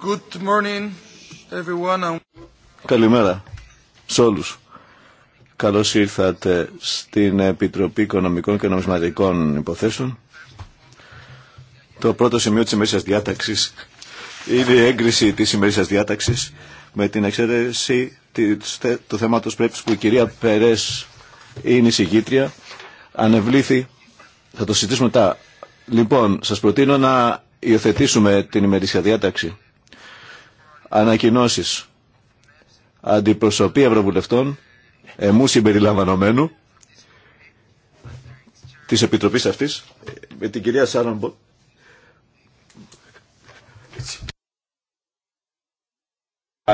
Good morning, everyone. Καλημέρα σε όλου. Καλώς ήρθατε στην Επιτροπή Οικονομικών και Νομισματικών Υποθέσεων. Το πρώτο σημείο τη ημερήσια διάταξη. είναι η έγκριση της ημερήσια διάταξης με την εξαίρεση του θέματο πρέπει που η κυρία Περές είναι η ανεβλήθη. Θα το συζητήσουμε μετά. Λοιπόν, σας προτείνω να υιοθετήσουμε την ημερήσια διάταξη. Ανακοινώσεις. Αντιπροσωπή Ευρωβουλευτών, εμού συμπεριλαμβανομένου, της Επιτροπής αυτής, με την κυρία Σάραμπο.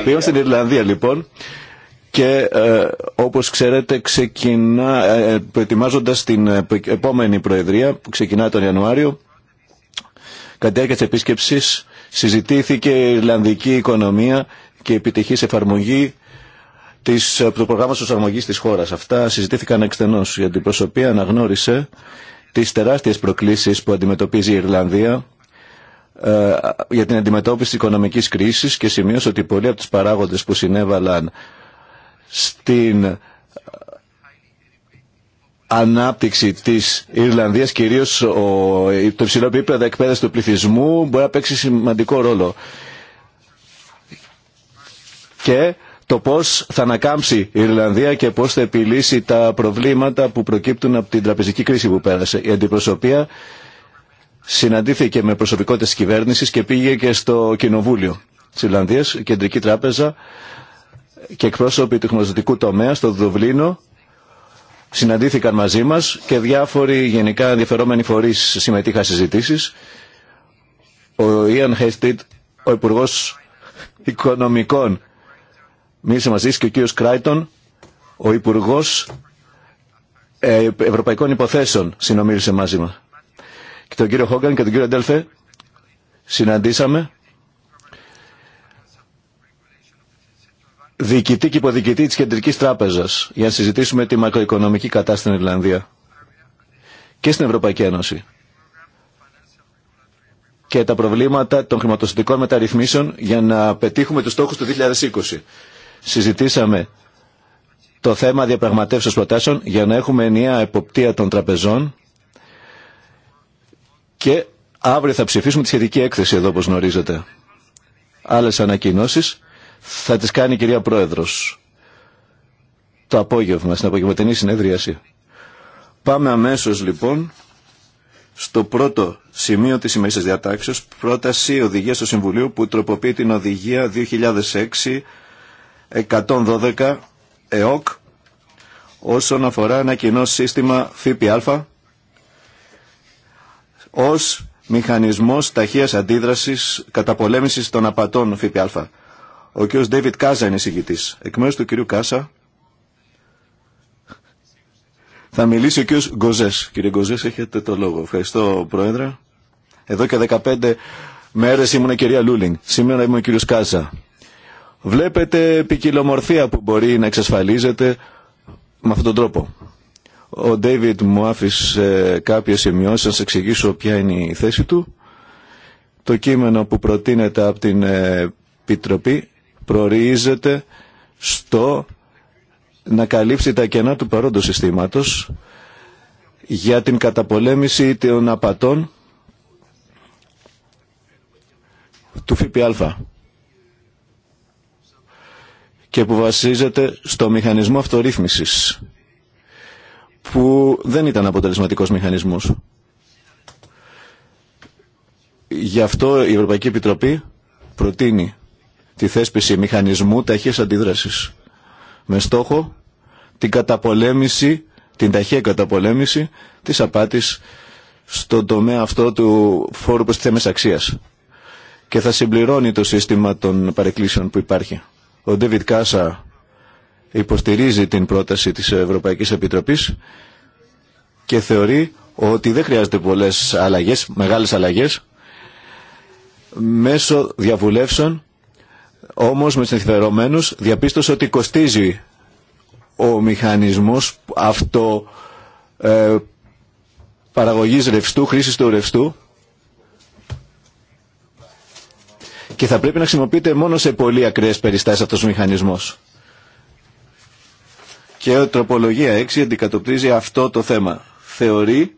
Πήγαμε στην Ιρλανδία λοιπόν και ε, όπως ξέρετε ξεκινά, ε, την ε, επόμενη Προεδρία που ξεκινά τον Ιανουάριο κατά διάρκεια της επίσκεψης συζητήθηκε η Ιρλανδική οικονομία και η επιτυχής εφαρμογή της, ε, του προγράμματος εφαρμογής της χώρας. Αυτά συζητήθηκαν εκτενώς για την προσωπία αναγνώρισε τις τεράστιες προκλήσεις που αντιμετωπίζει η Ιρλανδία ε, για την αντιμετώπιση της οικονομικής κρίσης και σημείωσε ότι πολλοί από τους παράγοντες που συνέβαλαν στην ανάπτυξη της Ιρλανδίας, κυρίως το υψηλό επίπεδο εκπαίδευση του πληθυσμού, μπορεί να παίξει σημαντικό ρόλο. Και το πώς θα ανακάμψει η Ιρλανδία και πώς θα επιλύσει τα προβλήματα που προκύπτουν από την τραπεζική κρίση που πέρασε. Η αντιπροσωπεία συναντήθηκε με προσωπικότητες της κυβέρνησης και πήγε και στο Κοινοβούλιο της Ιρλανδίας, Κεντρική Τράπεζα, και εκπρόσωποι του χρηματοδοτικού τομέα στο Δουβλίνο συναντήθηκαν μαζί μα και διάφοροι γενικά ενδιαφερόμενοι φορεί συμμετείχαν συζητήσει. Ο Ιαν Χέστιτ, ο υπουργό Οικονομικών, μίλησε μαζί και ο κ. Κράιτον, ο υπουργό ε, Ευρωπαϊκών Υποθέσεων συνομίλησε μαζί μας. Και τον κύριο Χόγκαν και τον κύριο Αντέλφε συναντήσαμε διοικητή και υποδιοικητή της Κεντρικής Τράπεζας για να συζητήσουμε τη μακροοικονομική κατάσταση στην Ιρλανδία και στην Ευρωπαϊκή Ένωση και τα προβλήματα των χρηματοστατικών μεταρρυθμίσεων για να πετύχουμε τους στόχους του 2020. Συζητήσαμε το θέμα διαπραγματεύσεων προτάσεων για να έχουμε ενιαία εποπτεία των τραπεζών και αύριο θα ψηφίσουμε τη σχετική έκθεση εδώ όπως γνωρίζετε. Άλλες ανακοινώσεις θα τις κάνει η κυρία Πρόεδρος το απόγευμα, στην απογευματινή συνεδρίαση. Πάμε αμέσως λοιπόν στο πρώτο σημείο της σημερινής διατάξεως, πρόταση οδηγία του Συμβουλίου που τροποποιεί την οδηγία 2006-112 ΕΟΚ όσον αφορά ένα κοινό σύστημα ΦΠΑ ως μηχανισμός ταχείας αντίδρασης καταπολέμησης των απατών ΦΠΑ. Ο κ. Ντέιβιτ Κάζα είναι συγγητής. Εκ μέρου του κ. Κάσα θα μιλήσει ο κ. Γκοζέ. Κύριε Γκοζέ, έχετε το λόγο. Ευχαριστώ, Πρόεδρε. Εδώ και 15 μέρε ήμουν η κυρία Λούλινγκ. Σήμερα είμαι ο κ. Κάζα. Βλέπετε ποικιλομορφία που μπορεί να εξασφαλίζεται με αυτόν τον τρόπο. Ο Ντέιβιτ μου άφησε κάποιες σημειώσεις, να σας εξηγήσω ποια είναι η θέση του. Το κείμενο που προτείνεται από την Επιτροπή προορίζεται στο να καλύψει τα κενά του παρόντος συστήματος για την καταπολέμηση των απατών του ΦΠΑ και που βασίζεται στο μηχανισμό αυτορύθμισης που δεν ήταν αποτελεσματικός μηχανισμός. Γι' αυτό η Ευρωπαϊκή Επιτροπή προτείνει τη θέσπιση μηχανισμού ταχείας αντίδρασης με στόχο την καταπολέμηση, την ταχεία καταπολέμηση της απάτης στον τομέα αυτό του φόρου θέμες αξίας και θα συμπληρώνει το σύστημα των παρεκκλήσεων που υπάρχει. Ο Ντέβιτ Κάσα υποστηρίζει την πρόταση της Ευρωπαϊκής Επιτροπής και θεωρεί ότι δεν χρειάζεται πολλές αλλαγές, μεγάλες αλλαγές μέσω διαβουλεύσεων όμως με τους διαπίστωσε ότι κοστίζει ο μηχανισμός αυτό ε, παραγωγής ρευστού, χρήσης του ρευστού και θα πρέπει να χρησιμοποιείται μόνο σε πολύ ακραίες περιστάσεις αυτός ο μηχανισμός. Και η τροπολογία 6 αντικατοπτρίζει αυτό το θέμα. Θεωρεί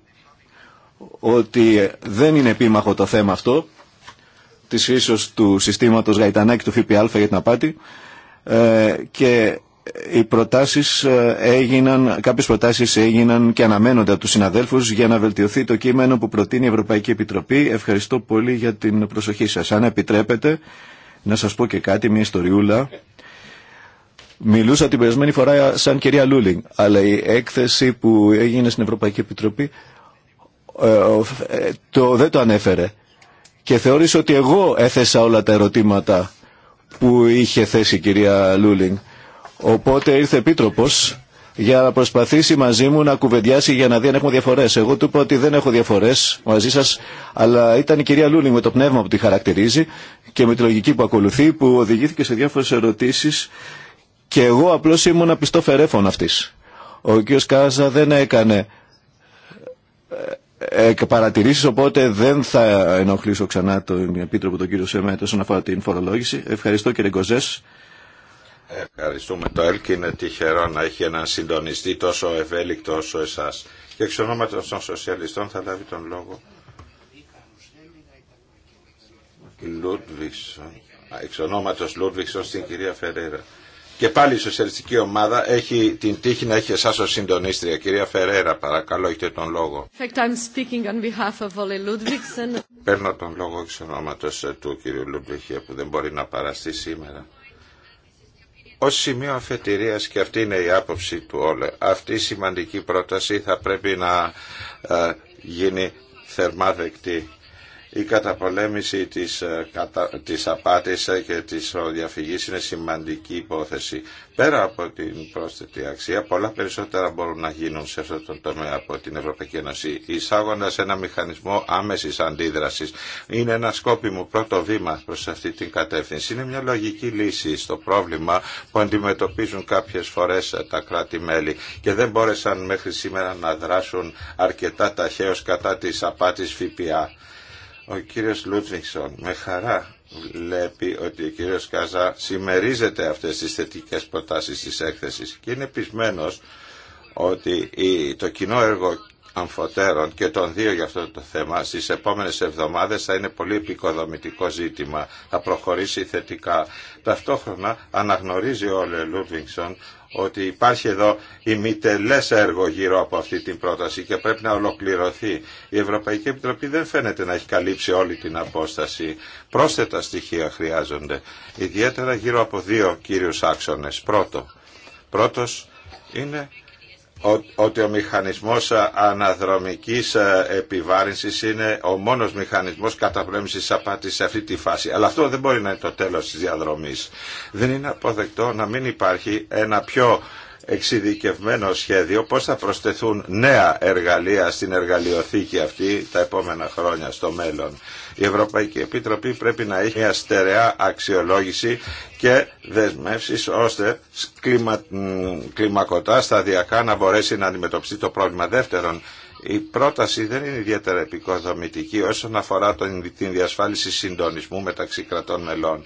ότι δεν είναι επίμαχο το θέμα αυτό της ίσως του συστήματος Γαϊτανάκη του ΦΠΑ για την απάτη ε, και οι προτάσεις ε, έγιναν, κάποιες προτάσεις έγιναν και αναμένονται από τους συναδέλφους για να βελτιωθεί το κείμενο που προτείνει η Ευρωπαϊκή Επιτροπή. Ευχαριστώ πολύ για την προσοχή σας. Αν επιτρέπετε να σας πω και κάτι, μια ιστοριούλα. Μιλούσα την περασμένη φορά σαν κυρία Λούλινγκ, αλλά η έκθεση που έγινε στην Ευρωπαϊκή Επιτροπή ε, δεν το ανέφερε και θεώρησε ότι εγώ έθεσα όλα τα ερωτήματα που είχε θέσει η κυρία Λούλινγκ. Οπότε ήρθε επίτροπος για να προσπαθήσει μαζί μου να κουβεντιάσει για να δει αν έχουμε διαφορέ. Εγώ του είπα ότι δεν έχω διαφορέ μαζί σα, αλλά ήταν η κυρία Λούλινγκ με το πνεύμα που τη χαρακτηρίζει και με τη λογική που ακολουθεί, που οδηγήθηκε σε διάφορε ερωτήσει και εγώ απλώ ήμουν πιστό φερέφων αυτή. Ο κ. Κάζα δεν έκανε εκ παρατηρήσεις, οπότε δεν θα ενοχλήσω ξανά τον Επίτροπο τον κύριο Σεμέτ όσον αφορά την φορολόγηση. Ευχαριστώ κύριε Γκοζές. Ευχαριστούμε. Το ΕΛΚ είναι τυχερό να έχει έναν συντονιστή τόσο ευέλικτο όσο εσάς. Και εξ ονόματος των σοσιαλιστών θα λάβει τον λόγο. Λούτβιξον. Εξ ονόματος Λούτβιξον στην κυρία Φερέρα. Και πάλι η σοσιαλιστική ομάδα έχει την τύχη να έχει εσά ω συντονίστρια. Κυρία Φερέρα, παρακαλώ, έχετε τον λόγο. Παίρνω τον λόγο εξ ονόματο ε, του κυρίου Λουμπλιχία που δεν μπορεί να παραστεί σήμερα. Ω σημείο αφετηρίας και αυτή είναι η άποψη του Όλε, αυτή η σημαντική πρόταση θα πρέπει να ε, γίνει θερμά δεκτή η καταπολέμηση της, ε, κατα... της απάτης ε, και της διαφυγής είναι σημαντική υπόθεση. Πέρα από την πρόσθετη αξία, πολλά περισσότερα μπορούν να γίνουν σε αυτό το τομέα από την Ευρωπαϊκή Ένωση, εισάγοντας ένα μηχανισμό άμεσης αντίδρασης. Είναι ένα σκόπιμο πρώτο βήμα προς αυτή την κατεύθυνση. Είναι μια λογική λύση στο πρόβλημα που αντιμετωπίζουν κάποιες φορές ε, τα κράτη-μέλη και δεν μπόρεσαν μέχρι σήμερα να δράσουν αρκετά ταχαίως κατά της απάτης ΦΠΑ. Ο κύριος Λούτβιξον με χαρά βλέπει ότι ο κύριος Κάζα συμμερίζεται αυτές τις θετικές προτάσεις της έκθεσης και είναι πεισμένος ότι το κοινό έργο αμφωτέρων και των δύο για αυτό το θέμα στις επόμενες εβδομάδες θα είναι πολύ επικοδομητικό ζήτημα, θα προχωρήσει θετικά. Ταυτόχρονα αναγνωρίζει ο Λε ότι υπάρχει εδώ ημιτελές έργο γύρω από αυτή την πρόταση και πρέπει να ολοκληρωθεί. Η Ευρωπαϊκή Επιτροπή δεν φαίνεται να έχει καλύψει όλη την απόσταση. Πρόσθετα στοιχεία χρειάζονται, ιδιαίτερα γύρω από δύο κύριους άξονες. Πρώτο, πρώτος είναι ότι ο μηχανισμός ε, αναδρομικής ε, επιβάρυνσης είναι ο μόνος μηχανισμός καταπρέμψης απάτης σε αυτή τη φάση. Αλλά αυτό δεν μπορεί να είναι το τέλος της διαδρομής. Δεν είναι αποδεκτό να μην υπάρχει ένα πιο εξειδικευμένο σχέδιο πώς θα προσθεθούν νέα εργαλεία στην εργαλειοθήκη αυτή τα επόμενα χρόνια στο μέλλον. Η Ευρωπαϊκή Επιτροπή πρέπει να έχει μια στερεά αξιολόγηση και δεσμεύσεις ώστε κλιμα... κλιμακωτά σταδιακά να μπορέσει να αντιμετωπιστεί το πρόβλημα. Δεύτερον, η πρόταση δεν είναι ιδιαίτερα επικοδομητική όσον αφορά την διασφάλιση συντονισμού μεταξύ κρατών μελών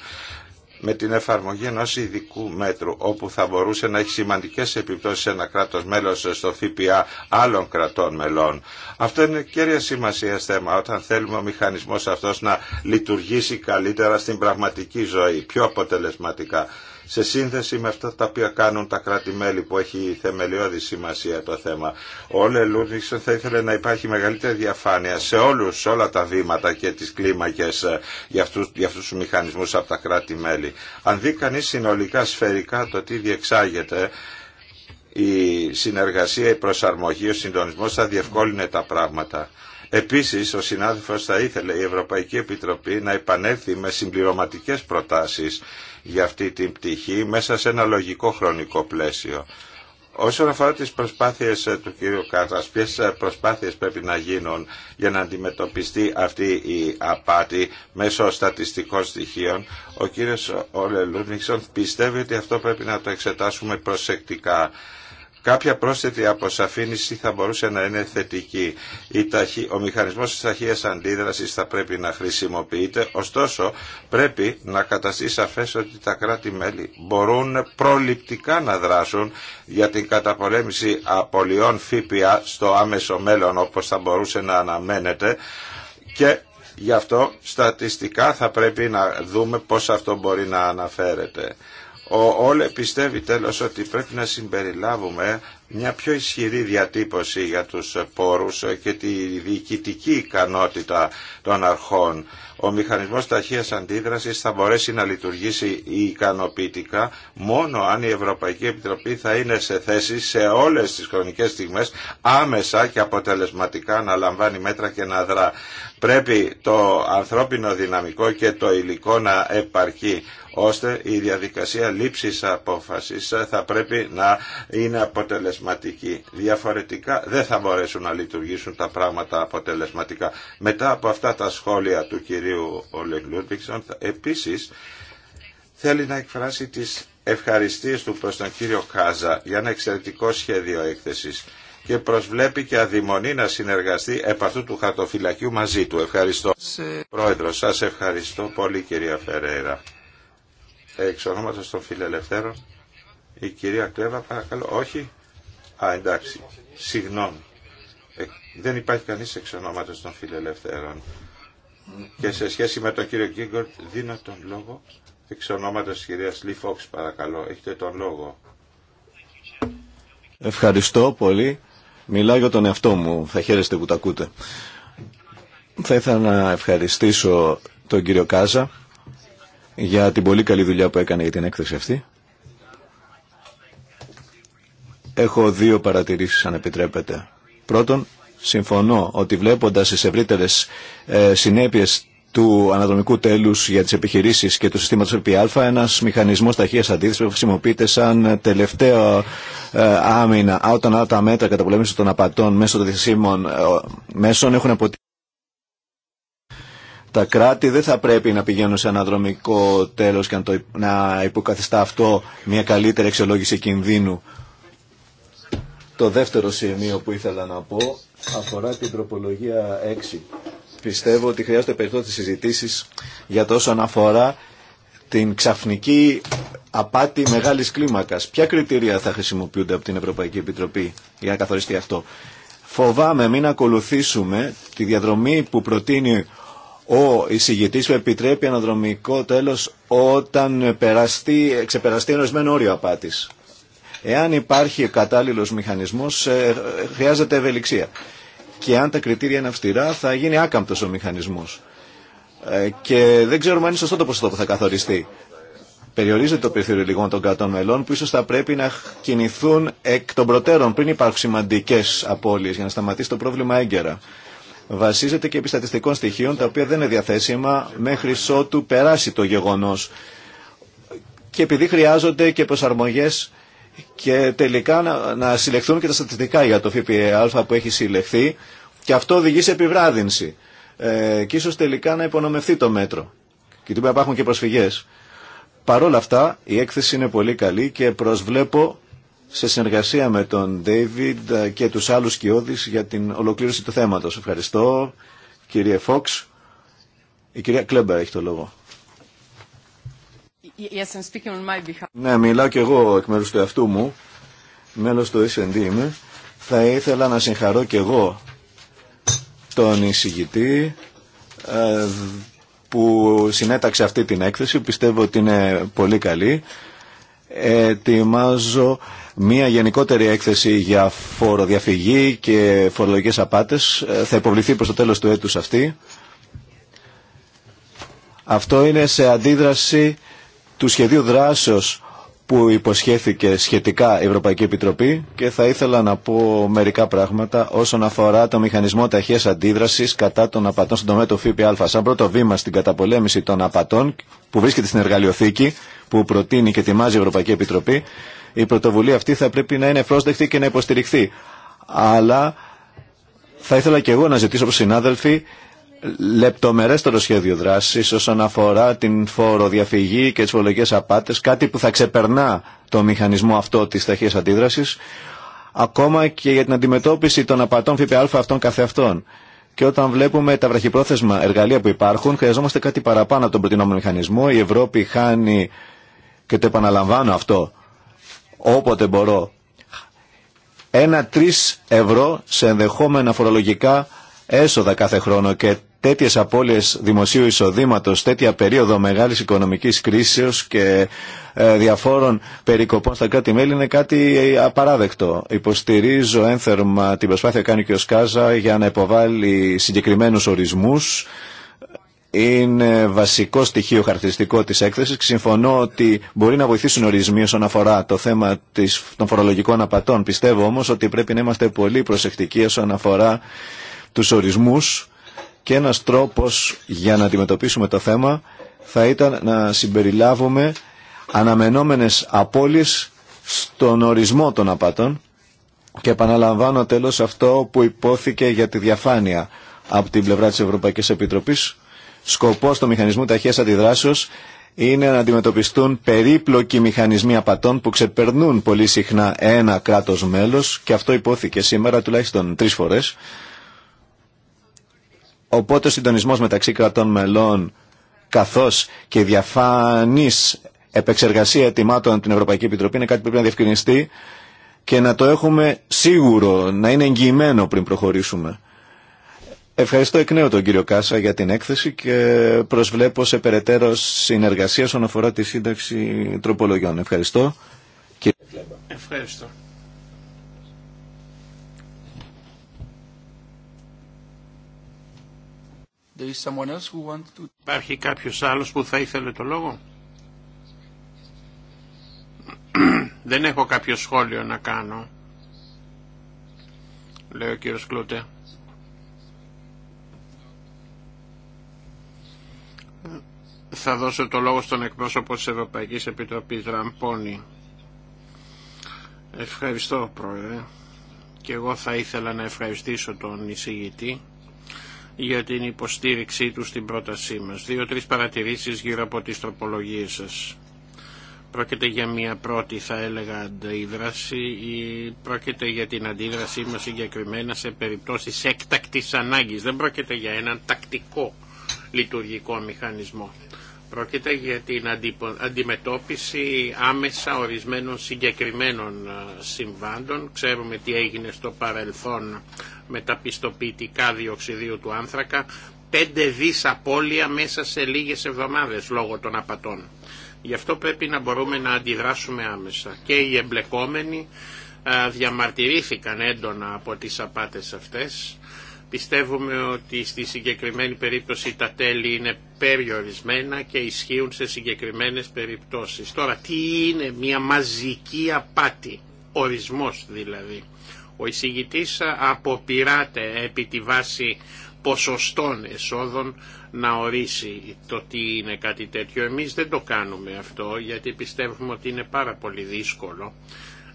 με την εφαρμογή ενός ειδικού μέτρου όπου θα μπορούσε να έχει σημαντικές επιπτώσεις ένα κράτος μέλος στο ΦΠΑ άλλων κρατών μελών. Αυτό είναι κέρια σημασία θέμα όταν θέλουμε ο μηχανισμός αυτός να λειτουργήσει καλύτερα στην πραγματική ζωή, πιο αποτελεσματικά σε σύνδεση με αυτά τα οποία κάνουν τα κράτη-μέλη που έχει θεμελιώδη σημασία το θέμα. Ο Λελούνιξον θα ήθελε να υπάρχει μεγαλύτερη διαφάνεια σε όλους, σε όλα τα βήματα και τις κλίμακες ε, για αυτούς, για αυτούς τους μηχανισμούς από τα κράτη-μέλη. Αν δει κανείς συνολικά σφαιρικά το τι διεξάγεται, η συνεργασία, η προσαρμογή, ο συντονισμός θα διευκόλυνε τα πράγματα. Επίσης, ο συνάδελφος θα ήθελε η Ευρωπαϊκή Επιτροπή να επανέλθει με συμπληρωματικές προτάσεις για αυτή την πτυχή μέσα σε ένα λογικό χρονικό πλαίσιο. Όσον αφορά τις προσπάθειες ε, του κ. Κάτρας, ποιες ε, προσπάθειες πρέπει να γίνουν για να αντιμετωπιστεί αυτή η απάτη μέσω στατιστικών στοιχείων, ο κ. Όλε πιστεύει ότι αυτό πρέπει να το εξετάσουμε προσεκτικά Κάποια πρόσθετη αποσαφήνιση θα μπορούσε να είναι θετική. Ο μηχανισμός της ταχεία αντίδρασης θα πρέπει να χρησιμοποιείται, ωστόσο πρέπει να καταστεί σαφές ότι τα κράτη-μέλη μπορούν προληπτικά να δράσουν για την καταπολέμηση απολειών ΦΠΑ στο άμεσο μέλλον όπως θα μπορούσε να αναμένεται και γι' αυτό στατιστικά θα πρέπει να δούμε πώς αυτό μπορεί να αναφέρεται. Ο Όλε πιστεύει τέλος ότι πρέπει να συμπεριλάβουμε μια πιο ισχυρή διατύπωση για τους πόρους και τη διοικητική ικανότητα των αρχών ο μηχανισμός ταχείας αντίδρασης θα μπορέσει να λειτουργήσει ικανοποιητικά μόνο αν η Ευρωπαϊκή Επιτροπή θα είναι σε θέση σε όλες τις χρονικές στιγμές άμεσα και αποτελεσματικά να λαμβάνει μέτρα και να δρά. Πρέπει το ανθρώπινο δυναμικό και το υλικό να επαρκεί ώστε η διαδικασία λήψης απόφασης θα πρέπει να είναι αποτελεσματική. Διαφορετικά δεν θα μπορέσουν να λειτουργήσουν τα πράγματα αποτελεσματικά. Μετά από αυτά τα σχόλια του κ κυρίου Όλεγ επίσης θέλει να εκφράσει τις ευχαριστίες του προς τον κύριο Κάζα για ένα εξαιρετικό σχέδιο έκθεσης και προσβλέπει και αδημονή να συνεργαστεί επ' αυτού του χαρτοφυλακίου μαζί του. Ευχαριστώ. Σε... Πρόεδρο, σας ευχαριστώ πολύ κυρία Φερέρα. Εξ ονόματος των φιλελευθέρων, η κυρία Κλέβα παρακαλώ. Όχι. Α, εντάξει. Συγγνώμη. Ε, δεν υπάρχει κανείς εξ ονόματος των φιλελευθέρων και σε σχέση με τον κύριο Γκίγκορτ δίνω τον λόγο εξ ονόματος της κυρίας Λι παρακαλώ έχετε τον λόγο Ευχαριστώ πολύ μιλάω για τον εαυτό μου θα χαίρεστε που τα ακούτε θα ήθελα να ευχαριστήσω τον κύριο Κάζα για την πολύ καλή δουλειά που έκανε για την έκθεση αυτή έχω δύο παρατηρήσεις αν επιτρέπετε πρώτον Συμφωνώ ότι βλέποντας τις ευρύτερες ε, συνέπειες του αναδρομικού τέλους για τις επιχειρήσεις και του συστήματος ΕΠΑ, ένας μηχανισμός ταχείας αντίθεσης που χρησιμοποιείται σαν τελευταίο ε, άμυνα όταν άλλα τα μέτρα καταπολέμησης των απατών μέσω των δυσίμων ε, μέσων έχουν αποτύχει. Τα κράτη δεν θα πρέπει να πηγαίνουν σε αναδρομικό τέλος και να, υποκαθιστά αυτό μια καλύτερη εξολόγηση κινδύνου. Το δεύτερο σημείο που ήθελα να πω αφορά την τροπολογία 6. Πιστεύω ότι χρειάζεται περισσότερες συζητήσεις για το όσον αφορά την ξαφνική απάτη μεγάλης κλίμακας. Ποια κριτήρια θα χρησιμοποιούνται από την Ευρωπαϊκή Επιτροπή για να καθοριστεί αυτό. Φοβάμαι μην ακολουθήσουμε τη διαδρομή που προτείνει ο εισηγητή που επιτρέπει αναδρομικό τέλος όταν περαστεί, ξεπεραστεί όριο απάτης. Εάν υπάρχει κατάλληλος μηχανισμός, ε, χρειάζεται ευελιξία. Και αν τα κριτήρια είναι αυστηρά, θα γίνει άκαμπτος ο μηχανισμός. Ε, και δεν ξέρουμε αν είναι σωστό το ποσοστό που θα καθοριστεί. Περιορίζεται το περιθώριο λιγών των κρατών μελών που ίσω θα πρέπει να κινηθούν εκ των προτέρων πριν υπάρχουν σημαντικέ απώλειε για να σταματήσει το πρόβλημα έγκαιρα. Βασίζεται και επί στατιστικών στοιχείων τα οποία δεν είναι διαθέσιμα μέχρι ότου περάσει το γεγονό. Και επειδή χρειάζονται και προσαρμογέ και τελικά να, συλλεχθούν και τα στατιστικά για το ΦΠΑ που έχει συλλεχθεί και αυτό οδηγεί σε επιβράδυνση ε, και ίσως τελικά να υπονομευθεί το μέτρο και τίποτα υπάρχουν και προσφυγές. Παρ' όλα αυτά η έκθεση είναι πολύ καλή και προσβλέπω σε συνεργασία με τον David και τους άλλους κοιόδης για την ολοκλήρωση του θέματος. Ευχαριστώ κύριε Φόξ. Η κυρία Κλέμπερ έχει το λόγο. Yes, speaking on Ναι, μιλάω και εγώ εκ μέρους του εαυτού μου, μέλος του S&D είμαι. Θα ήθελα να συγχαρώ κι εγώ τον εισηγητή ε, που συνέταξε αυτή την έκθεση. Πιστεύω ότι είναι πολύ καλή. Ετοιμάζω μια γενικότερη έκθεση για φοροδιαφυγή και φορολογικές απάτες. Ε, θα υποβληθεί προς το τέλος του έτους αυτή. Αυτό είναι σε αντίδραση του σχεδίου δράσεως που υποσχέθηκε σχετικά η Ευρωπαϊκή Επιτροπή και θα ήθελα να πω μερικά πράγματα όσον αφορά το μηχανισμό ταχείας αντίδρασης κατά των απατών στον τομέα του ΦΠΑ. Σαν πρώτο βήμα στην καταπολέμηση των απατών που βρίσκεται στην εργαλειοθήκη που προτείνει και ετοιμάζει η Ευρωπαϊκή Επιτροπή, η πρωτοβουλία αυτή θα πρέπει να είναι πρόσδεκτη και να υποστηριχθεί. Αλλά θα ήθελα και εγώ να ζητήσω από συνάδελφοι λεπτομερέστερο σχέδιο δράση όσον αφορά την φοροδιαφυγή και τι φορολογικέ απάτε, κάτι που θα ξεπερνά το μηχανισμό αυτό τη ταχεία αντίδραση ακόμα και για την αντιμετώπιση των απατών ΦΠΑ αυτών καθεαυτών. Και όταν βλέπουμε τα βραχυπρόθεσμα εργαλεία που υπάρχουν, χρειαζόμαστε κάτι παραπάνω από τον προτινόμενο μηχανισμό. Η Ευρώπη χάνει, και το επαναλαμβάνω αυτό, όποτε μπορώ, ένα τρει ευρώ σε ενδεχόμενα φορολογικά έσοδα κάθε χρόνο και Τέτοιε απώλειε δημοσίου εισοδήματο, τέτοια περίοδο μεγάλη οικονομική κρίσεω και ε, διαφόρων περικοπών στα κράτη-μέλη είναι κάτι απαράδεκτο. Υποστηρίζω ένθερμα την προσπάθεια κάνει και ο Σκάζα για να υποβάλει συγκεκριμένου ορισμού. είναι βασικό στοιχείο χαρακτηριστικό της έκθεσης και συμφωνώ ότι μπορεί να βοηθήσουν ορισμοί όσον αφορά το θέμα της, των φορολογικών απατών. Πιστεύω όμως ότι πρέπει να είμαστε πολύ προσεκτικοί όσον αφορά τους ορισμούς και ένας τρόπος για να αντιμετωπίσουμε το θέμα θα ήταν να συμπεριλάβουμε αναμενόμενες απώλειες στον ορισμό των απατών και επαναλαμβάνω τέλος αυτό που υπόθηκε για τη διαφάνεια από την πλευρά της Ευρωπαϊκής Επιτροπής. Σκοπός του μηχανισμού ταχείας αντιδράσεως είναι να αντιμετωπιστούν περίπλοκοι μηχανισμοί απατών που ξεπερνούν πολύ συχνά ένα κράτος μέλος και αυτό υπόθηκε σήμερα τουλάχιστον τρεις φορές Οπότε ο συντονισμός μεταξύ κρατών μελών καθώς και διαφανής επεξεργασία ετοιμάτων από την Ευρωπαϊκή Επιτροπή είναι κάτι που πρέπει να διευκρινιστεί και να το έχουμε σίγουρο, να είναι εγγυημένο πριν προχωρήσουμε. Ευχαριστώ εκ νέου τον κύριο Κάσα για την έκθεση και προσβλέπω σε περαιτέρω συνεργασία όσον αφορά τη σύνταξη τροπολογιών. Ευχαριστώ. Ευχαριστώ. Υπάρχει κάποιος άλλος που θα ήθελε το λόγο. Δεν έχω κάποιο σχόλιο να κάνω. Λέει ο κύριος Κλούτε. Θα δώσω το λόγο στον εκπρόσωπο της Ευρωπαϊκής Επιτροπής Ραμπόνη. Ευχαριστώ πρόεδρε. Και εγώ θα ήθελα να ευχαριστήσω τον εισηγητή για την υποστήριξή του στην πρότασή μας. Δύο-τρεις παρατηρήσεις γύρω από τις τροπολογίες σας. Πρόκειται για μια πρώτη θα έλεγα αντίδραση ή πρόκειται για την αντίδρασή μας συγκεκριμένα σε περιπτώσεις έκτακτης ανάγκης. Δεν πρόκειται για έναν τακτικό λειτουργικό μηχανισμό. Πρόκειται για την αντιμετώπιση άμεσα ορισμένων συγκεκριμένων ε, συμβάντων. Ξέρουμε τι έγινε στο παρελθόν με τα πιστοποιητικά διοξιδίου του άνθρακα, πέντε δις απώλεια μέσα σε λίγες εβδομάδες λόγω των απατών. Γι' αυτό πρέπει να μπορούμε να αντιδράσουμε άμεσα. Και οι εμπλεκόμενοι διαμαρτυρήθηκαν έντονα από τις απάτες αυτές. Πιστεύουμε ότι στη συγκεκριμένη περίπτωση τα τέλη είναι περιορισμένα και ισχύουν σε συγκεκριμένες περιπτώσεις. Τώρα, τι είναι μια μαζική απάτη, ορισμός δηλαδή. Ο εισηγητής αποπειράται επί τη βάση ποσοστών εσόδων να ορίσει το τι είναι κάτι τέτοιο. Εμείς δεν το κάνουμε αυτό γιατί πιστεύουμε ότι είναι πάρα πολύ δύσκολο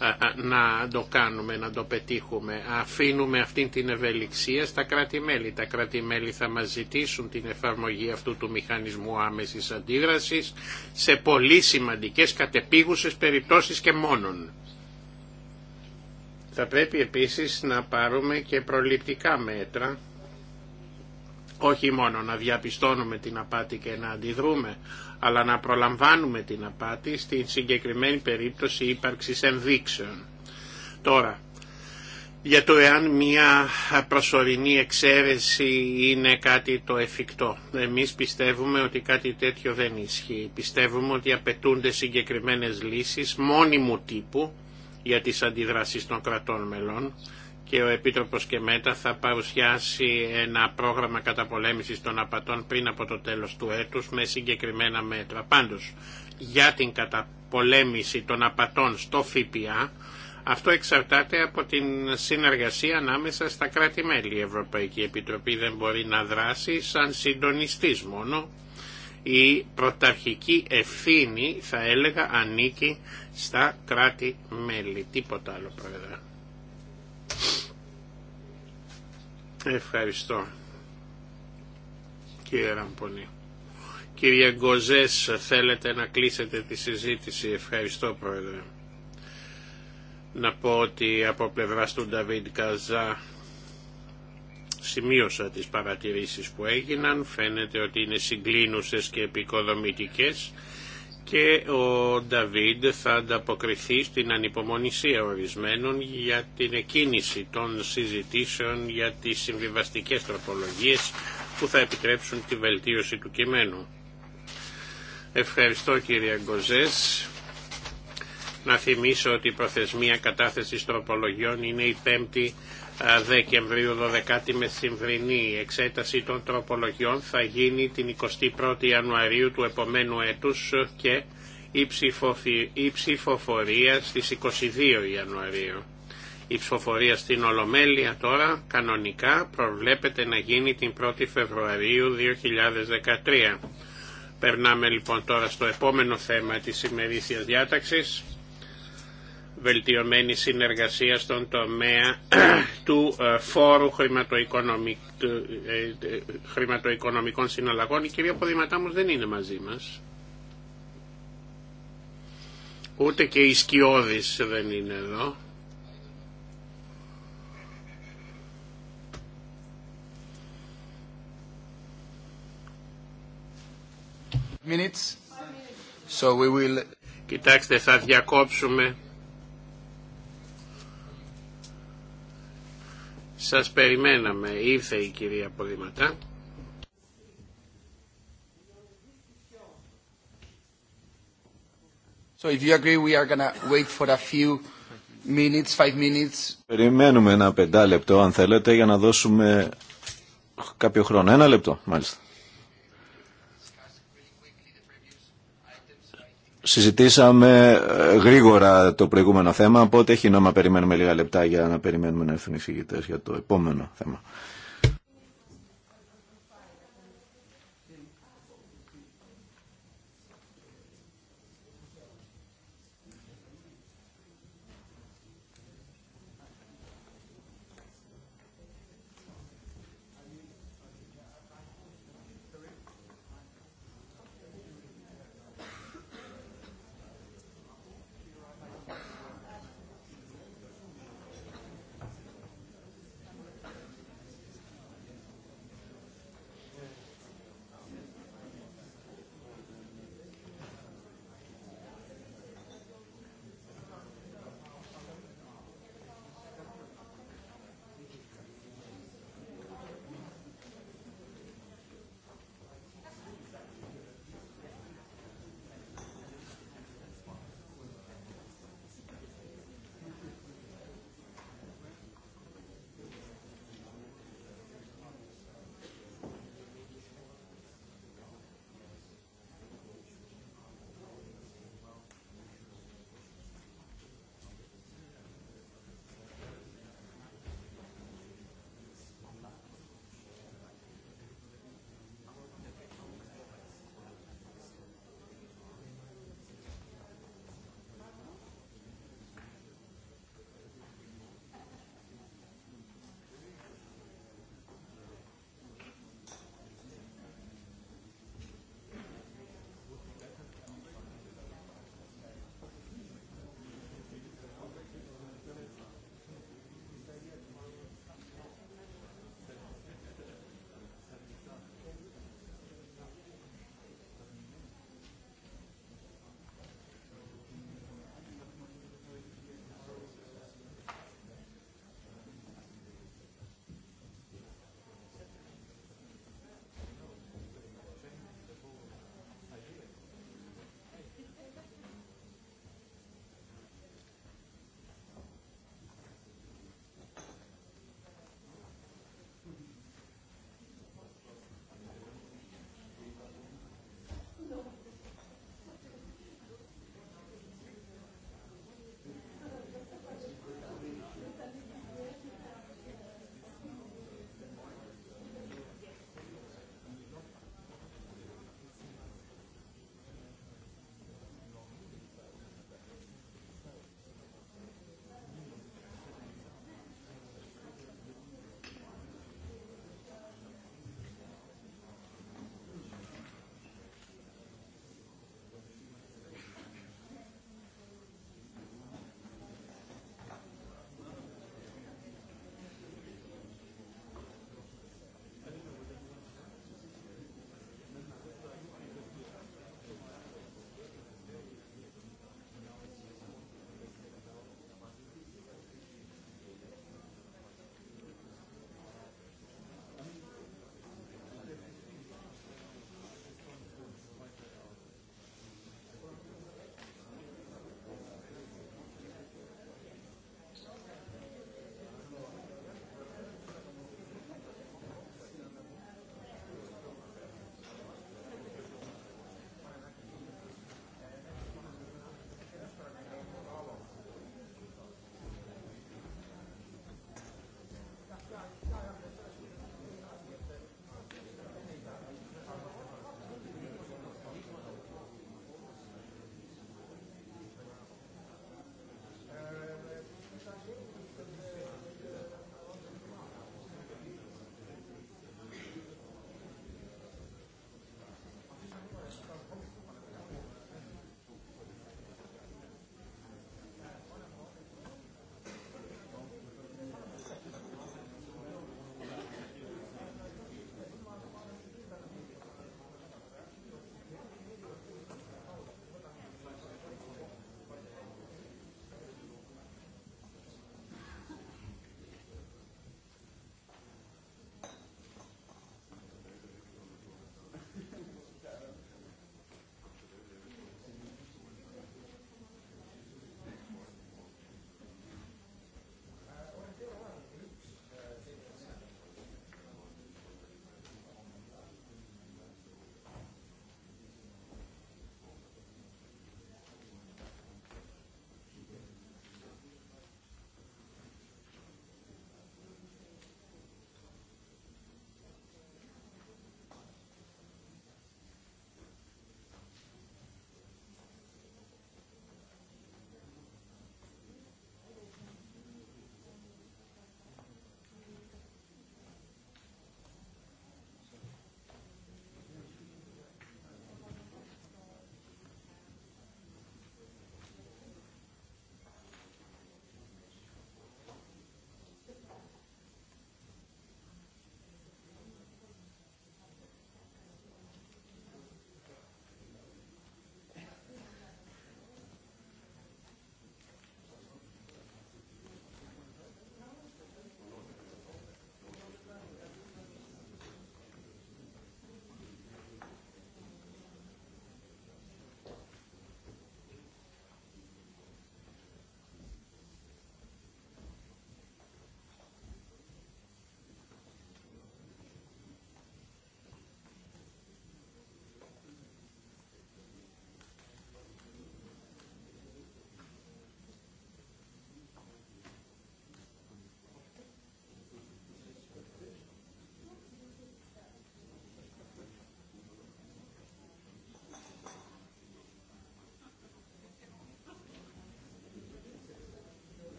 ε, ε, να το κάνουμε, να το πετύχουμε. Αφήνουμε αυτή την ευελιξία στα κράτη-μέλη. Τα κράτη-μέλη θα μας ζητήσουν την εφαρμογή αυτού του μηχανισμού άμεσης αντίδρασης σε πολύ σημαντικές κατεπίγουσες περιπτώσεις και μόνον. Θα πρέπει επίσης να πάρουμε και προληπτικά μέτρα, όχι μόνο να διαπιστώνουμε την απάτη και να αντιδρούμε, αλλά να προλαμβάνουμε την απάτη στην συγκεκριμένη περίπτωση ύπαρξης ενδείξεων. Τώρα, για το εάν μια προσωρινή εξαίρεση είναι κάτι το εφικτό. Εμείς πιστεύουμε ότι κάτι τέτοιο δεν ισχύει. Πιστεύουμε ότι απαιτούνται συγκεκριμένες λύσεις μόνιμου τύπου, για τις αντιδράσεις των κρατών μελών και ο Επίτροπος και μετά θα παρουσιάσει ένα πρόγραμμα καταπολέμησης των απατών πριν από το τέλος του έτους με συγκεκριμένα μέτρα. Πάντως, για την καταπολέμηση των απατών στο ΦΠΑ, αυτό εξαρτάται από την συνεργασία ανάμεσα στα κράτη-μέλη. Η Ευρωπαϊκή Επιτροπή δεν μπορεί να δράσει σαν συντονιστής μόνο, η πρωταρχική ευθύνη θα έλεγα ανήκει στα κράτη-μέλη. Τίποτα άλλο πρόεδρε. Ευχαριστώ κύριε Ραμπονή. Κύριε Γκοζές θέλετε να κλείσετε τη συζήτηση. Ευχαριστώ πρόεδρε. Να πω ότι από πλευρά του Νταβίντ Καζά Σημείωσα τις παρατηρήσεις που έγιναν, φαίνεται ότι είναι συγκλίνουσες και επικοδομητικές και ο Νταβίντ θα ανταποκριθεί στην ανυπομονησία ορισμένων για την εκκίνηση των συζητήσεων για τις συμβιβαστικές τροπολογίες που θα επιτρέψουν τη βελτίωση του κειμένου. Ευχαριστώ κύριε Γκοζές. Να θυμίσω ότι η προθεσμία κατάθεσης τροπολογιών είναι η πέμπτη ε, Δεκεμβρίου 12η μεσημβρινή εξέταση των τροπολογιών θα γίνει την 21η Ιανουαρίου του επομένου έτους και η ψηφοφορία στις 22 Ιανουαρίου. Η ψηφοφορία στην Ολομέλεια τώρα κανονικά προβλέπεται να γίνει την 1η Φεβρουαρίου 2013. Περνάμε λοιπόν τώρα στο επόμενο θέμα της ημερήσιας διάταξης βελτιωμένη συνεργασία στον τομέα του ε, φόρου ε, χρηματοοικονομικών συναλλαγών. Η κυρία Ποδηματάμος δεν είναι μαζί μας. Ούτε και η Σκιώδης δεν είναι εδώ. Minutes. So we will... Κοιτάξτε, θα διακόψουμε Σας περιμέναμε. Ήρθε η κυρία Πολύματα. Περιμένουμε ένα πεντάλεπτο, αν θέλετε, για να δώσουμε κάποιο χρόνο. Ένα λεπτό, μάλιστα. Συζητήσαμε ε, γρήγορα το προηγούμενο θέμα, οπότε έχει νόημα περιμένουμε λίγα λεπτά για να περιμένουμε να έρθουν οι για το επόμενο θέμα.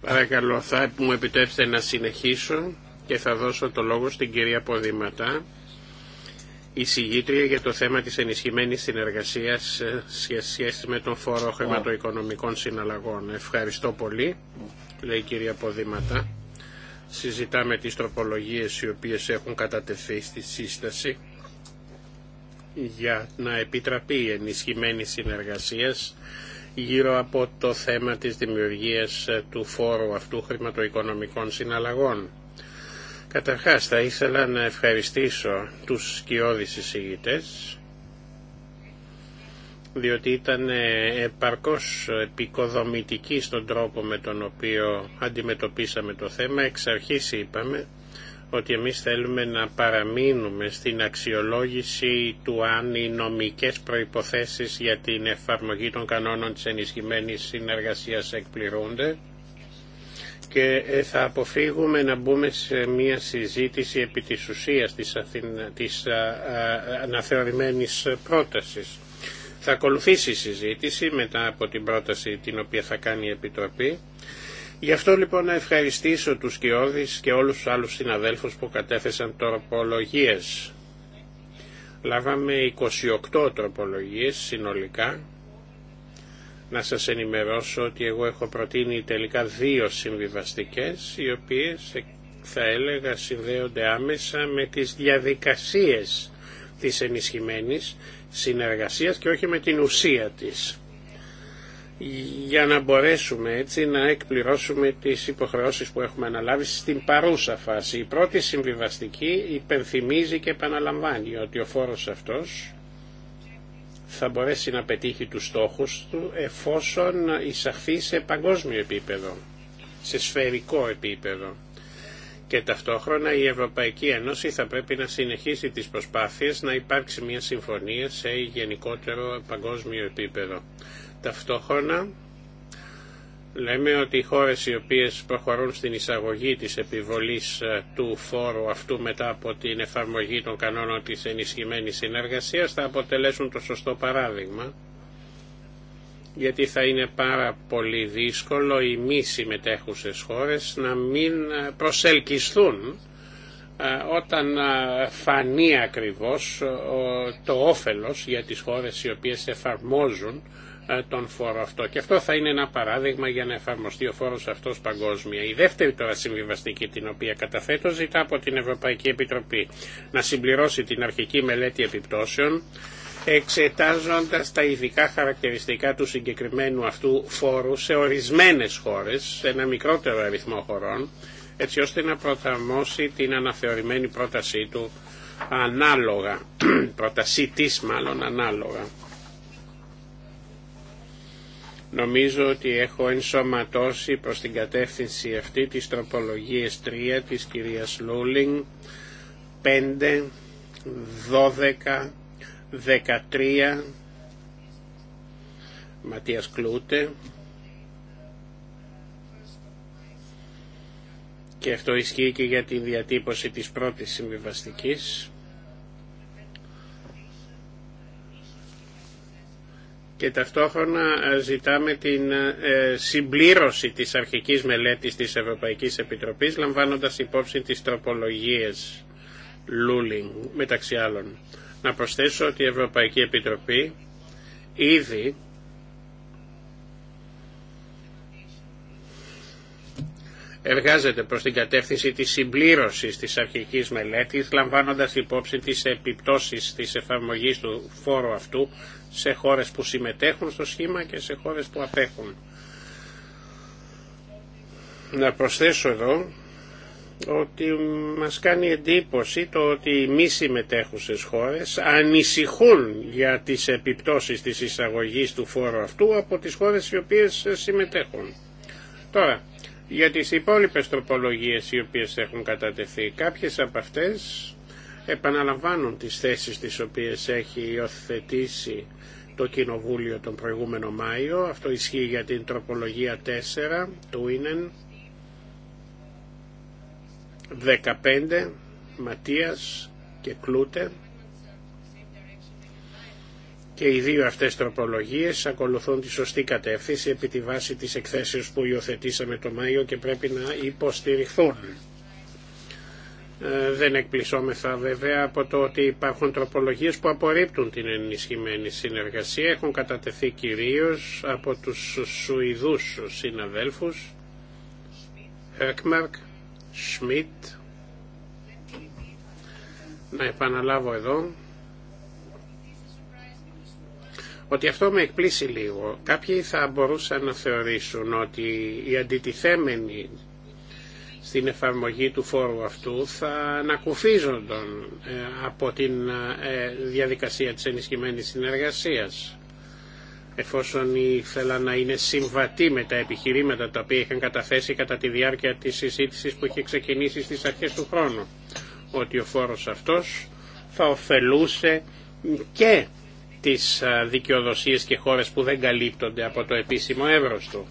Παρακαλώ, θα μου επιτρέψετε να συνεχίσω και θα δώσω το λόγο στην κυρία Ποδηματά, η συγγήτρια για το θέμα της ενισχυμένης συνεργασίας ε, σε σχέση με τον φόρο χρηματοοικονομικών συναλλαγών. Ευχαριστώ πολύ, λέει η κυρία Ποδηματά. Συζητάμε τις τροπολογίες οι οποίες έχουν κατατεθεί στη σύσταση για να επιτραπεί η ενισχυμένη συνεργασία γύρω από το θέμα της δημιουργίας ε, του φόρου αυτού χρηματοοικονομικών συναλλαγών. Καταρχάς θα ήθελα να ευχαριστήσω τους σκιώδεις εισηγητές διότι ήταν ε, επαρκώς επικοδομητική στον τρόπο με τον οποίο αντιμετωπίσαμε το θέμα. Εξ αρχής είπαμε ότι εμείς θέλουμε να παραμείνουμε στην αξιολόγηση του αν οι νομικές προϋποθέσεις για την εφαρμογή των κανόνων της ενισχυμένης συνεργασίας εκπληρούνται και ε, θα αποφύγουμε να μπούμε σε μια συζήτηση επί της ουσίας της, αναθεωρημένης πρότασης. Θα ακολουθήσει η συζήτηση μετά από την πρόταση την οποία θα κάνει η Επιτροπή Γι' αυτό λοιπόν να ευχαριστήσω τους Κιώδης και όλους τους άλλους συναδέλφους που κατέθεσαν τροπολογίες. Λάβαμε 28 τροπολογίες συνολικά. Να σας ενημερώσω ότι εγώ έχω προτείνει τελικά δύο συμβιβαστικές, οι οποίες θα έλεγα συνδέονται άμεσα με τις διαδικασίες της ενισχυμένης συνεργασίας και όχι με την ουσία της για να μπορέσουμε έτσι να εκπληρώσουμε τις υποχρεώσεις που έχουμε αναλάβει στην παρούσα φάση. Η πρώτη συμβιβαστική υπενθυμίζει και επαναλαμβάνει ότι ο φόρος αυτός θα μπορέσει να πετύχει τους στόχους του εφόσον εισαχθεί σε παγκόσμιο επίπεδο, σε σφαιρικό επίπεδο. Και ταυτόχρονα η Ευρωπαϊκή Ένωση θα πρέπει να συνεχίσει τις προσπάθειες να υπάρξει μια συμφωνία σε γενικότερο παγκόσμιο επίπεδο. Ταυτόχρονα λέμε ότι οι χώρες οι οποίες προχωρούν στην εισαγωγή της επιβολής ε, του φόρου αυτού μετά από την εφαρμογή των κανόνων της ενισχυμένης συνεργασίας θα αποτελέσουν το σωστό παράδειγμα γιατί θα είναι πάρα πολύ δύσκολο οι μη συμμετέχουσες χώρες να μην ε, προσελκυστούν ε, όταν ε, φανεί ακριβώς ε, το όφελος για τις χώρες οι οποίες εφαρμόζουν τον φόρο αυτό. Και αυτό θα είναι ένα παράδειγμα για να εφαρμοστεί ο φόρος αυτός παγκόσμια. Η δεύτερη τώρα συμβιβαστική την οποία καταθέτω ζητά από την Ευρωπαϊκή Επιτροπή να συμπληρώσει την αρχική μελέτη επιπτώσεων εξετάζοντας τα ειδικά χαρακτηριστικά του συγκεκριμένου αυτού φόρου σε ορισμένες χώρες, σε ένα μικρότερο αριθμό χωρών, έτσι ώστε να προταρμώσει την αναθεωρημένη πρότασή του ανάλογα, πρότασή της μάλλον ανάλογα. Νομίζω ότι έχω ενσωματώσει προς την κατεύθυνση αυτή τις τροπολογίες 3 της κυρίας Λούλινγκ, 5, 12, 13, Ματίας Κλούτε, και αυτό ισχύει και για τη διατύπωση της πρώτης συμβιβαστικής και ταυτόχρονα ε, ζητάμε την ε, συμπλήρωση της αρχικής μελέτης της Ευρωπαϊκής Επιτροπής λαμβάνοντας υπόψη τις τροπολογίες Λούλινγκ μεταξύ άλλων. Να προσθέσω ότι η Ευρωπαϊκή Επιτροπή ήδη εργάζεται προς την κατεύθυνση της συμπλήρωσης της αρχικής μελέτης, λαμβάνοντας υπόψη τις επιπτώσεις της εφαρμογής του φόρου αυτού σε χώρες που συμμετέχουν στο σχήμα και σε χώρες που απέχουν. Να προσθέσω εδώ ότι μας κάνει εντύπωση το ότι οι μη συμμετέχουσες χώρες ανησυχούν για τις επιπτώσεις της εισαγωγής του φόρου αυτού από τις χώρες οι οποίες συμμετέχουν. Τώρα, για τις υπόλοιπες τροπολογίες οι οποίες έχουν κατατεθεί, κάποιες από αυτές επαναλαμβάνουν τις θέσεις τις οποίες έχει υιοθετήσει το Κοινοβούλιο τον προηγούμενο Μάιο. Αυτό ισχύει για την τροπολογία 4 του Ίνεν 15 Ματίας και Κλούτε και οι δύο αυτές τροπολογίες ακολουθούν τη σωστή κατεύθυνση επί τη βάση της εκθέσεως που υιοθετήσαμε το Μάιο και πρέπει να υποστηριχθούν. Ε, δεν εκπλησόμεθα βέβαια από το ότι υπάρχουν τροπολογίες που απορρίπτουν την ενισχυμένη συνεργασία. Έχουν κατατεθεί κυρίως από τους Σουηδούς συναδέλφους Ερκμαρκ, Σμιτ Να επαναλάβω εδώ ότι αυτό με εκπλήσει λίγο. Κάποιοι θα μπορούσαν να θεωρήσουν ότι οι αντιτιθέμενοι στην εφαρμογή του φόρου αυτού θα ανακουφίζονταν ε, από την ε, διαδικασία της ενισχυμένης συνεργασίας εφόσον ήθελαν να είναι συμβατοί με τα επιχειρήματα τα οποία είχαν καταθέσει κατά τη διάρκεια της συζήτησης που είχε ξεκινήσει στις αρχές του χρόνου ότι ο φόρος αυτός θα ωφελούσε και τις δικαιοδοσίες και χώρες που δεν καλύπτονται από το επίσημο έβρος του.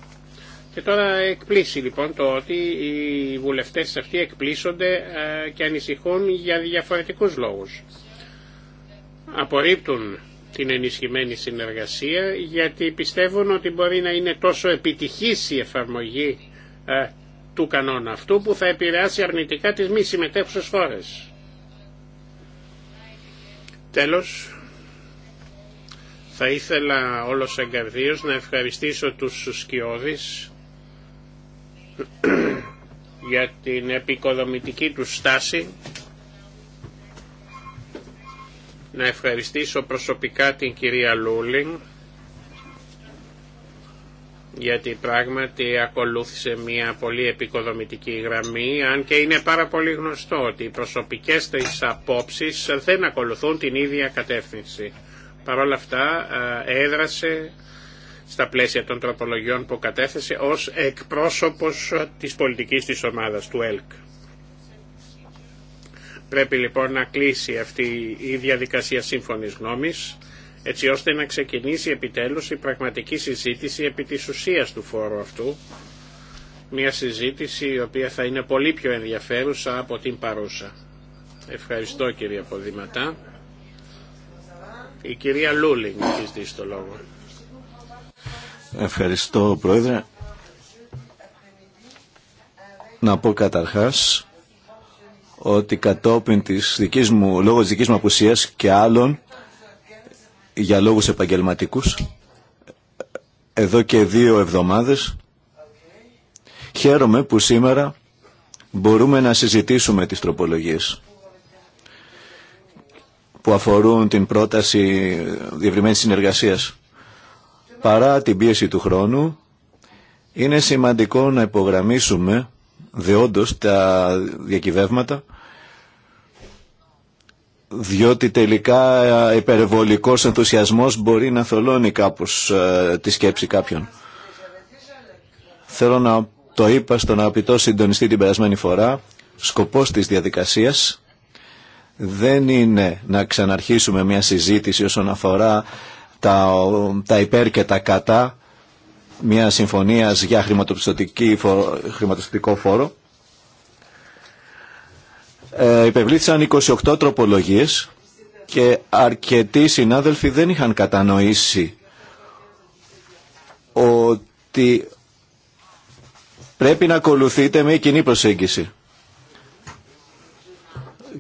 Και τώρα εκπλήσει λοιπόν το ότι οι βουλευτές αυτοί εκπλήσονται και ανησυχούν για διαφορετικούς λόγους. Απορρίπτουν την ενισχυμένη συνεργασία γιατί πιστεύουν ότι μπορεί να είναι τόσο επιτυχής η εφαρμογή του κανόνα αυτού που θα επηρεάσει αρνητικά τις μη συμμετέχουσες χώρες. Τέλος, θα ήθελα όλος εγκαρδίως να ευχαριστήσω τους σκιώδεις για την επικοδομητική του στάση να ευχαριστήσω προσωπικά την κυρία Λούλινγκ γιατί πράγματι ακολούθησε μια πολύ επικοδομητική γραμμή αν και είναι πάρα πολύ γνωστό ότι οι προσωπικές της απόψεις δεν ακολουθούν την ίδια κατεύθυνση. Παρ' όλα αυτά έδρασε στα πλαίσια των τροπολογιών που κατέθεσε ως εκπρόσωπος της πολιτικής της ομάδας του ΕΛΚ. Πρέπει λοιπόν να κλείσει αυτή η διαδικασία σύμφωνης γνώμης έτσι ώστε να ξεκινήσει επιτέλους η πραγματική συζήτηση επί της ουσίας του φόρου αυτού μια συζήτηση η οποία θα είναι πολύ πιο ενδιαφέρουσα από την παρούσα. Ευχαριστώ κύριε Ποδηματά. Η κυρία Λούλη, έχει το λόγο. Ευχαριστώ Πρόεδρε. Να πω καταρχάς ότι κατόπιν της δικής μου, λόγω της δικής μου απουσίας και άλλων για λόγους επαγγελματικούς εδώ και δύο εβδομάδες χαίρομαι που σήμερα μπορούμε να συζητήσουμε τις τροπολογίες που αφορούν την πρόταση διευρυμένης συνεργασίας. Παρά την πίεση του χρόνου, είναι σημαντικό να υπογραμμίσουμε δεόντως τα διακυβεύματα, διότι τελικά ε, υπερβολικός ενθουσιασμός μπορεί να θολώνει κάπως ε, τη σκέψη κάποιων. Θέλω να το είπα στον αγαπητό συντονιστή την περασμένη φορά, σκοπός της διαδικασίας δεν είναι να ξαναρχίσουμε μια συζήτηση όσον αφορά τα, τα υπέρ και τα κατά μια συμφωνίας για χρηματοπιστωτικό φόρο. Ε, υπευλήθησαν 28 τροπολογίες και αρκετοί συνάδελφοι δεν είχαν κατανοήσει ότι πρέπει να ακολουθείτε με κοινή προσέγγιση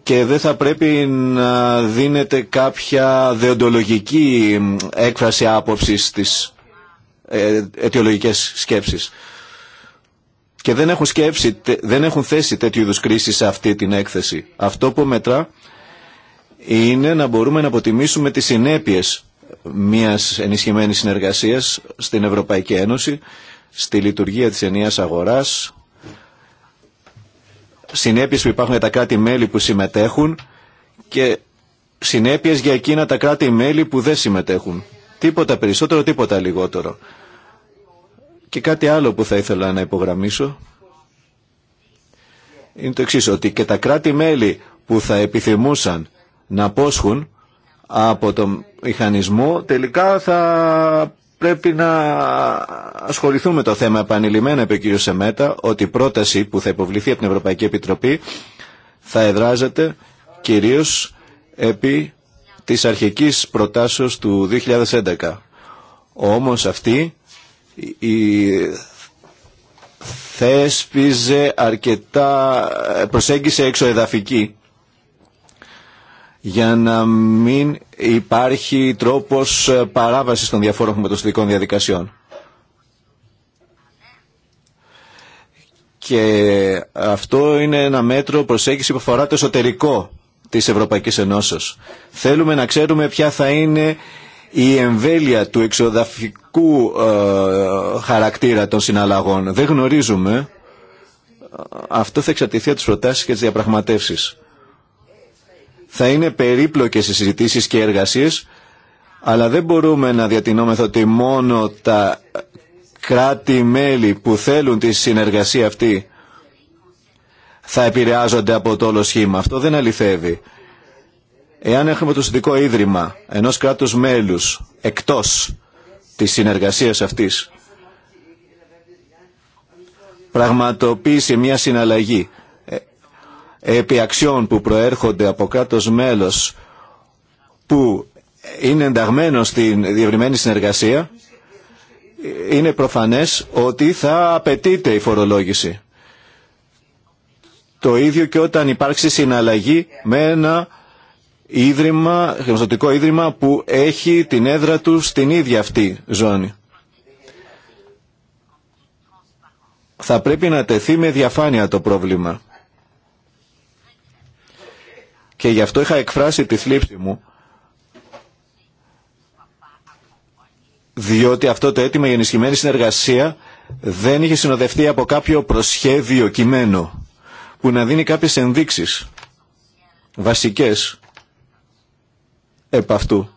και δεν θα πρέπει να δίνεται κάποια δεοντολογική έκφραση άποψης στις ε, αιτιολογικές σκέψεις. Και δεν έχουν, σκέψει, δεν έχουν θέσει τέτοιου είδους κρίση σε αυτή την έκθεση. Αυτό που μετρά είναι να μπορούμε να αποτιμήσουμε τις συνέπειες μιας ενισχυμένης συνεργασίας στην Ευρωπαϊκή Ένωση, στη λειτουργία της ενίας αγοράς, συνέπειες που υπάρχουν για τα κράτη-μέλη που συμμετέχουν και συνέπειες για εκείνα τα κράτη-μέλη που δεν συμμετέχουν. Τίποτα περισσότερο, τίποτα λιγότερο. Και κάτι άλλο που θα ήθελα να υπογραμμίσω είναι το εξή. ότι και τα κράτη-μέλη που θα επιθυμούσαν να πόσχουν από τον μηχανισμό τελικά θα πρέπει να ασχοληθούμε το θέμα επανειλημμένα, είπε ο Σεμέτα, ότι η πρόταση που θα υποβληθεί από την Ευρωπαϊκή Επιτροπή θα εδράζεται κυρίως επί της αρχικής προτάσεως του 2011. Όμως αυτή η θέσπιζε αρκετά, προσέγγισε εξοεδαφική για να μην υπάρχει τρόπος ε, παράβασης των διαφόρων χρηματοστηρικών διαδικασιών. Και αυτό είναι ένα μέτρο προσέγγιση που αφορά το εσωτερικό της Ευρωπαϊκής Ενώσεως. Θέλουμε να ξέρουμε ποια θα είναι η εμβέλεια του εξοδαφικού ε, χαρακτήρα των συναλλαγών. Δεν γνωρίζουμε. Αυτό θα εξαρτηθεί από τις προτάσεις και τις διαπραγματεύσεις θα είναι περίπλοκες οι συζητήσεις και οι εργασίες, αλλά δεν μπορούμε να διατηνόμεθα ότι μόνο τα κράτη-μέλη που θέλουν τη συνεργασία αυτή θα επηρεάζονται από το όλο σχήμα. Αυτό δεν αληθεύει. Εάν έχουμε το συνδικό ίδρυμα ενός κράτους μέλους εκτός της συνεργασίας αυτής, πραγματοποίησε μια συναλλαγή επί αξιών που προέρχονται από κάτω μέλος που είναι ενταγμένο στην διευρυμένη συνεργασία, είναι προφανές ότι θα απαιτείται η φορολόγηση. Το ίδιο και όταν υπάρξει συναλλαγή με ένα ίδρυμα, χρηματοδοτικό ίδρυμα που έχει την έδρα του στην ίδια αυτή ζώνη. Θα πρέπει να τεθεί με διαφάνεια το πρόβλημα. Και γι' αυτό είχα εκφράσει τη θλίψη μου, διότι αυτό το αίτημα για ενισχυμένη συνεργασία δεν είχε συνοδευτεί από κάποιο προσχέδιο κειμένο που να δίνει κάποιες ενδείξεις βασικές επ' αυτού.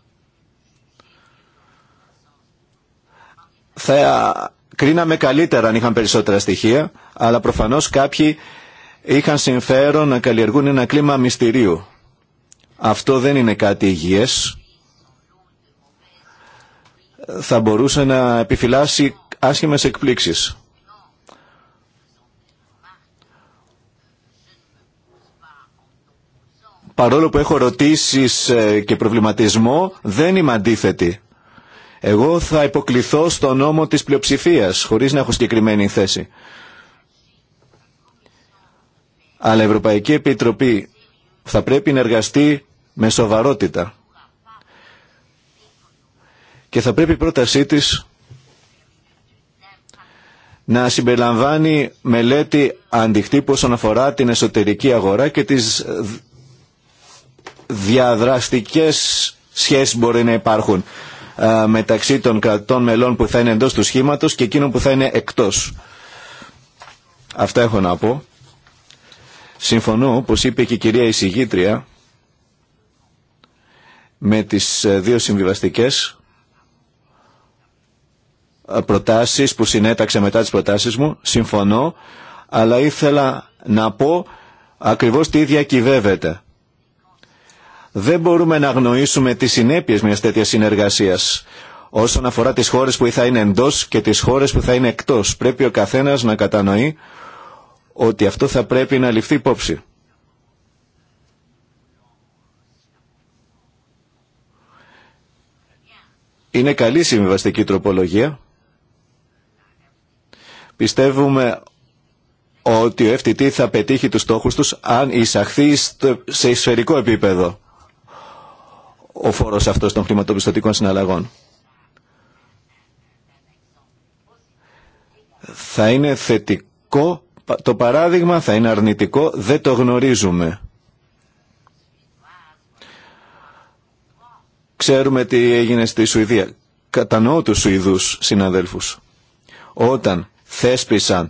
Θα κρίναμε καλύτερα αν είχαν περισσότερα στοιχεία, αλλά προφανώς κάποιοι είχαν συμφέρον να καλλιεργούν ένα κλίμα μυστηρίου. Αυτό δεν είναι κάτι υγιές. Θα μπορούσε να επιφυλάσει άσχημες εκπλήξεις. Παρόλο που έχω ρωτήσεις ε, και προβληματισμό, δεν είμαι αντίθετη. Εγώ θα υποκληθώ στον νόμο της πλειοψηφίας, χωρίς να έχω συγκεκριμένη θέση. Αλλά η Ευρωπαϊκή Επιτροπή θα πρέπει να εργαστεί με σοβαρότητα. Και θα πρέπει η πρότασή της να συμπεριλαμβάνει μελέτη αντιχτύπου όσον αφορά την εσωτερική αγορά και τις διαδραστικές σχέσεις μπορεί να υπάρχουν μεταξύ των κρατών μελών που θα είναι εντός του σχήματος και εκείνων που θα είναι εκτός. Αυτά έχω να πω. Συμφωνώ, όπως είπε και η κυρία εισηγήτρια, με τις ε, δύο συμβιβαστικές ε, προτάσεις που συνέταξε μετά τις προτάσεις μου. Συμφωνώ, αλλά ήθελα να πω ακριβώς τι διακυβεύεται. Δεν μπορούμε να αγνοήσουμε τις συνέπειες μιας τέτοιας συνεργασίας όσον αφορά τις χώρες που θα είναι εντός και τις χώρες που θα είναι εκτός. Πρέπει ο καθένας να κατανοεί ότι αυτό θα πρέπει να ληφθεί υπόψη. Είναι καλή συμβιβαστική τροπολογία. Πιστεύουμε ότι ο FTT θα πετύχει τους στόχους τους αν εισαχθεί σε σφαιρικό επίπεδο ο φόρος αυτός των χρηματοπιστωτικών συναλλαγών. Θα είναι θετικό το παράδειγμα θα είναι αρνητικό, δεν το γνωρίζουμε. Ξέρουμε τι έγινε στη Σουηδία. Κατανοώ τους Σουηδούς συναδέλφους. Όταν θέσπισαν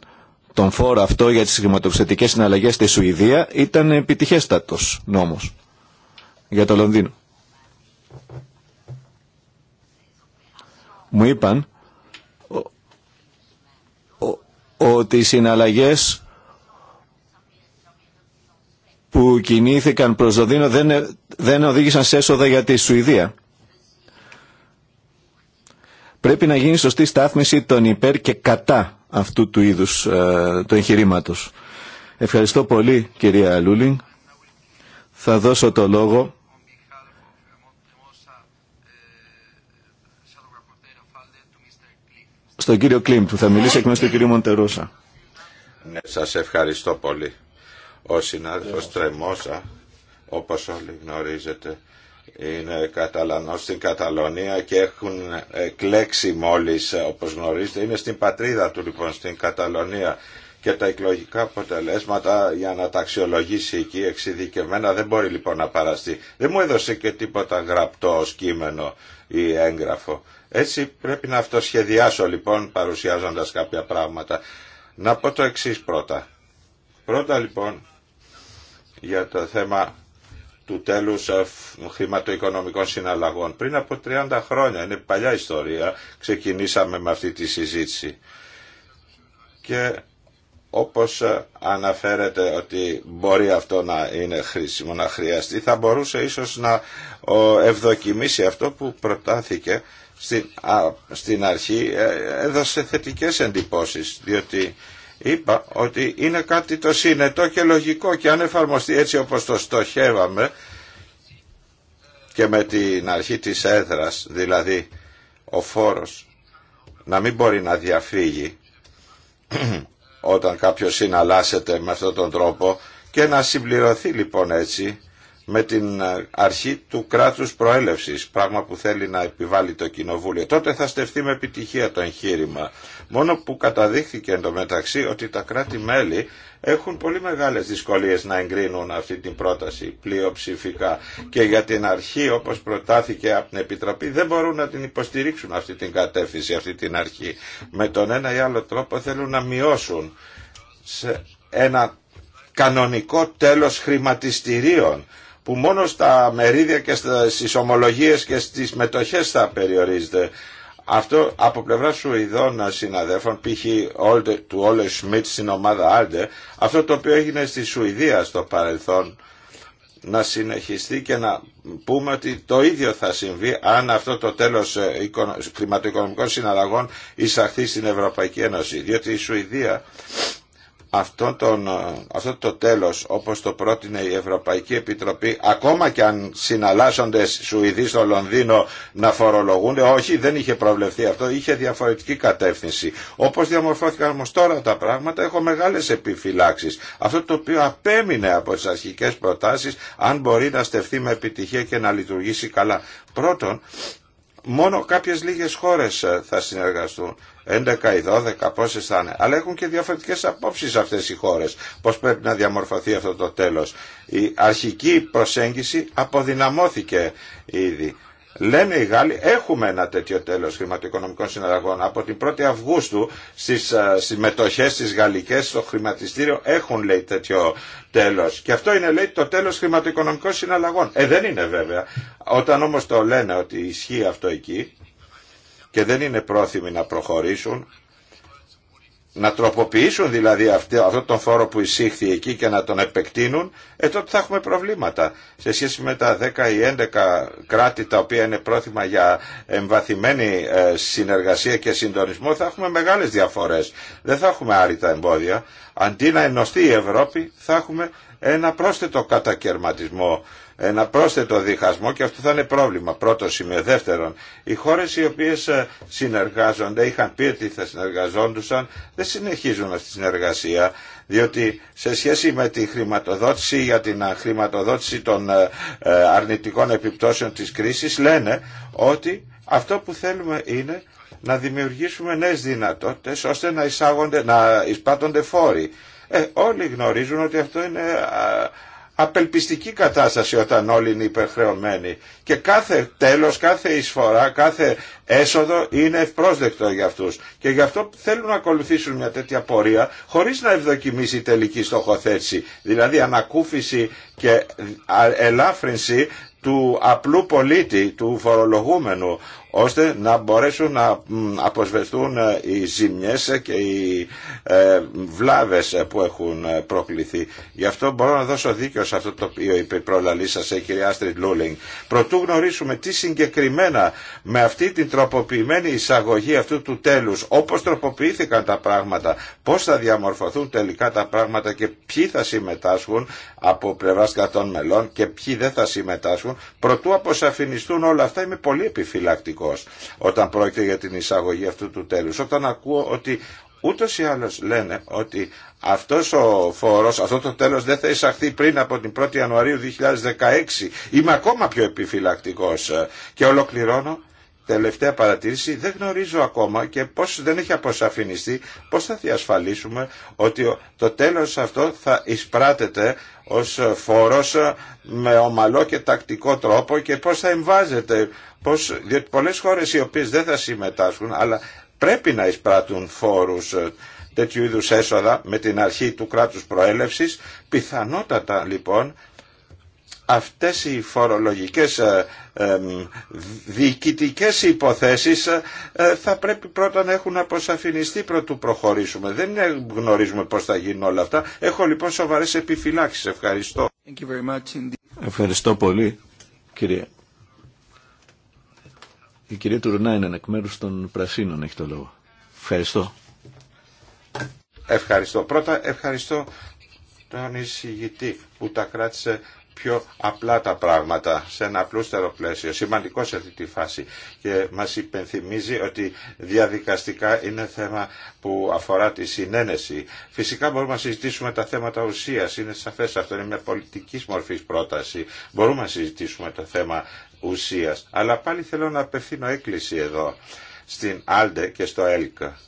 τον φόρο αυτό για τις χρηματοπιστωτικές συναλλαγές στη Σουηδία ήταν επιτυχέστατος νόμος για το Λονδίνο. Μου είπαν ότι οι συναλλαγές που κινήθηκαν προς Δοδίνο δεν, δεν οδήγησαν σε έσοδα για τη Σουηδία. Πρέπει να γίνει σωστή στάθμιση των υπέρ και κατά αυτού του είδους ε, του εγχειρήματο. Ευχαριστώ πολύ κυρία Λούλινγκ. Θα δώσω το λόγο στον κύριο Κλίμπ θα μιλήσει εκ μέρους του κύριου Μοντερούσα. Ναι, σας ευχαριστώ πολύ. Ο συνάδελφος Τρεμόσα, όπως όλοι γνωρίζετε, είναι Καταλανός στην Καταλωνία και έχουν κλέξει μόλις, όπως γνωρίζετε, είναι στην πατρίδα του λοιπόν στην Καταλωνία και τα εκλογικά αποτελέσματα για να τα αξιολογήσει εκεί εξειδικευμένα δεν μπορεί λοιπόν να παραστεί. Δεν μου έδωσε και τίποτα γραπτό ως κείμενο ή έγγραφο. Έτσι πρέπει να αυτοσχεδιάσω λοιπόν παρουσιάζοντας κάποια πράγματα. Να πω το εξή πρώτα. Πρώτα λοιπόν για το θέμα του τέλους ε, χρηματοοικονομικών συναλλαγών. Πριν από 30 χρόνια, είναι παλιά ιστορία, ξεκινήσαμε με αυτή τη συζήτηση. Και όπως ε, αναφέρεται ότι μπορεί αυτό να είναι χρήσιμο, να χρειαστεί, θα μπορούσε ίσως να ευδοκιμήσει αυτό που προτάθηκε στην, στην αρχή, ε, έδωσε θετικές εντυπώσεις, διότι είπα ότι είναι κάτι το συνετό και λογικό και αν εφαρμοστεί έτσι όπως το στοχεύαμε και με την αρχή της έδρας, δηλαδή ο φόρος να μην μπορεί να διαφύγει όταν κάποιος συναλλάσσεται με αυτόν τον τρόπο και να συμπληρωθεί λοιπόν έτσι με την ε, αρχή του κράτους προέλευσης, πράγμα που θέλει να επιβάλλει το Κοινοβούλιο. Τότε θα στεφθεί με επιτυχία το εγχείρημα. Μόνο που καταδείχθηκε εντωμεταξύ ότι τα κράτη-μέλη έχουν πολύ μεγάλες δυσκολίες να εγκρίνουν αυτή την πρόταση πλειοψηφικά και για την αρχή όπως προτάθηκε από την Επιτροπή δεν μπορούν να την υποστηρίξουν αυτή την κατεύθυνση, αυτή την αρχή. Με τον ένα ή άλλο τρόπο θέλουν να μειώσουν σε ένα κανονικό τέλος χρηματιστηρίων που μόνο στα μερίδια και στις ομολογίες και στις μετοχές θα περιορίζεται. Αυτό από πλευρά Σουηδών ε, συναδέφων, π.χ. του Όλε Σμιτ στην ομάδα Άλτε, αυτό το οποίο έγινε στη Σουηδία στο παρελθόν, να συνεχιστεί και να πούμε ότι το ίδιο θα συμβεί αν αυτό το τέλος ε, κλιματοοικονομικών συναλλαγών εισαχθεί στην Ευρωπαϊκή Ένωση. Διότι η Σουηδία αυτό, τον, ε, αυτό το τέλος όπως το πρότεινε η Ευρωπαϊκή Επιτροπή ακόμα και αν συναλλάσσονται Σουηδοί στο Λονδίνο να φορολογούνται όχι δεν είχε προβλεφθεί αυτό είχε διαφορετική κατεύθυνση όπως διαμορφώθηκαν όμως τώρα τα πράγματα έχω μεγάλες επιφυλάξεις αυτό το οποίο απέμεινε από τις αρχικές προτάσεις αν μπορεί να στεφθεί με επιτυχία και να λειτουργήσει καλά πρώτον μόνο κάποιες λίγες χώρες ε, θα συνεργαστούν 11 ή 12 πόσες θα είναι. Αλλά έχουν και διαφορετικές απόψεις αυτές οι χώρες πώς πρέπει να διαμορφωθεί αυτό το τέλος. Η αρχική προσέγγιση αποδυναμώθηκε ήδη. ποσε τέτοιο τέλος χρηματοοικονομικών συναλλαγών. Από την 1η Αυγούστου στις ε, συμμετοχές στις γαλλικές στο χρηματιστήριο έχουν λέει τέτοιο τέλος. Και ήδη. Λένε οι χωρε πω πρεπει λέει το τελο η αρχικη προσεγγιση αποδυναμωθηκε ηδη λενε οι γαλλοι εχουμε ενα τετοιο τελος χρηματοοικονομικών συναλλαγών. Ε δεν είναι βέβαια. Όταν όμως το λένε ότι ισχύει αυτό εκεί και δεν είναι πρόθυμοι να προχωρήσουν, να τροποποιήσουν δηλαδή αυτό, αυτόν τον φόρο που εισήχθη εκεί και να τον επεκτείνουν, ε, τότε θα έχουμε προβλήματα. Σε σχέση με τα 10 ή 11 κράτη τα οποία είναι πρόθυμα για εμβαθυμένη ε, συνεργασία και συντονισμό, θα έχουμε μεγάλες διαφορές. Δεν θα έχουμε άρρητα εμπόδια. Αντί να ενωστεί η Ευρώπη, θα έχουμε ένα πρόσθετο κατακαιρματισμό ένα πρόσθετο διχασμό και αυτό θα είναι πρόβλημα. Πρώτο σημείο. Δεύτερον, οι χώρε οι οποίε ε, συνεργάζονται, είχαν πει ότι θα συνεργαζόντουσαν, δεν συνεχίζουν αυτή τη συνεργασία διότι σε σχέση με τη χρηματοδότηση για την ε, χρηματοδότηση των ε, αρνητικών επιπτώσεων της κρίσης λένε ότι αυτό που θέλουμε είναι να δημιουργήσουμε νέες δυνατότητες ώστε να εισάγονται, να εισπάτονται φόροι. Ε, όλοι γνωρίζουν ότι αυτό είναι απελπιστική κατάσταση όταν όλοι είναι υπερχρεωμένοι και κάθε τέλος, κάθε εισφορά, κάθε έσοδο είναι ευπρόσδεκτο για αυτούς και γι' αυτό θέλουν να ακολουθήσουν μια τέτοια πορεία χωρίς να ευδοκιμήσει η τελική στοχοθέτηση, δηλαδή ανακούφιση και ελάφρυνση του απλού πολίτη, του φορολογούμενου, ώστε να μπορέσουν να αποσβεστούν ε, οι ζημιές και οι ε, βλάβες που έχουν ε, προκληθεί. Γι' αυτό μπορώ να δώσω δίκιο σε αυτό το οποίο είπε η προλαλή σας, η κυρία Άστριντ Λούλινγκ. Προτού γνωρίσουμε τι συγκεκριμένα με αυτή την τροποποιημένη εισαγωγή αυτού του τέλους, όπως τροποποιήθηκαν τα πράγματα, πώς θα διαμορφωθούν τελικά τα πράγματα και ποιοι θα συμμετάσχουν από πλευράς κατών μελών και ποιοι δεν θα συμμετάσχουν, προτού αποσαφινιστούν όλα αυτά είμαι πολύ επιφυλακτικό όταν πρόκειται για την εισαγωγή αυτού του τέλους. Όταν ακούω ότι ούτως ή άλλως λένε ότι αυτός ο φόρος, αυτό το τέλος δεν θα εισαχθεί πριν από την 1η Ιανουαρίου 2016. Είμαι ακόμα πιο επιφυλακτικός και ολοκληρώνω τελευταία παρατήρηση, δεν γνωρίζω ακόμα και πώς δεν έχει αποσαφινιστεί πώς θα διασφαλίσουμε ότι το τέλος αυτό θα εισπράτεται ως φόρος με ομαλό και τακτικό τρόπο και πώς θα εμβάζεται. Πώς, διότι πολλές χώρες οι οποίες δεν θα συμμετάσχουν αλλά πρέπει να εισπράττουν φόρους ε, τέτοιου είδους έσοδα με την αρχή του κράτους προέλευσης. Πιθανότατα λοιπόν αυτές οι φορολογικές ε, διοικητικές υποθέσεις ε, θα πρέπει πρώτα να έχουν αποσαφινιστεί πρωτού προχωρήσουμε. Δεν γνωρίζουμε πώς θα γίνουν όλα αυτά. Έχω λοιπόν σοβαρές επιφυλάξεις. Ευχαριστώ. Ευχαριστώ πολύ κυρία. Η κυρία είναι εκ μέρους των Πρασίνων έχει το λόγο. Ευχαριστώ. Ευχαριστώ. Πρώτα ευχαριστώ τον εισηγητή που τα κράτησε πιο απλά τα πράγματα, σε ένα απλούστερο πλαίσιο, σημαντικό σε αυτή τη φάση. Και μας υπενθυμίζει ότι διαδικαστικά είναι θέμα που αφορά τη συνένεση. Φυσικά μπορούμε να συζητήσουμε τα θέματα ουσίας, είναι σαφές αυτό, είναι μια πολιτικής μορφής πρόταση. Μπορούμε να συζητήσουμε το θέμα ουσίας. Αλλά πάλι θέλω να απευθύνω έκκληση εδώ στην Άλντε και στο ΕΛΚΑ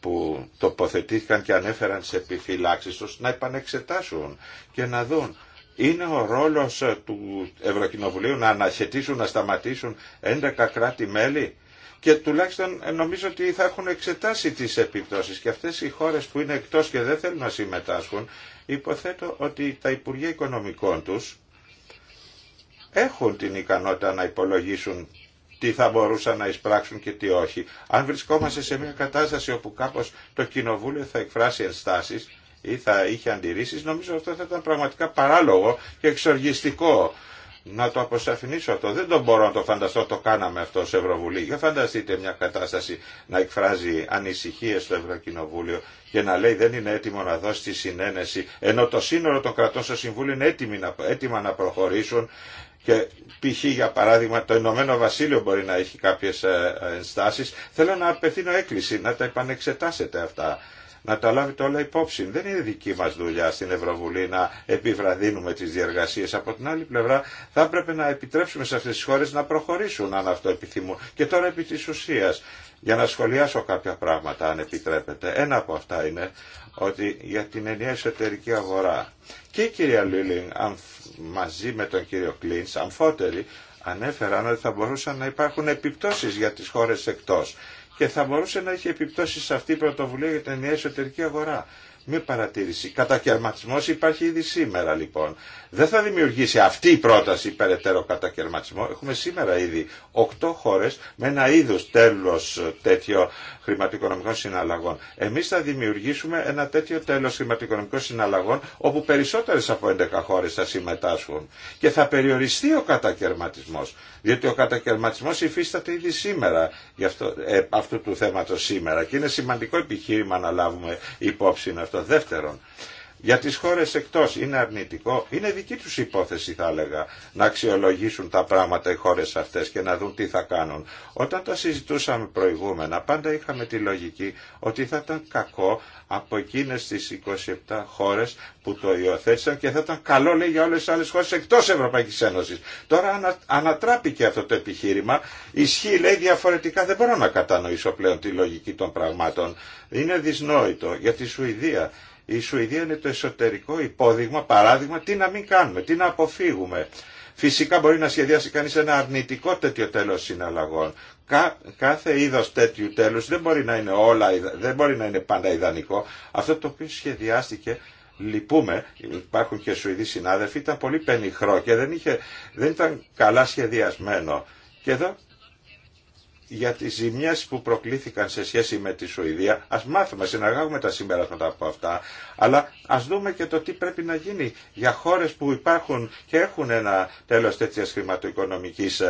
που τοποθετήθηκαν και ανέφεραν σε επιφυλάξεις τους να επανεξετάσουν και να δουν είναι ο ρόλος ε, του Ευρωκοινοβουλίου να αναχαιτήσουν, να σταματήσουν 11 κράτη-μέλη και τουλάχιστον ε, νομίζω ότι θα έχουν εξετάσει τις επιπτώσεις και αυτές οι χώρες που είναι εκτός και δεν θέλουν να συμμετάσχουν υποθέτω ότι τα Υπουργεία Οικονομικών τους έχουν την ικανότητα να υπολογίσουν τι θα μπορούσαν να εισπράξουν και τι όχι. Αν βρισκόμαστε σε μια κατάσταση όπου κάπως το Κοινοβούλιο θα εκφράσει ενστάσεις, ή θα είχε αντιρρήσεις, νομίζω αυτό θα ήταν πραγματικά παράλογο και εξοργιστικό. Να το αποσαφηνίσω αυτό. Δεν το μπορώ να το φανταστώ. Το κάναμε αυτό σε Ευρωβουλή. Για φανταστείτε μια κατάσταση να εκφράζει ανησυχίε στο Ευρωκοινοβούλιο και να λέει δεν είναι έτοιμο να δώσει τη συνένεση, ενώ το σύνολο των κρατών στο Συμβούλιο είναι να, έτοιμα να προχωρήσουν και π.χ. για παράδειγμα το Ηνωμένο Βασίλειο μπορεί να έχει κάποιες ε, ενστάσεις, θέλω να απευθύνω έκκληση να τα επανεξετάσετε αυτά να τα λάβετε όλα υπόψη. Δεν είναι δική μας δουλειά στην Ευρωβουλή να επιβραδύνουμε τις διεργασίες. Από την άλλη πλευρά θα έπρεπε να επιτρέψουμε σε αυτές τις χώρες να προχωρήσουν αν αυτό επιθυμούν. Και τώρα επί της ουσίας για να σχολιάσω κάποια πράγματα αν επιτρέπετε. Ένα από αυτά είναι ότι για την ενιαία εσωτερική αγορά και η κυρία Λίλινγκ μαζί με τον κύριο Κλίντς αμφότεροι ανέφεραν ότι θα μπορούσαν να υπάρχουν επιπτώσεις για τις χώρες εκτός και θα μπορούσε να έχει επιπτώσει σε αυτή η πρωτοβουλία για την εσωτερική αγορά. Μία παρατήρηση. Κατακαιρματισμό υπάρχει ήδη σήμερα λοιπόν. Δεν θα δημιουργήσει αυτή η πρόταση περαιτέρω κατακαιρματισμό. Έχουμε σήμερα ήδη 8 χώρε με ένα είδο τέλο τέτοιο χρηματοοικονομικών συναλλαγών. Εμεί θα δημιουργήσουμε ένα τέτοιο τέλο χρηματοοικονομικών συναλλαγών όπου περισσότερε από 11 χώρε θα συμμετάσχουν και θα περιοριστεί ο κατακαιρματισμό. Διότι ο κατακαιρματισμό υφίσταται ήδη σήμερα αυτό, ε, αυτού του θέματο σήμερα και είναι σημαντικό επιχείρημα να λάβουμε υπόψη αυτό. Δεύτερον, για τις χώρες εκτός είναι αρνητικό, είναι δική τους υπόθεση θα έλεγα να αξιολογήσουν τα πράγματα οι χώρες αυτές και να δουν τι θα κάνουν. Όταν τα συζητούσαμε προηγούμενα πάντα είχαμε τη λογική ότι θα ήταν κακό από εκείνες τις 27 χώρες που το υιοθέτησαν και θα ήταν καλό λέει για όλες τις άλλες χώρες εκτός Ευρωπαϊκής Ένωσης. Τώρα ανα, ανατράπηκε αυτό το επιχείρημα, ισχύει λέει διαφορετικά, δεν μπορώ να κατανοήσω πλέον τη λογική των πραγμάτων. Είναι δυσνόητο για τη Σουηδία η Σουηδία είναι το εσωτερικό υπόδειγμα, παράδειγμα, τι να μην κάνουμε, τι να αποφύγουμε. Φυσικά μπορεί να σχεδιάσει κανείς ένα αρνητικό τέτοιο τέλος συναλλαγών. Κάθε είδος τέτοιου τέλους δεν μπορεί να είναι, όλα, δεν μπορεί να είναι πάντα ιδανικό. Αυτό το οποίο σχεδιάστηκε λυπούμε, υπάρχουν και Σουηδοί συνάδελφοι, ήταν πολύ πενιχρό και δεν, είχε, δεν ήταν καλά σχεδιασμένο. Και εδώ για τις ζημιές που προκλήθηκαν σε σχέση με τη Σουηδία, ας μάθουμε, συνεργάζουμε τα συμπεράσματα από αυτά, αλλά ας δούμε και το τι πρέπει να γίνει για χώρες που υπάρχουν και έχουν ένα τέλος τέτοιας χρηματοοικονομικής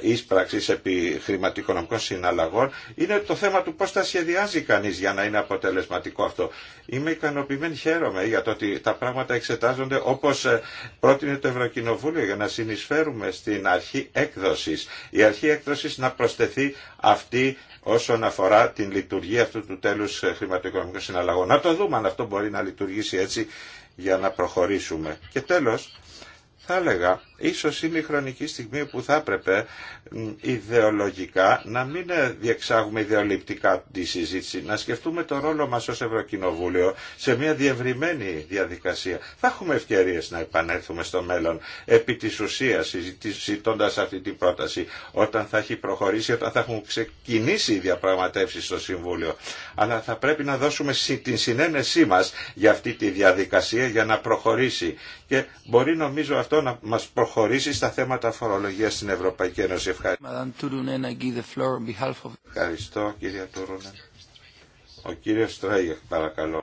ίσπραξης ε, ε, επί χρηματοοικονομικών συναλλαγών, είναι το θέμα του πώς τα σχεδιάζει κανείς για να είναι αποτελεσματικό αυτό. Είμαι ικανοποιημένη, χαίρομαι για το ότι τα πράγματα εξετάζονται όπως ε, πρότεινε το Ευρωκοινοβούλιο για να συνεισφέρουμε στην αρχή έκδοσης. Η αρχή έκδοσης να προσθέσει τεθεί αυτή όσον αφορά την λειτουργία αυτού του τέλους ε, χρηματοοικονομικών συναλλαγών. Να το δούμε αν αυτό μπορεί να λειτουργήσει έτσι για να προχωρήσουμε. Και τέλος, θα έλεγα, ίσως είναι η χρονική στιγμή που θα έπρεπε ιδεολογικά να μην διεξάγουμε ιδεολειπτικά τη συζήτηση, να σκεφτούμε το ρόλο μας ως Ευρωκοινοβούλιο σε μια διευρυμένη διαδικασία. Θα έχουμε ευκαιρίες να επανέλθουμε στο μέλλον επί της ουσίας συζητώντας αυτή την πρόταση όταν θα έχει προχωρήσει, όταν θα έχουν ξεκινήσει οι διαπραγματεύσεις στο Συμβούλιο. Αλλά θα πρέπει να δώσουμε την συνένεσή μας για αυτή τη διαδικασία για να προχωρήσει. Και μπορεί νομίζω αυτό να μας προχωρήσει στα θέματα φορολογίας στην Ευρωπαϊκή Ένωση. Ευχαριστώ. Ευχαριστώ κύριε Τουρούνεν. Ο κύριος Στράγεχ παρακαλώ.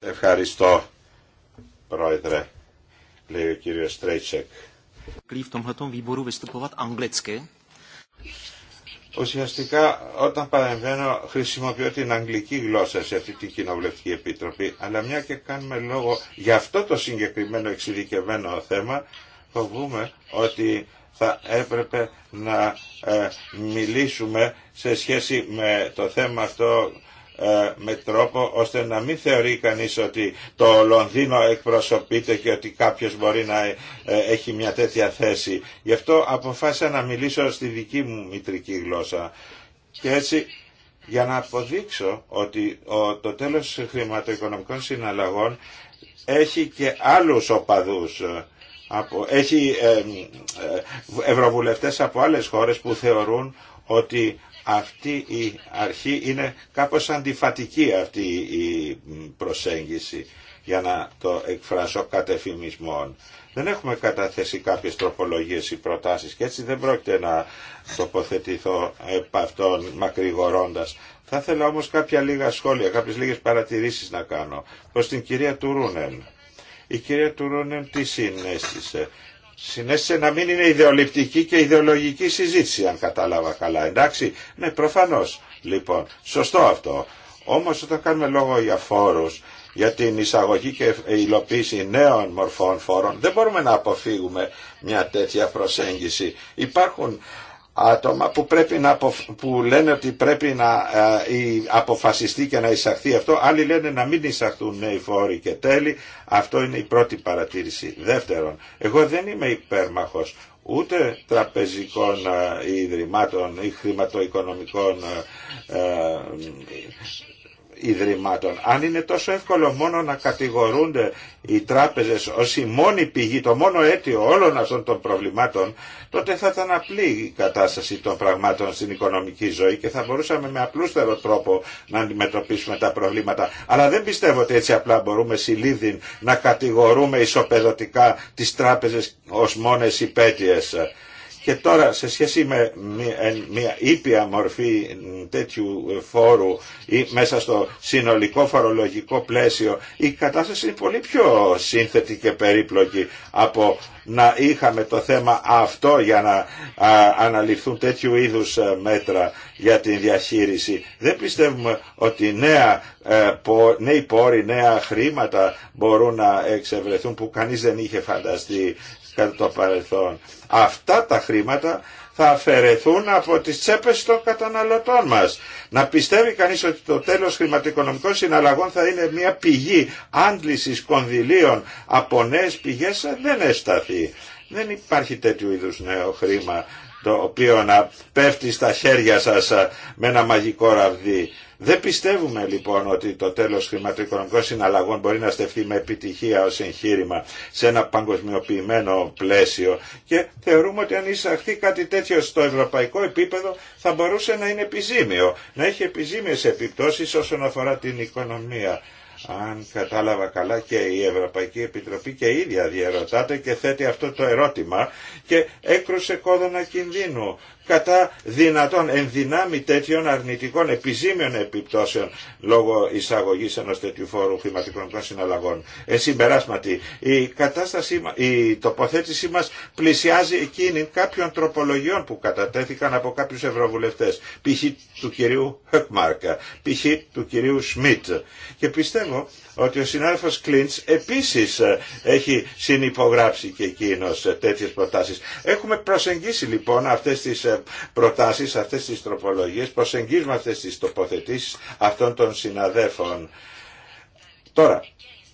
Ευχαριστώ πρόεδρε, λέει ο κύριος Στρέιτσεκ. Ουσιαστικά όταν παρεμβαίνω χρησιμοποιώ την αγγλική γλώσσα σε αυτή την κοινοβουλευτική επιτροπή, αλλά μια και κάνουμε λόγο για αυτό το συγκεκριμένο εξειδικευμένο θέμα, φοβούμε ότι θα έπρεπε να ε, μιλήσουμε σε σχέση με το θέμα αυτό ε, με τρόπο ώστε να μην θεωρεί κανείς ότι το Λονδίνο εκπροσωπείται και ότι κάποιος μπορεί να ε, έχει μια τέτοια θέση. Γι' αυτό αποφάσισα να μιλήσω στη δική μου μητρική γλώσσα. Και έτσι για να αποδείξω ότι το τέλος χρηματοοικονομικών συναλλαγών έχει και άλλους οπαδούς. Ε, έχει ευρωβουλευτές από άλλες χώρες που θεωρούν ότι αυτή η αρχή είναι κάπως αντιφατική αυτή η προσέγγιση για να το εκφράσω κατεφημισμών. Δεν έχουμε καταθέσει κάποιες τροπολογίες ή προτάσεις και έτσι δεν πρόκειται να τοποθετηθώ επ' αυτών μακρηγορώντας. Θα ήθελα όμως κάποια λίγα σχόλια, κάποιες λίγες παρατηρήσεις να κάνω προς την κυρία Τουρούνεν. Η κυρία Τουρούνεν τι συνέστησε. Συνέστησε να μην είναι ιδεολειπτική και ιδεολογική συζήτηση, αν κατάλαβα καλά. Εντάξει, ναι, προφανώς. Λοιπόν, σωστό αυτό. Όμως όταν κάνουμε λόγο για φόρους, για την εισαγωγή και υλοποίηση νέων μορφών φόρων, δεν μπορούμε να αποφύγουμε μια τέτοια προσέγγιση. Υπάρχουν άτομα που, πρέπει να που λένε ότι πρέπει να αποφασιστεί και να εισαχθεί αυτό. Άλλοι λένε να μην εισαχθούν νέοι φόροι και τέλη. Αυτό είναι η πρώτη παρατήρηση. Δεύτερον, εγώ δεν είμαι υπέρμαχος ούτε τραπεζικών ιδρυμάτων ή χρηματοοικονομικών ιδρυμάτων. Αν είναι τόσο εύκολο μόνο να κατηγορούνται οι τράπεζες ως η μόνη πηγή, το μόνο αίτιο όλων αυτών των προβλημάτων, τότε θα ήταν απλή η κατάσταση των πραγμάτων στην οικονομική ζωή και θα μπορούσαμε με απλούστερο τρόπο να αντιμετωπίσουμε τα προβλήματα. Αλλά δεν πιστεύω ότι έτσι απλά μπορούμε συλλήδιν να κατηγορούμε ισοπεδωτικά τις τράπεζες ως μόνες υπέτειες. Και τώρα σε σχέση με μια ήπια μορφή τέτοιου φόρου ή μέσα στο συνολικό φορολογικό πλαίσιο η κατάσταση είναι πολύ πιο σύνθετη και περίπλοκη από να είχαμε το θέμα αυτό για να αναλυφθούν τέτοιου είδους ε, μέτρα για την διαχείριση. Δεν πιστεύουμε ότι νέα, ε, νέοι πόροι, νέα χρήματα μπορούν να εξευρεθούν που κανείς δεν είχε φανταστεί κατά το παρελθόν. Αυτά τα χρήματα θα αφαιρεθούν από τις τσέπες των καταναλωτών μας. Να πιστεύει κανείς ότι το τέλος χρηματοοικονομικών συναλλαγών θα είναι μια πηγή άντλησης κονδυλίων από νέες πηγές δεν έσταθεί. Δεν υπάρχει τέτοιου είδους νέο χρήμα το οποίο να πέφτει στα χέρια σας με ένα μαγικό ραβδί. Δεν πιστεύουμε λοιπόν ότι το τέλος χρηματοοικονομικών συναλλαγών μπορεί να στεφθεί με επιτυχία ως εγχείρημα σε ένα παγκοσμιοποιημένο πλαίσιο και θεωρούμε ότι αν εισαχθεί κάτι τέτοιο στο ευρωπαϊκό επίπεδο θα μπορούσε να είναι επιζήμιο, να έχει επιζήμιες επιπτώσεις όσον αφορά την οικονομία. Αν κατάλαβα καλά και η Ευρωπαϊκή Επιτροπή και η ίδια διαρωτάται και θέτει αυτό το ερώτημα και έκρουσε κόδωνα κινδύνου κατά δυνατόν ενδυνάμει τέτοιων αρνητικών επιζήμιων επιπτώσεων λόγω εισαγωγής ενός τέτοιου φόρου χρηματικών συναλλαγών. Ε, συμπεράσματι, η, κατάσταση, η τοποθέτησή μας πλησιάζει εκείνη κάποιων τροπολογιών που κατατέθηκαν από κάποιους ευρωβουλευτές, π.χ. του κυρίου Χεκμάρκα, π.χ. του κυρίου Σμιτ. Και πιστεύω ότι ο συνάδελφος Κλίντς επίσης ε, έχει συνυπογράψει και εκείνος ε, τέτοιες προτάσεις. Έχουμε προσεγγίσει λοιπόν αυτές τις ε, προτάσεις, αυτές τις τροπολογίες, προσεγγίζουμε αυτές τις τοποθετήσεις αυτών των συναδέφων. Τώρα,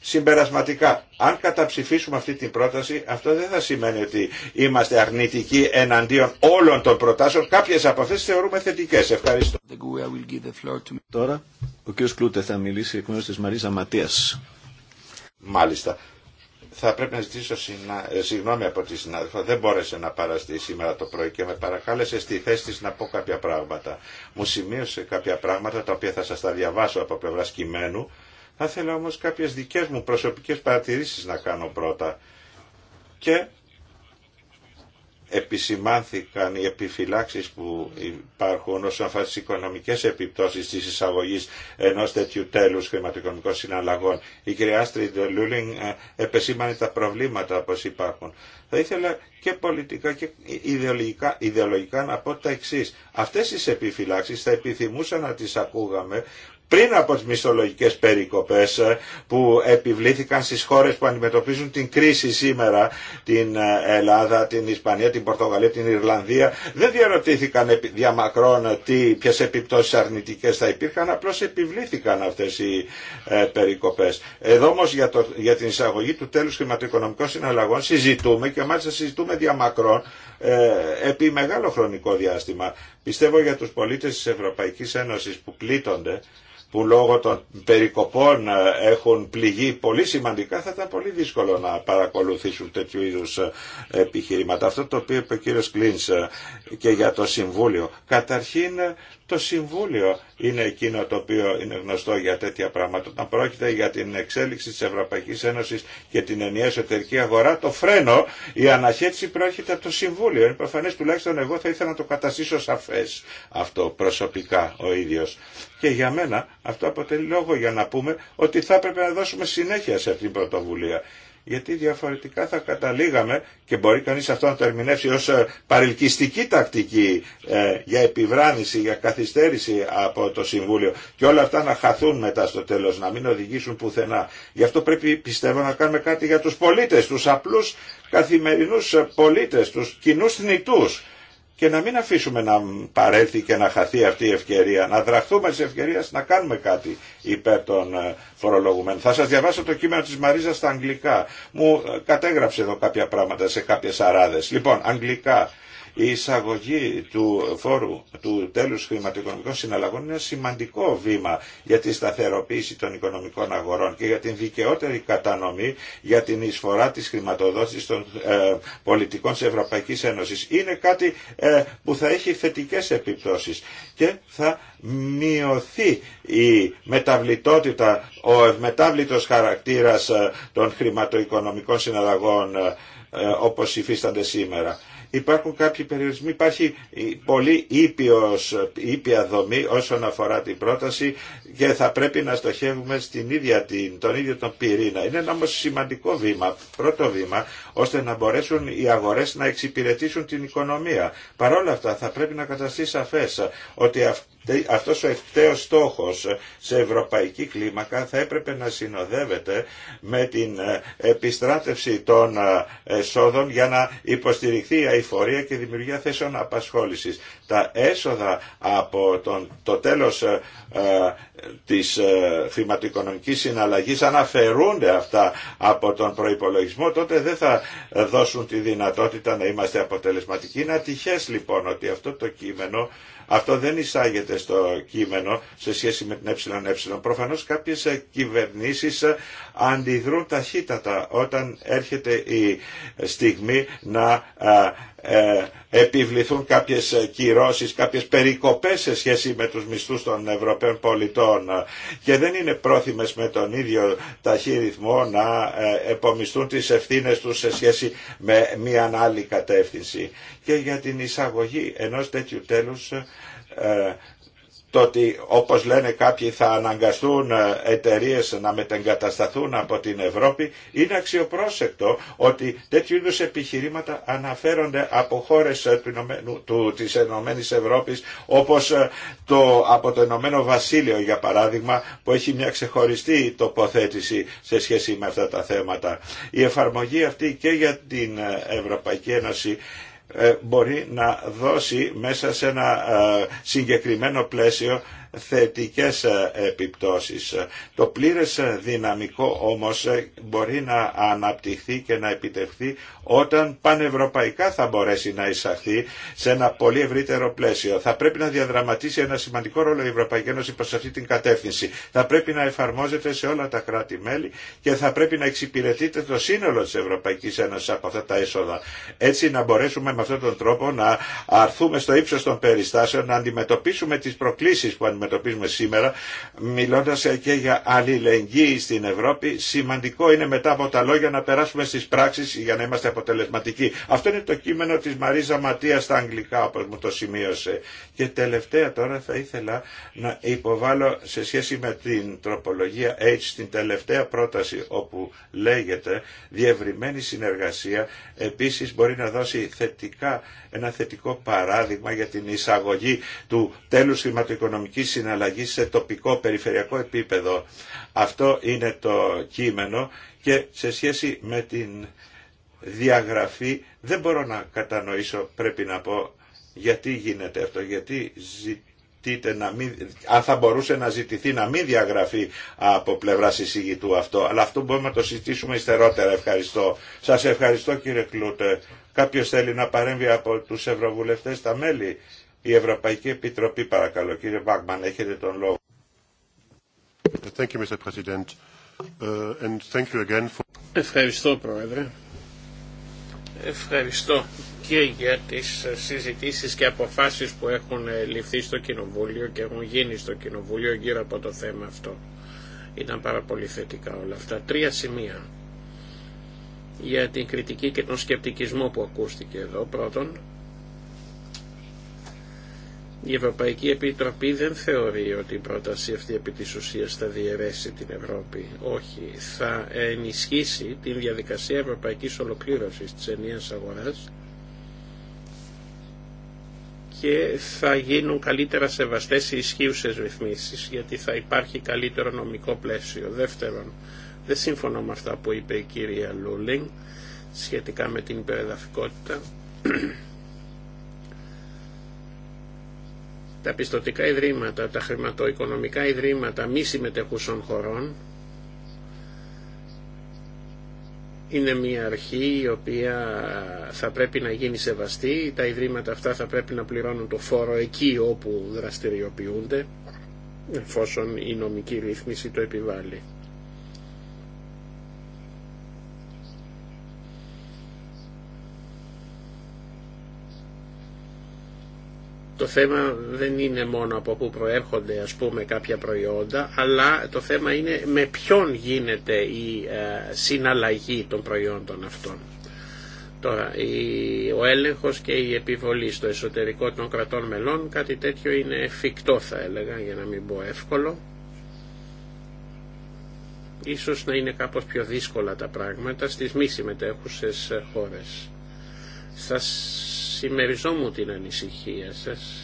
Συμπερασματικά, αν καταψηφίσουμε αυτή την πρόταση, αυτό δεν θα σημαίνει ότι είμαστε αρνητικοί εναντίον όλων των προτάσεων. Κάποιες από αυτές θεωρούμε θετικές. Ευχαριστώ. E Τώρα, ο κ. Κλούτε θα μιλήσει εκ μέρους της Μαρίζα Ματίας. Μάλιστα. Θα πρέπει να ζητήσω συνα... Ε, συγγνώμη από τη συνάδελφα. Δεν μπόρεσε να παραστεί σήμερα το πρωί και με παρακάλεσε στη θέση τη να πω κάποια πράγματα. Μου σημείωσε κάποια πράγματα τα οποία θα σα τα διαβάσω από πλευρά κειμένου θα ήθελα όμως κάποιες δικές μου προσωπικές παρατηρήσεις να κάνω πρώτα. Και επισημάνθηκαν οι επιφυλάξεις που υπάρχουν όσον αφορά τις οικονομικές επιπτώσεις της εισαγωγής ενός τέτοιου τέλους χρηματοοικονομικών συναλλαγών. Η κυρία Άστριντ Λούλινγκ ε, επεσήμανε τα προβλήματα όπως υπάρχουν. Θα ήθελα και πολιτικά και ιδεολογικά, ιδεολογικά να πω τα εξή. Αυτές τις επιφυλάξεις θα επιθυμούσα να τις ακούγαμε πριν από τις μισθολογικές περικοπές ε, που επιβλήθηκαν στις χώρες που αντιμετωπίζουν την κρίση σήμερα, την ε, Ελλάδα, την Ισπανία, την Πορτογαλία, την Ιρλανδία, δεν διαρωτήθηκαν διαμακρών ε, τι, ποιες επιπτώσεις αρνητικές θα υπήρχαν, απλώς επιβλήθηκαν αυτές οι περικοπές. Εδώ όμως για, το, για την εισαγωγή του τέλους χρηματοοικονομικών συναλλαγών συζητούμε και μάλιστα συζητούμε διαμακρών ε, επί μεγάλο χρονικό διάστημα. Πιστεύω για τους πολίτες της Ευρωπαϊκής Ένωσης που πλήττονται που λόγω των περικοπών ε, έχουν πληγεί πολύ σημαντικά θα ήταν πολύ δύσκολο να παρακολουθήσουν τέτοιου είδους ε, επιχειρήματα. Αυτό το οποίο είπε ο κύριος Κλίνς ε, και για το Συμβούλιο. Καταρχήν το Συμβούλιο είναι εκείνο το οποίο είναι γνωστό για τέτοια πράγματα. Όταν πρόκειται για την εξέλιξη της Ευρωπαϊκής Ένωσης και την ενιαία εσωτερική αγορά, το φρένο, η αναχέτηση προέρχεται από το Συμβούλιο. Είναι προφανές τουλάχιστον εγώ θα ήθελα να το καταστήσω σαφές αυτό προσωπικά ο ίδιος. Και για μένα αυτό αποτελεί λόγο για να πούμε ότι θα έπρεπε να δώσουμε συνέχεια σε αυτήν την πρωτοβουλία. Γιατί διαφορετικά θα καταλήγαμε και μπορεί κανείς αυτό να το ερμηνεύσει ως ε, παρελκυστική τακτική ε, για επιβράνηση, για καθυστέρηση από το Συμβούλιο και όλα αυτά να χαθούν μετά στο τέλος, να μην οδηγήσουν πουθενά. Γι' αυτό πρέπει πιστεύω να κάνουμε κάτι για τους πολίτες, τους απλούς καθημερινούς ε, πολίτες, τους κοινούς θνητούς και να μην αφήσουμε να παρέλθει και να χαθεί αυτή η ευκαιρία. Να δραχθούμε τη ευκαιρία να κάνουμε κάτι υπέρ των ε, φορολογουμένων. Θα σα διαβάσω το κείμενο τη Μαρίζα στα αγγλικά. Μου ε, κατέγραψε εδώ κάποια πράγματα σε κάποιε αράδε. Λοιπόν, αγγλικά. Η εισαγωγή του φόρου του τέλους χρηματοοικονομικών συναλλαγών είναι σημαντικό βήμα για τη σταθεροποίηση των οικονομικών αγορών και για την δικαιότερη κατανομή για την εισφορά της χρηματοδότησης των ε, πολιτικών της Ευρωπαϊκής Ένωσης. Είναι κάτι ε, που θα έχει θετικές επιπτώσεις και θα μειωθεί η μεταβλητότητα, ο ευμετάβλητος χαρακτήρας ε, των χρηματοοικονομικών συναλλαγών όπως υφίστανται σήμερα υπάρχουν κάποιοι περιορισμοί, υπάρχει πολύ ήπιος, ήπια δομή όσον αφορά την πρόταση και θα πρέπει να στοχεύουμε στην ίδια την, τον ίδιο τον πυρήνα. Είναι ένα όμως σημαντικό βήμα, πρώτο βήμα, ώστε να μπορέσουν οι αγορές να εξυπηρετήσουν την οικονομία. Παρ' όλα αυτά θα πρέπει να καταστεί σαφές ότι αυτός ο ευκταίος στόχος σε ευρωπαϊκή κλίμακα θα έπρεπε να συνοδεύεται με την ε, επιστράτευση των ε, εσόδων για να υποστηριχθεί η αηφορία και η δημιουργία θέσεων απασχόλησης. Τα έσοδα από τον, το τέλος ε, της ε, συναλλαγής αν αυτά από τον προϋπολογισμό τότε δεν θα δώσουν τη δυνατότητα να είμαστε αποτελεσματικοί. Είναι ατυχές λοιπόν ότι αυτό το κείμενο αυτό δεν εισάγεται στο κείμενο σε σχέση με την ΕΕ. Προφανώς κάποιες ε, κυβερνήσεις ε, αντιδρούν ταχύτατα όταν έρχεται η ε, στιγμή να ε, επιβληθούν κάποιες κυρώσεις, κάποιες περικοπές σε σχέση με τους μισθούς των Ευρωπαίων πολιτών και δεν είναι πρόθυμες με τον ίδιο ταχύ ρυθμό να ε, επομιστούν τις ευθύνες τους σε σχέση με μια άλλη κατεύθυνση. Και για την εισαγωγή ενός τέτοιου τέλους ε, το ότι όπως λένε κάποιοι θα αναγκαστούν ε, εταιρείε να μετεγκατασταθούν από την Ευρώπη είναι αξιοπρόσεκτο ότι τέτοιου είδου επιχειρήματα αναφέρονται από χώρες ε, του, της Ενωμένης Ευρώπης όπως ε, το, από το Ενωμένο Βασίλειο για παράδειγμα που έχει μια ξεχωριστή τοποθέτηση σε σχέση με αυτά τα θέματα. Η εφαρμογή αυτή και για την Ευρωπαϊκή Ένωση ε, μπορεί να δώσει μέσα σε ένα ε, συγκεκριμένο πλαίσιο θετικές ε, επιπτώσεις. Το πλήρες ε, δυναμικό όμως ε, μπορεί να αναπτυχθεί και να επιτευχθεί όταν πανευρωπαϊκά θα μπορέσει να εισαχθεί σε ένα πολύ ευρύτερο πλαίσιο. Θα πρέπει να διαδραματίσει ένα σημαντικό ρόλο η Ευρωπαϊκή Ένωση προς αυτή την κατεύθυνση. Θα πρέπει να εφαρμόζεται σε όλα τα κράτη-μέλη και θα πρέπει να εξυπηρετείται το σύνολο της Ευρωπαϊκής Ένωσης από αυτά τα έσοδα. Έτσι να μπορέσουμε με αυτόν τον τρόπο να αρθούμε στο ύψος των περιστάσεων, να αντιμετωπίσουμε τις προκλήσεις που αντιμετωπίζουμε αντιμετωπίζουμε σήμερα, μιλώντα ε, και για αλληλεγγύη στην Ευρώπη, σημαντικό είναι μετά από τα λόγια να περάσουμε στι πράξεις για να είμαστε αποτελεσματικοί. Αυτό είναι το κείμενο της Μαρίζα Ματία στα αγγλικά, όπω μου το σημείωσε. Και τελευταία τώρα θα ήθελα να υποβάλω σε σχέση με την τροπολογία H, την τελευταία πρόταση όπου λέγεται διευρυμένη συνεργασία, επίσης μπορεί να δώσει θετικά ένα θετικό παράδειγμα για την εισαγωγή του τέλους χρηματοοικονομικής συναλλαγής σε τοπικό περιφερειακό επίπεδο. Αυτό είναι το κείμενο και σε σχέση με την διαγραφή δεν μπορώ να κατανοήσω πρέπει να πω γιατί γίνεται αυτό, γιατί ζητείτε να μην, αν θα μπορούσε να ζητηθεί να μην διαγραφεί από πλευρά εισηγητού αυτό, αλλά αυτό μπορούμε να το συζητήσουμε υστερότερα. Ευχαριστώ. Σας ευχαριστώ κύριε Κλούτε. Κάποιο θέλει να παρέμβει από τους ευρωβουλευτές τα μέλη. Η Ευρωπαϊκή Επιτροπή παρακαλώ. Κύριε Βάγκμαν έχετε τον λόγο. Ευχαριστώ, Πρόεδρε. Ευχαριστώ και για τις συζητήσεις και αποφάσεις που έχουν ληφθεί στο Κοινοβούλιο και έχουν γίνει στο Κοινοβούλιο γύρω από το θέμα αυτό. Ήταν πάρα πολύ θετικά όλα αυτά. Τρία σημεία για την κριτική και τον σκεπτικισμό που ακούστηκε εδώ πρώτον. Η Ευρωπαϊκή Επιτροπή δεν θεωρεί ότι η πρόταση αυτή επί της ουσίας θα διαιρέσει την Ευρώπη. Όχι, θα ενισχύσει την διαδικασία ευρωπαϊκής ολοκλήρωσης της ενίας αγοράς και θα γίνουν καλύτερα σεβαστές οι ισχύουσες ρυθμίσεις, γιατί θα υπάρχει καλύτερο νομικό πλαίσιο. Δεύτερον, δεν σύμφωνα με αυτά που είπε η κυρία Λούλινγκ σχετικά με την υπερεδαφικότητα. τα πιστοτικά ιδρύματα, τα χρηματοοικονομικά ιδρύματα μη συμμετεχούσων χωρών είναι μια αρχή η οποία θα πρέπει να γίνει σεβαστή. Τα ιδρύματα αυτά θα πρέπει να πληρώνουν το φόρο εκεί όπου δραστηριοποιούνται εφόσον η νομική ρύθμιση το επιβάλλει. Το θέμα δεν είναι μόνο από πού προέρχονται ας πούμε κάποια προϊόντα, αλλά το θέμα είναι με ποιον γίνεται η ε, συναλλαγή των προϊόντων αυτών. Τώρα, ο έλεγχος και η επιβολή στο εσωτερικό των κρατών μελών, κάτι τέτοιο είναι εφικτό θα έλεγα, για να μην πω εύκολο. Ίσως να είναι κάπως πιο δύσκολα τα πράγματα στις μη συμμετέχουσες χώρες. Σας συμμεριζόμουν την ανησυχία σας.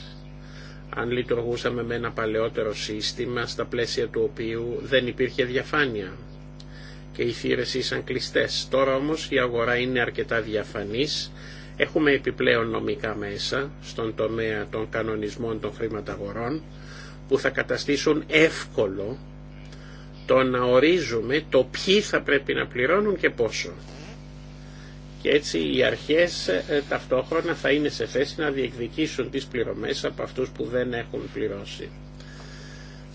Αν λειτουργούσαμε με ένα παλαιότερο σύστημα στα πλαίσια του οποίου δεν υπήρχε διαφάνεια και οι θύρες ήσαν κλειστές. Τώρα όμως η αγορά είναι αρκετά διαφανής. Έχουμε επιπλέον νομικά μέσα στον τομέα των κανονισμών των χρηματαγορών που θα καταστήσουν εύκολο το να ορίζουμε το ποιοι θα πρέπει να πληρώνουν και πόσο και έτσι οι αρχές ε, ταυτόχρονα θα είναι σε θέση να διεκδικήσουν τις πληρωμές από αυτούς που δεν έχουν πληρώσει.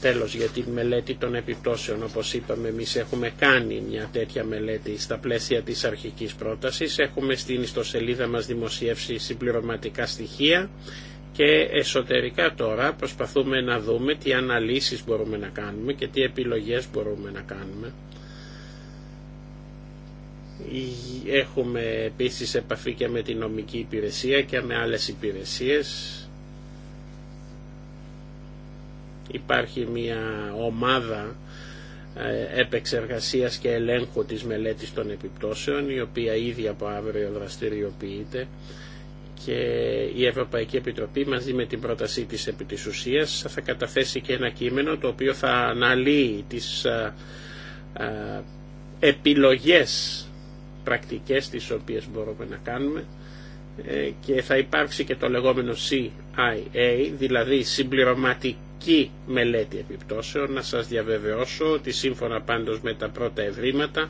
Τέλος για την μελέτη των επιπτώσεων, όπως είπαμε εμείς έχουμε κάνει μια τέτοια μελέτη στα πλαίσια της αρχικής πρότασης, έχουμε στην ιστοσελίδα μας δημοσιεύσει συμπληρωματικά στοιχεία και εσωτερικά τώρα προσπαθούμε να δούμε τι αναλύσεις μπορούμε να κάνουμε και τι επιλογές μπορούμε να κάνουμε Έχουμε επίσης επαφή και με την νομική υπηρεσία και με άλλες υπηρεσίες. Υπάρχει μια ομάδα ε, επεξεργασίας και ελέγχου της μελέτης των επιπτώσεων η οποία ήδη από αύριο δραστηριοποιείται και η Ευρωπαϊκή Επιτροπή μαζί με την πρότασή της επί της ουσίας θα καταθέσει και ένα κείμενο το οποίο θα αναλύει τις ε, ε, επιλογές πρακτικές τις οποίες μπορούμε να κάνουμε ε, και θα υπάρξει και το λεγόμενο CIA, δηλαδή συμπληρωματική μελέτη επιπτώσεων. Να σας διαβεβαιώσω ότι σύμφωνα πάντως με τα πρώτα ευρήματα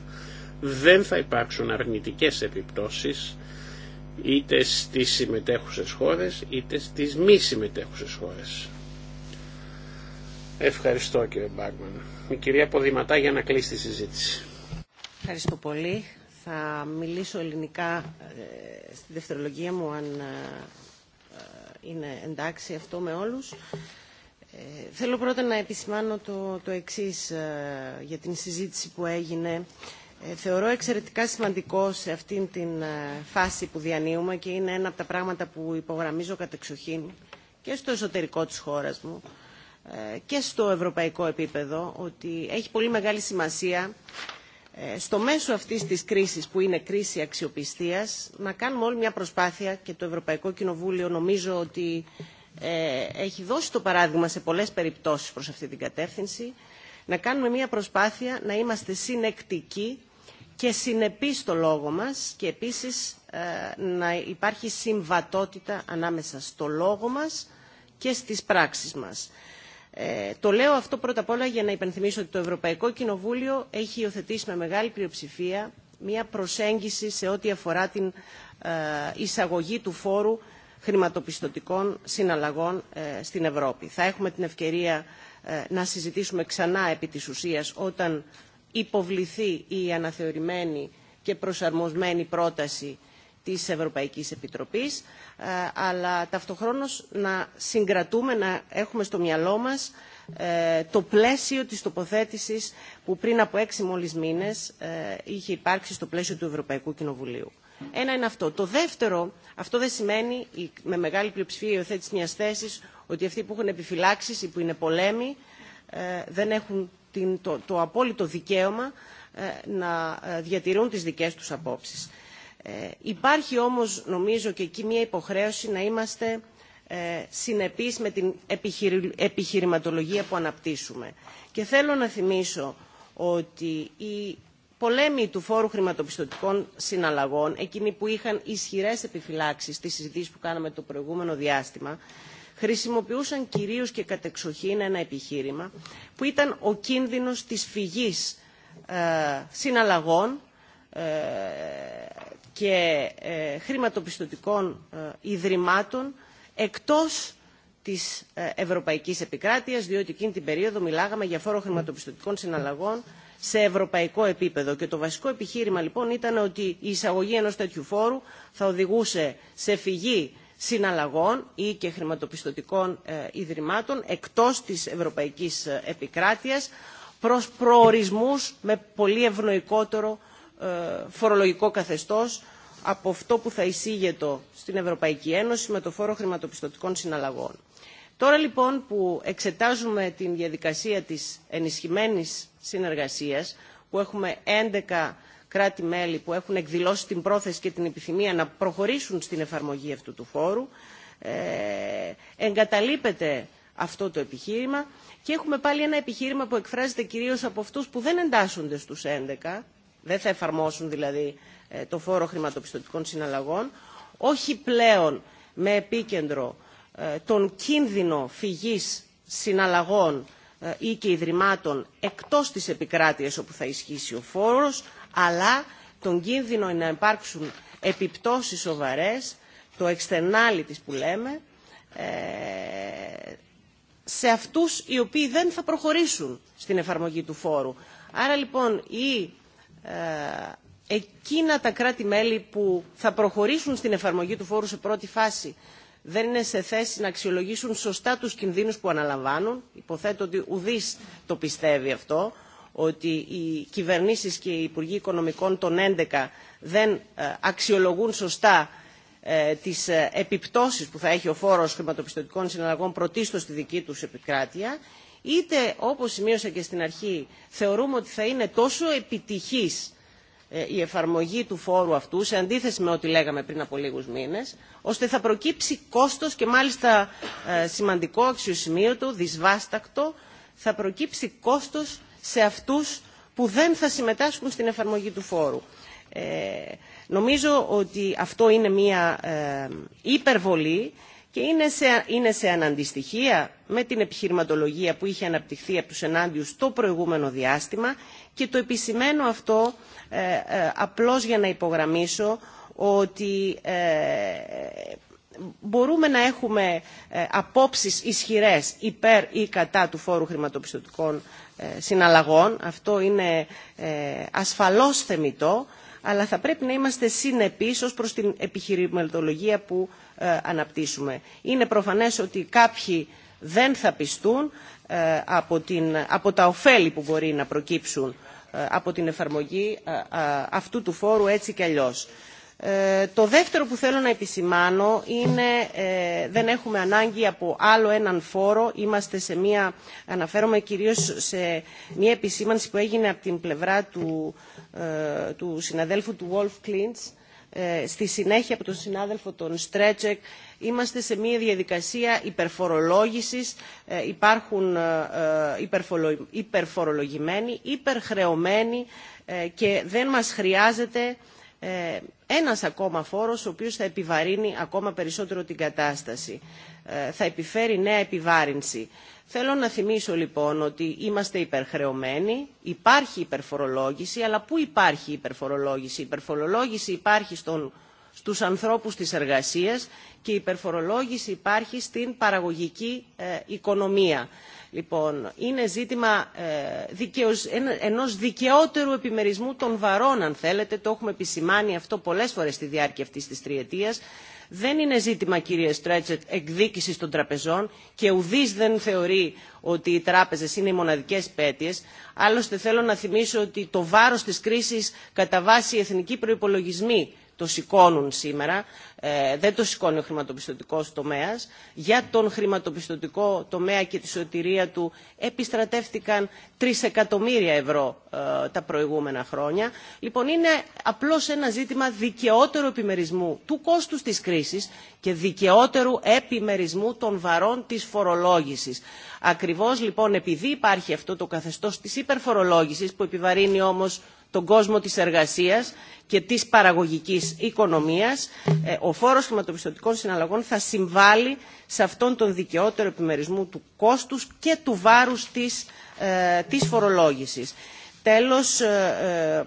δεν θα υπάρξουν αρνητικές επιπτώσεις είτε στις συμμετέχουσες χώρες είτε στις μη συμμετέχουσες χώρες. Ευχαριστώ κύριε Μπάγκμαν. Η κυρία Ποδηματά για να κλείσει τη συζήτηση. Ευχαριστώ πολύ. Θα μιλήσω ελληνικά ε, στη δευτερολογία μου, αν ε, ε, είναι εντάξει αυτό με όλους. Θέλω πρώτα να επισημάνω το, το εξής για την συζήτηση που έγινε. Θεωρώ εξαιρετικά σημαντικό σε αυτήν την φάση που διανύουμε και είναι ένα από τα πράγματα που υπογραμμίζω κατεξοχήν και στο εσωτερικό της χώρας μου και στο ευρωπαϊκό επίπεδο ότι έχει πολύ μεγάλη σημασία ε, στο μέσο αυτής της κρίσης που είναι κρίση αξιοπιστίας να κάνουμε όλη μια προσπάθεια και το Ευρωπαϊκό Κοινοβούλιο νομίζω ότι ε, έχει δώσει το παράδειγμα σε πολλές περιπτώσεις προς αυτή την κατεύθυνση να κάνουμε μια προσπάθεια να είμαστε συνεκτικοί και συνεπείς στο λόγο μας και επίσης ε, να υπάρχει συμβατότητα ανάμεσα στο λόγο μας και στις πράξεις μας. Ε, το λέω αυτό πρώτα απ' όλα για να υπενθυμίσω ότι το Ευρωπαϊκό Κοινοβούλιο έχει υιοθετήσει με μεγάλη πλειοψηφία μια προσέγγιση σε ό,τι αφορά την ε, εισαγωγή του φόρου χρηματοπιστωτικών συναλλαγών ε, στην Ευρώπη. Θα έχουμε την ευκαιρία να συζητήσουμε ξανά επί της ουσίας όταν υποβληθεί η αναθεωρημένη και προσαρμοσμένη πρόταση της Ευρωπαϊκής Επιτροπής, ε, αλλά ταυτοχρόνως να συγκρατούμε, να έχουμε στο μυαλό μας ε, το πλαίσιο της τοποθέτησης που πριν από έξι μόλις μήνες ε, είχε υπάρξει στο πλαίσιο του Ευρωπαϊκού Κοινοβουλίου. Ένα είναι αυτό. Το δεύτερο, αυτό δεν σημαίνει με μεγάλη πλειοψηφία υιοθέτηση μιας θέσης ότι αυτοί που έχουν επιφυλάξεις ή που είναι πολέμοι δεν έχουν το, το απόλυτο δικαίωμα να διατηρούν τις δικές τους απόψεις. Ε, υπάρχει όμως νομίζω και εκεί μια υποχρέωση να είμαστε ε, συνεπείς με την επιχειρηματολογία που αναπτύσσουμε. Και θέλω να θυμίσω ότι η πολέμοι του φόρου χρηματοπιστωτικών συναλλαγών, εκείνοι που είχαν ισχυρές επιφυλάξεις στις συζητήσεις που κάναμε το προηγούμενο διάστημα, χρησιμοποιούσαν κυρίως και κατεξοχήν ένα επιχείρημα που ήταν ο κίνδυνος της φυγής ε, συναλλαγών και ε, χρηματοπιστωτικών ε, ιδρυμάτων εκτός της ε, ευρωπαϊκής επικράτειας, διότι εκείνη την περίοδο μιλάγαμε για φόρο χρηματοπιστωτικών συναλλαγών σε ευρωπαϊκό επίπεδο. Και το βασικό επιχείρημα λοιπόν ήταν ότι η εισαγωγή ενός τέτοιου φόρου θα οδηγούσε σε φυγή συναλλαγών ή και χρηματοπιστωτικών ιδρυμάτων εκτός της ευρωπαϊκής επικράτειας προς προορισμούς με πολύ ευνοϊκότερο ε, φορολογικό καθεστώς από αυτό που θα εισήγετο στην Ευρωπαϊκή Ένωση με το φόρο χρηματοπιστωτικών συναλλαγών. Τώρα λοιπόν που εξετάζουμε την διαδικασία της ενισχυμένης συνεργασίας, που έχουμε 11 κράτη-μέλη που έχουν εκδηλώσει την πρόθεση και την επιθυμία να προχωρήσουν στην εφαρμογή αυτού του φόρου, ε, εγκαταλείπεται αυτό το επιχείρημα και έχουμε πάλι ένα επιχείρημα που εκφράζεται κυρίως από αυτούς που δεν εντάσσονται στους 11 δεν θα εφαρμόσουν δηλαδή ε, το φόρο χρηματοπιστωτικών συναλλαγών, όχι πλέον με επίκεντρο ε, τον κίνδυνο φυγής συναλλαγών ε, ή και ιδρυμάτων εκτός της επικράτειας όπου θα ισχύσει ο φόρος, αλλά τον κίνδυνο να υπάρξουν επιπτώσεις σοβαρές, το της που λέμε, σε αυτούς οι οποίοι δεν θα προχωρήσουν στην εφαρμογή του φόρου. Άρα λοιπόν η ε, εκείνα τα κράτη-μέλη που θα προχωρήσουν στην εφαρμογή του φόρου σε πρώτη φάση δεν είναι σε θέση να αξιολογήσουν σωστά τους κινδύνους που αναλαμβάνουν. Υποθέτω ότι ουδής το πιστεύει αυτό, ότι οι κυβερνήσεις και οι Υπουργοί Οικονομικών των 11 δεν ε, αξιολογούν σωστά ε, τις επιπτώσεις που θα έχει ο φόρος χρηματοπιστωτικών συναλλαγών πρωτίστως στη δική τους επικράτεια είτε όπως σημείωσα και στην αρχή θεωρούμε ότι θα είναι τόσο επιτυχής ε, η εφαρμογή του φόρου αυτού, σε αντίθεση με ό,τι λέγαμε πριν από λίγους μήνες, ώστε θα προκύψει κόστος και μάλιστα ε, σημαντικό, αξιοσημείωτο, δυσβάστακτο, θα προκύψει κόστος σε αυτούς που δεν θα συμμετάσχουν στην εφαρμογή του φόρου. Ε, νομίζω ότι αυτό είναι μια ε, υπερβολή και είναι σε, αναντιστοιχεία με την επιχειρηματολογία που είχε αναπτυχθεί από τους ενάντιους το προηγούμενο διάστημα και το επισημαίνω αυτό ε, ε απλώς για να υπογραμμίσω ότι ε, μπορούμε να έχουμε ε, απόψεις ισχυρές υπέρ ή κατά του φόρου χρηματοπιστωτικών συναλλαγών. Αυτό είναι ασφαλώς θεμητό αλλά θα πρέπει να είμαστε συνεπείς ως προς την επιχειρηματολογία που ε, αναπτύσσουμε. Είναι προφανές ότι κάποιοι δεν θα πιστούν ε, από, την, από τα ωφέλη που μπορεί να προκύψουν ε, από την εφαρμογή αυτού του φόρου έτσι και αλλιώς. Ε, το δεύτερο που θέλω να επισημάνω είναι ε, δεν έχουμε ανάγκη από άλλο έναν φόρο. Είμαστε σε μια, αναφέρομαι κυρίως σε μια επισήμανση που έγινε από την πλευρά του, ε, συναδέλφου του Wolf Klintz στη συνέχεια από τον συνάδελφο τον Στρέτσεκ είμαστε σε μια διαδικασία υπερφορολόγησης υπάρχουν υπερφορολογημένοι υπερχρεωμένοι και δεν μας χρειάζεται ένας ακόμα φόρος ο οποίος θα επιβαρύνει ακόμα περισσότερο την κατάσταση. Ε, θα επιφέρει νέα επιβάρυνση. Θέλω να θυμίσω λοιπόν ότι είμαστε υπερχρεωμένοι, υπάρχει υπερφορολόγηση, αλλά πού υπάρχει υπερφορολόγηση. Η υπερφορολόγηση υπάρχει στον, στους ανθρώπους της εργασίας και η υπερφορολόγηση υπάρχει στην παραγωγική ε, οικονομία. Λοιπόν, είναι ζήτημα ε, ενός δικαιότερου επιμερισμού των βαρών, αν θέλετε. Το έχουμε επισημάνει αυτό πολλές φορές στη διάρκεια αυτής της τριετίας. Δεν είναι ζήτημα, κύριε Στρέτσετ, εκδίκησης των τραπεζών και ουδής δεν θεωρεί ότι οι τράπεζες είναι οι μοναδικέ πέτειες. Άλλωστε, θέλω να θυμίσω ότι το βάρος της κρίσης κατά βάση εθνική εθνικοί το σηκώνουν σήμερα, ε, δεν το σηκώνει ο χρηματοπιστωτικός τομέας. Για τον χρηματοπιστωτικό τομέα και τη σωτηρία του επιστρατεύτηκαν 3 εκατομμύρια ευρώ ε, τα προηγούμενα χρόνια. Λοιπόν, είναι απλώς ένα ζήτημα δικαιότερου επιμερισμού του κόστους της κρίσης και δικαιότερου επιμερισμού των βαρών της φορολόγησης. Ακριβώς λοιπόν επειδή υπάρχει αυτό το καθεστώς της υπερφορολόγησης που επιβαρύνει όμως στον κόσμο της εργασίας και της παραγωγικής οικονομίας, ε, ο φόρος χρηματοπιστωτικών συναλλαγών θα συμβάλλει σε αυτόν τον δικαιότερο επιμερισμό του κόστους και του βάρους της, ε, της φορολόγησης. Τέλος, ε,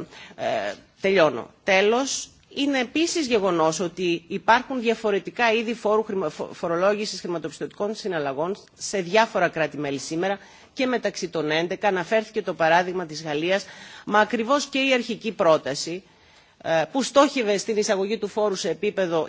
τελειώνω. Τέλος, είναι επίσης γεγονός ότι υπάρχουν διαφορετικά είδη φόρου φορολόγησης χρηματοπιστωτικών συναλλαγών σε διάφορα κράτη-μέλη σήμερα και μεταξύ των 11. Αναφέρθηκε το παράδειγμα της Γαλλίας, μα ακριβώς και η αρχική πρόταση ε, που στόχευε στην εισαγωγή του φόρου σε επίπεδο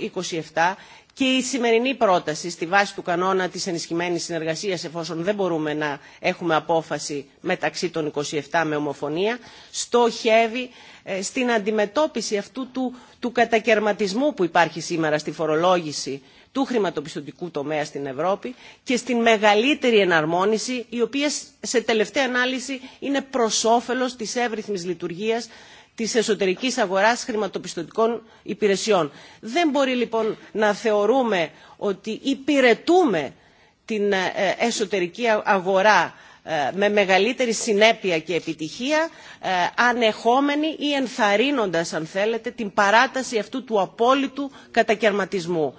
27 και η σημερινή πρόταση στη βάση του κανόνα της ενισχυμένης συνεργασίας εφόσον δεν μπορούμε να έχουμε απόφαση μεταξύ των 27 με ομοφωνία στοχεύει ε, στην αντιμετώπιση αυτού του, του κατακαιρματισμού που υπάρχει σήμερα στη φορολόγηση του χρηματοπιστωτικού τομέα στην Ευρώπη και στην μεγαλύτερη εναρμόνιση, η οποία σε τελευταία ανάλυση είναι προ όφελο τη εύρυθμη λειτουργία τη εσωτερική αγοράς χρηματοπιστωτικών υπηρεσιών. Δεν μπορεί λοιπόν να θεωρούμε ότι υπηρετούμε την ε, εσωτερική αγορά ε, με μεγαλύτερη συνέπεια και επιτυχία ε, ανεχόμενη ή ενθαρρύνοντας αν θέλετε την παράταση αυτού του απόλυτου κατακαιρματισμού.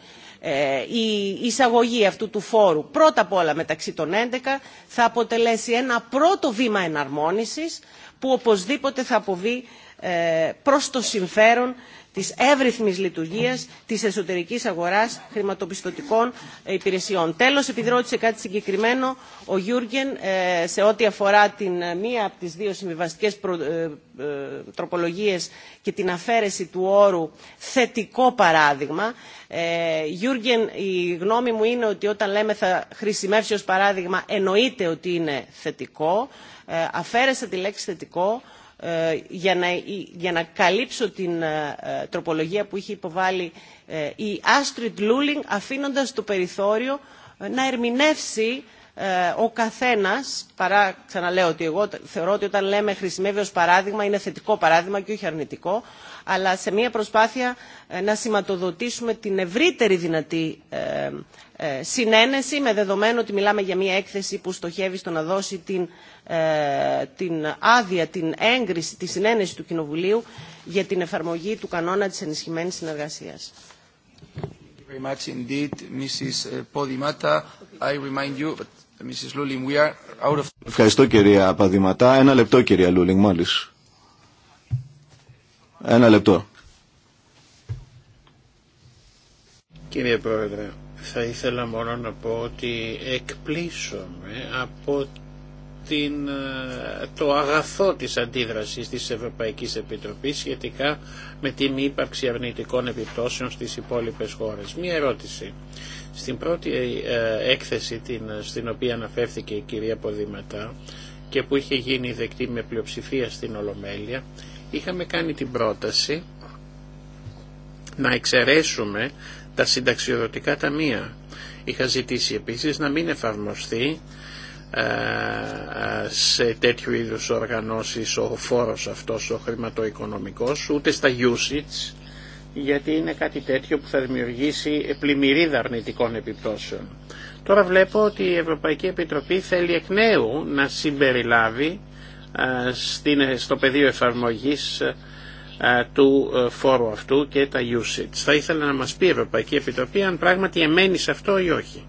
Ε, η εισαγωγή αυτού του φόρου πρώτα απ' όλα μεταξύ των 11 θα αποτελέσει ένα πρώτο βήμα εναρμόνισης που οπωσδήποτε θα αποβεί ε, προς το συμφέρον της εύρυθμης λειτουργίας της εσωτερικής αγοράς χρηματοπιστωτικών ε, υπηρεσιών. Τέλος, επειδή ρώτησε κάτι συγκεκριμένο, ο Γιούργεν ε, σε ό,τι αφορά την μία από τις δύο συμβιβαστικές τροπολογίες και την αφαίρεση του όρου θετικό παράδειγμα. Γιούργεν, η γνώμη μου είναι ότι όταν λέμε θα χρησιμεύσει ως παράδειγμα εννοείται ότι είναι θετικό. Αφαίρεσα τη λέξη θετικό ε, για να καλύψω την ε, ε, τροπολογία που είχε υποβάλει η Astrid λούλινγκ αφήνοντας το περιθώριο να ερμηνεύσει ο καθένας, παρά ξαναλέω ότι εγώ θεωρώ ότι όταν λέμε χρησιμεύει ως παράδειγμα είναι θετικό παράδειγμα και όχι αρνητικό, αλλά σε μια προσπάθεια ε, να σηματοδοτήσουμε την ευρύτερη δυνατή ε, ε, συνένεση με δεδομένο ότι μιλάμε για μια έκθεση που στοχεύει στο να δώσει την, άδεια, την έγκριση, τη συνένεση του Κοινοβουλίου για την εφαρμογή του κανόνα της ενισχυμένης συνεργασίας. Very much indeed, Mrs. Podimata. I remind you, uh, Mrs. Luling, we are out of... Ευχαριστώ κυρία Παδηματά. Ένα λεπτό κυρία Λούλινγκ μόλις. Ένα λεπτό. Κύριε Πρόεδρε, θα ήθελα μόνο να πω ότι εκπλήσωμαι από την, ε, το αγαθό της αντίδρασης της Ευρωπαϊκής Επιτροπής σχετικά με την ύπαρξη αρνητικών επιπτώσεων στις υπόλοιπες χώρες. Μία ερώτηση. Στην πρώτη ε, ε, έκθεση την, στην οποία αναφέρθηκε η κυρία Ποδηματά και που είχε γίνει δεκτή με πλειοψηφία στην Ολομέλεια, είχαμε κάνει την πρόταση να εξαιρέσουμε τα συνταξιοδοτικά ταμεία. Είχα ζητήσει επίσης να μην εφαρμοστεί ε, σε τέτοιου είδους οργανώσεις ο φόρος αυτός ο χρηματοοικονομικός ούτε στα usage γιατί είναι κάτι τέτοιο που θα δημιουργήσει πλημμυρίδα αρνητικών επιπτώσεων. Τώρα βλέπω ότι η Ευρωπαϊκή Επιτροπή θέλει εκ νέου να συμπεριλάβει ε, στο πεδίο εφαρμογής ε, του ε, φόρου αυτού και τα usage. Θα ήθελα να μας πει η Ευρωπαϊκή Επιτροπή αν πράγματι εμένει σε αυτό ή όχι.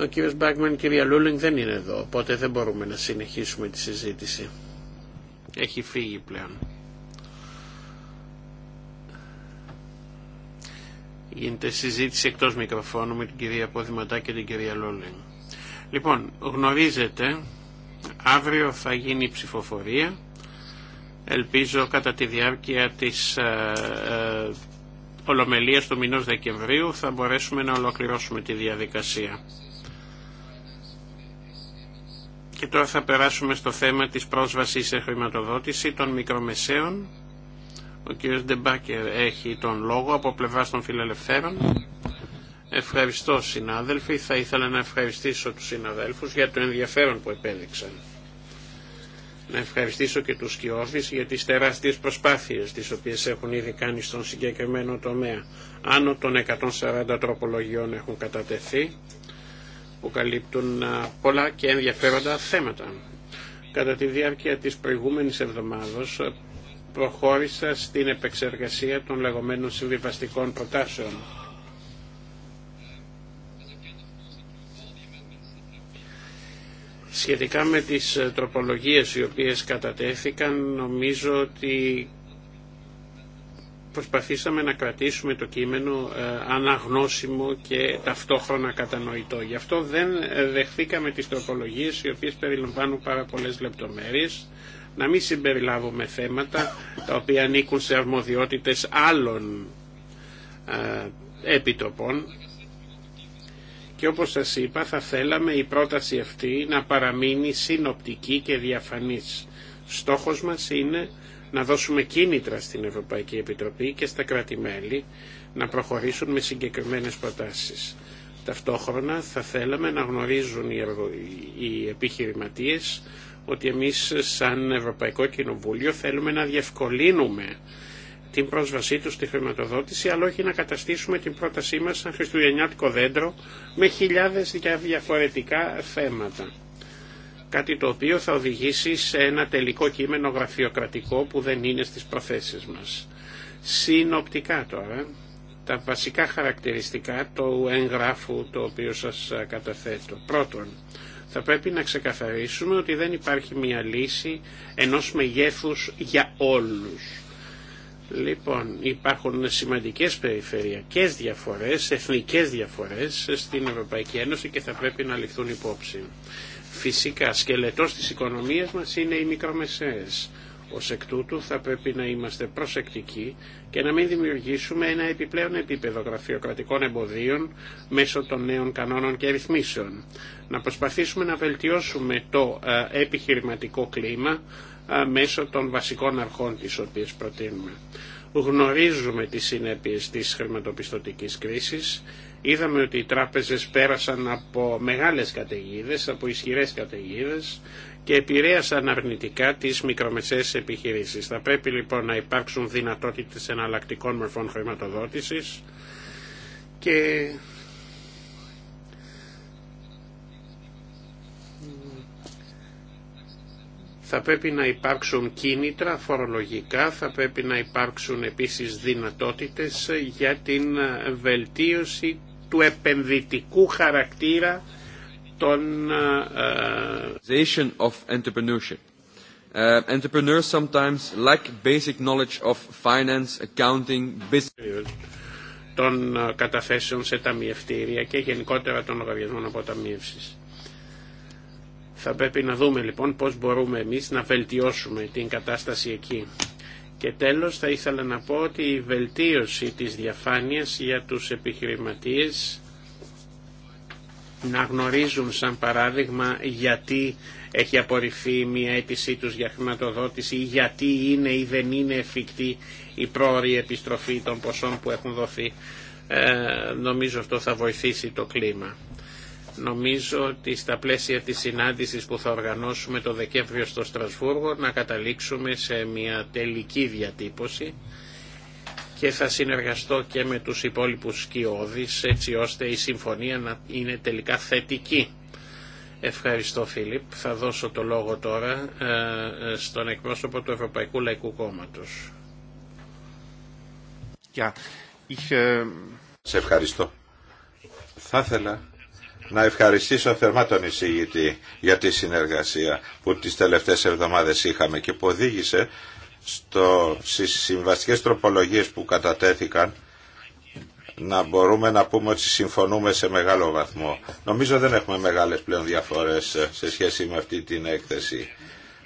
Ο κύριος Μπάγκμαν, κυρία Λούλινγκ δεν είναι εδώ, οπότε δεν μπορούμε να συνεχίσουμε τη συζήτηση. Έχει φύγει πλέον. Γίνεται συζήτηση εκτός μικροφώνου με την κυρία Πόδηματά και την κυρία Λούλινγκ. Λοιπόν, γνωρίζετε Αύριο θα γίνει η ψηφοφορία. Ελπίζω κατά τη διάρκεια της ε, ε, ολομελίας του μηνός Δεκεμβρίου θα μπορέσουμε να ολοκληρώσουμε τη διαδικασία. Και τώρα θα περάσουμε στο θέμα της πρόσβασης σε χρηματοδότηση των μικρομεσαίων. Ο κ. Ντεμπάκερ έχει τον λόγο από πλευράς των φιλελευθέρων. Ευχαριστώ συνάδελφοι. Θα ήθελα να ευχαριστήσω τους συναδέλφους για το ενδιαφέρον που επέδειξαν. Να ευχαριστήσω και τους Σκιώδης για τις τεράστιες προσπάθειες τις οποίες έχουν ήδη κάνει στον συγκεκριμένο τομέα. Άνω των 140 τροπολογιών έχουν κατατεθεί που καλύπτουν πολλά και ενδιαφέροντα θέματα. Κατά τη διάρκεια της προηγούμενης εβδομάδος προχώρησα στην επεξεργασία των λεγόμενων συμβιβαστικών προτάσεων Σχετικά με τις ε, τροπολογίες οι οποίες κατατέθηκαν, νομίζω ότι προσπαθήσαμε να κρατήσουμε το κείμενο ε, αναγνώσιμο και ταυτόχρονα κατανοητό. Γι' αυτό δεν ε, δεχθήκαμε τις τροπολογίες οι οποίες περιλαμβάνουν πάρα πολλές λεπτομέρειες, να μην συμπεριλάβουμε θέματα τα οποία ανήκουν σε αρμοδιότητες άλλων επιτοπών και όπως σας είπα θα θέλαμε η πρόταση αυτή να παραμείνει συνοπτική και διαφανής. Στόχος μας είναι να δώσουμε κίνητρα στην Ευρωπαϊκή Επιτροπή και στα κράτη-μέλη να προχωρήσουν με συγκεκριμένες προτάσεις. Ταυτόχρονα θα θέλαμε να γνωρίζουν οι επιχειρηματίες ότι εμείς σαν Ευρωπαϊκό Κοινοβούλιο θέλουμε να διευκολύνουμε την πρόσβασή του στη χρηματοδότηση, αλλά όχι να καταστήσουμε την πρότασή μας σαν χριστουγεννιάτικο δέντρο με χιλιάδες διαφορετικά θέματα. Κάτι το οποίο θα οδηγήσει σε ένα τελικό κείμενο γραφειοκρατικό που δεν είναι στι προθέσεις μας. Συνοπτικά τώρα, τα βασικά χαρακτηριστικά του εγγράφου το οποίο σας ε, καταθέτω. Πρώτον, θα πρέπει να ξεκαθαρίσουμε ότι δεν υπάρχει μια λύση ενός μεγέθους για όλους Λοιπόν, υπάρχουν σημαντικές περιφερειακές διαφορές, εθνικές διαφορές στην Ευρωπαϊκή Ένωση και θα πρέπει να ληφθούν υπόψη. Φυσικά, σκελετός της οικονομίας μας είναι οι μικρομεσαίες. Ως εκ τούτου θα πρέπει να είμαστε προσεκτικοί και να μην δημιουργήσουμε ένα επιπλέον επίπεδο γραφειοκρατικών εμποδίων μέσω των νέων κανόνων και ρυθμίσεων. Να προσπαθήσουμε να βελτιώσουμε το ε, επιχειρηματικό κλίμα μέσω των βασικών αρχών τις οποίες προτείνουμε. Γνωρίζουμε τις συνέπειες της χρηματοπιστωτικής κρίσης. Είδαμε ότι οι τράπεζες πέρασαν από μεγάλες καταιγίδε, από ισχυρές καταιγίδε και επηρέασαν αρνητικά τις μικρομεσαίες επιχειρήσεις. Θα πρέπει λοιπόν να υπάρξουν δυνατότητες εναλλακτικών μορφών χρηματοδότησης και θα πρέπει να υπάρξουν κίνητρα φορολογικά, θα πρέπει να υπάρξουν επίσης δυνατότητες για την βελτίωση του επενδυτικού χαρακτήρα των ε, of entrepreneurship. Ε, entrepreneurs sometimes lack basic knowledge of finance, accounting, business των ε, καταθέσεων σε ταμιευτήρια και γενικότερα των λογαριασμών από ταμιεύσεις. Θα πρέπει να δούμε λοιπόν πώς μπορούμε εμείς να βελτιώσουμε την κατάσταση εκεί. Και τέλος θα ήθελα να πω ότι η βελτίωση της διαφάνειας για τους επιχειρηματίες να γνωρίζουν σαν παράδειγμα γιατί έχει απορριφθεί μια αίτησή τους για χρηματοδότηση ή γιατί είναι ή δεν είναι εφικτή η πρόορη επιστροφή των ποσών που έχουν δοθεί. Ε, νομίζω αυτό θα βοηθήσει το κλίμα νομίζω ότι στα πλαίσια της συνάντησης που θα οργανώσουμε το Δεκέμβριο στο Στρασβούργο να καταλήξουμε σε μια τελική διατύπωση και θα συνεργαστώ και με τους υπόλοιπους σκιώδεις έτσι ώστε η συμφωνία να είναι τελικά θετική. Ευχαριστώ Φίλιπ. Θα δώσω το λόγο τώρα ε, στον εκπρόσωπο του Ευρωπαϊκού Λαϊκού Κόμματος. Σε ευχαριστώ. Θα ήθελα να ευχαριστήσω θερμά τον εισηγητή για τη συνεργασία που τις τελευταίες εβδομάδες είχαμε και που οδήγησε στο, στις συμβαστικές τροπολογίες που κατατέθηκαν να μπορούμε να πούμε ότι συμφωνούμε σε μεγάλο βαθμό. Νομίζω δεν έχουμε μεγάλες πλέον διαφορές σε σχέση με αυτή την έκθεση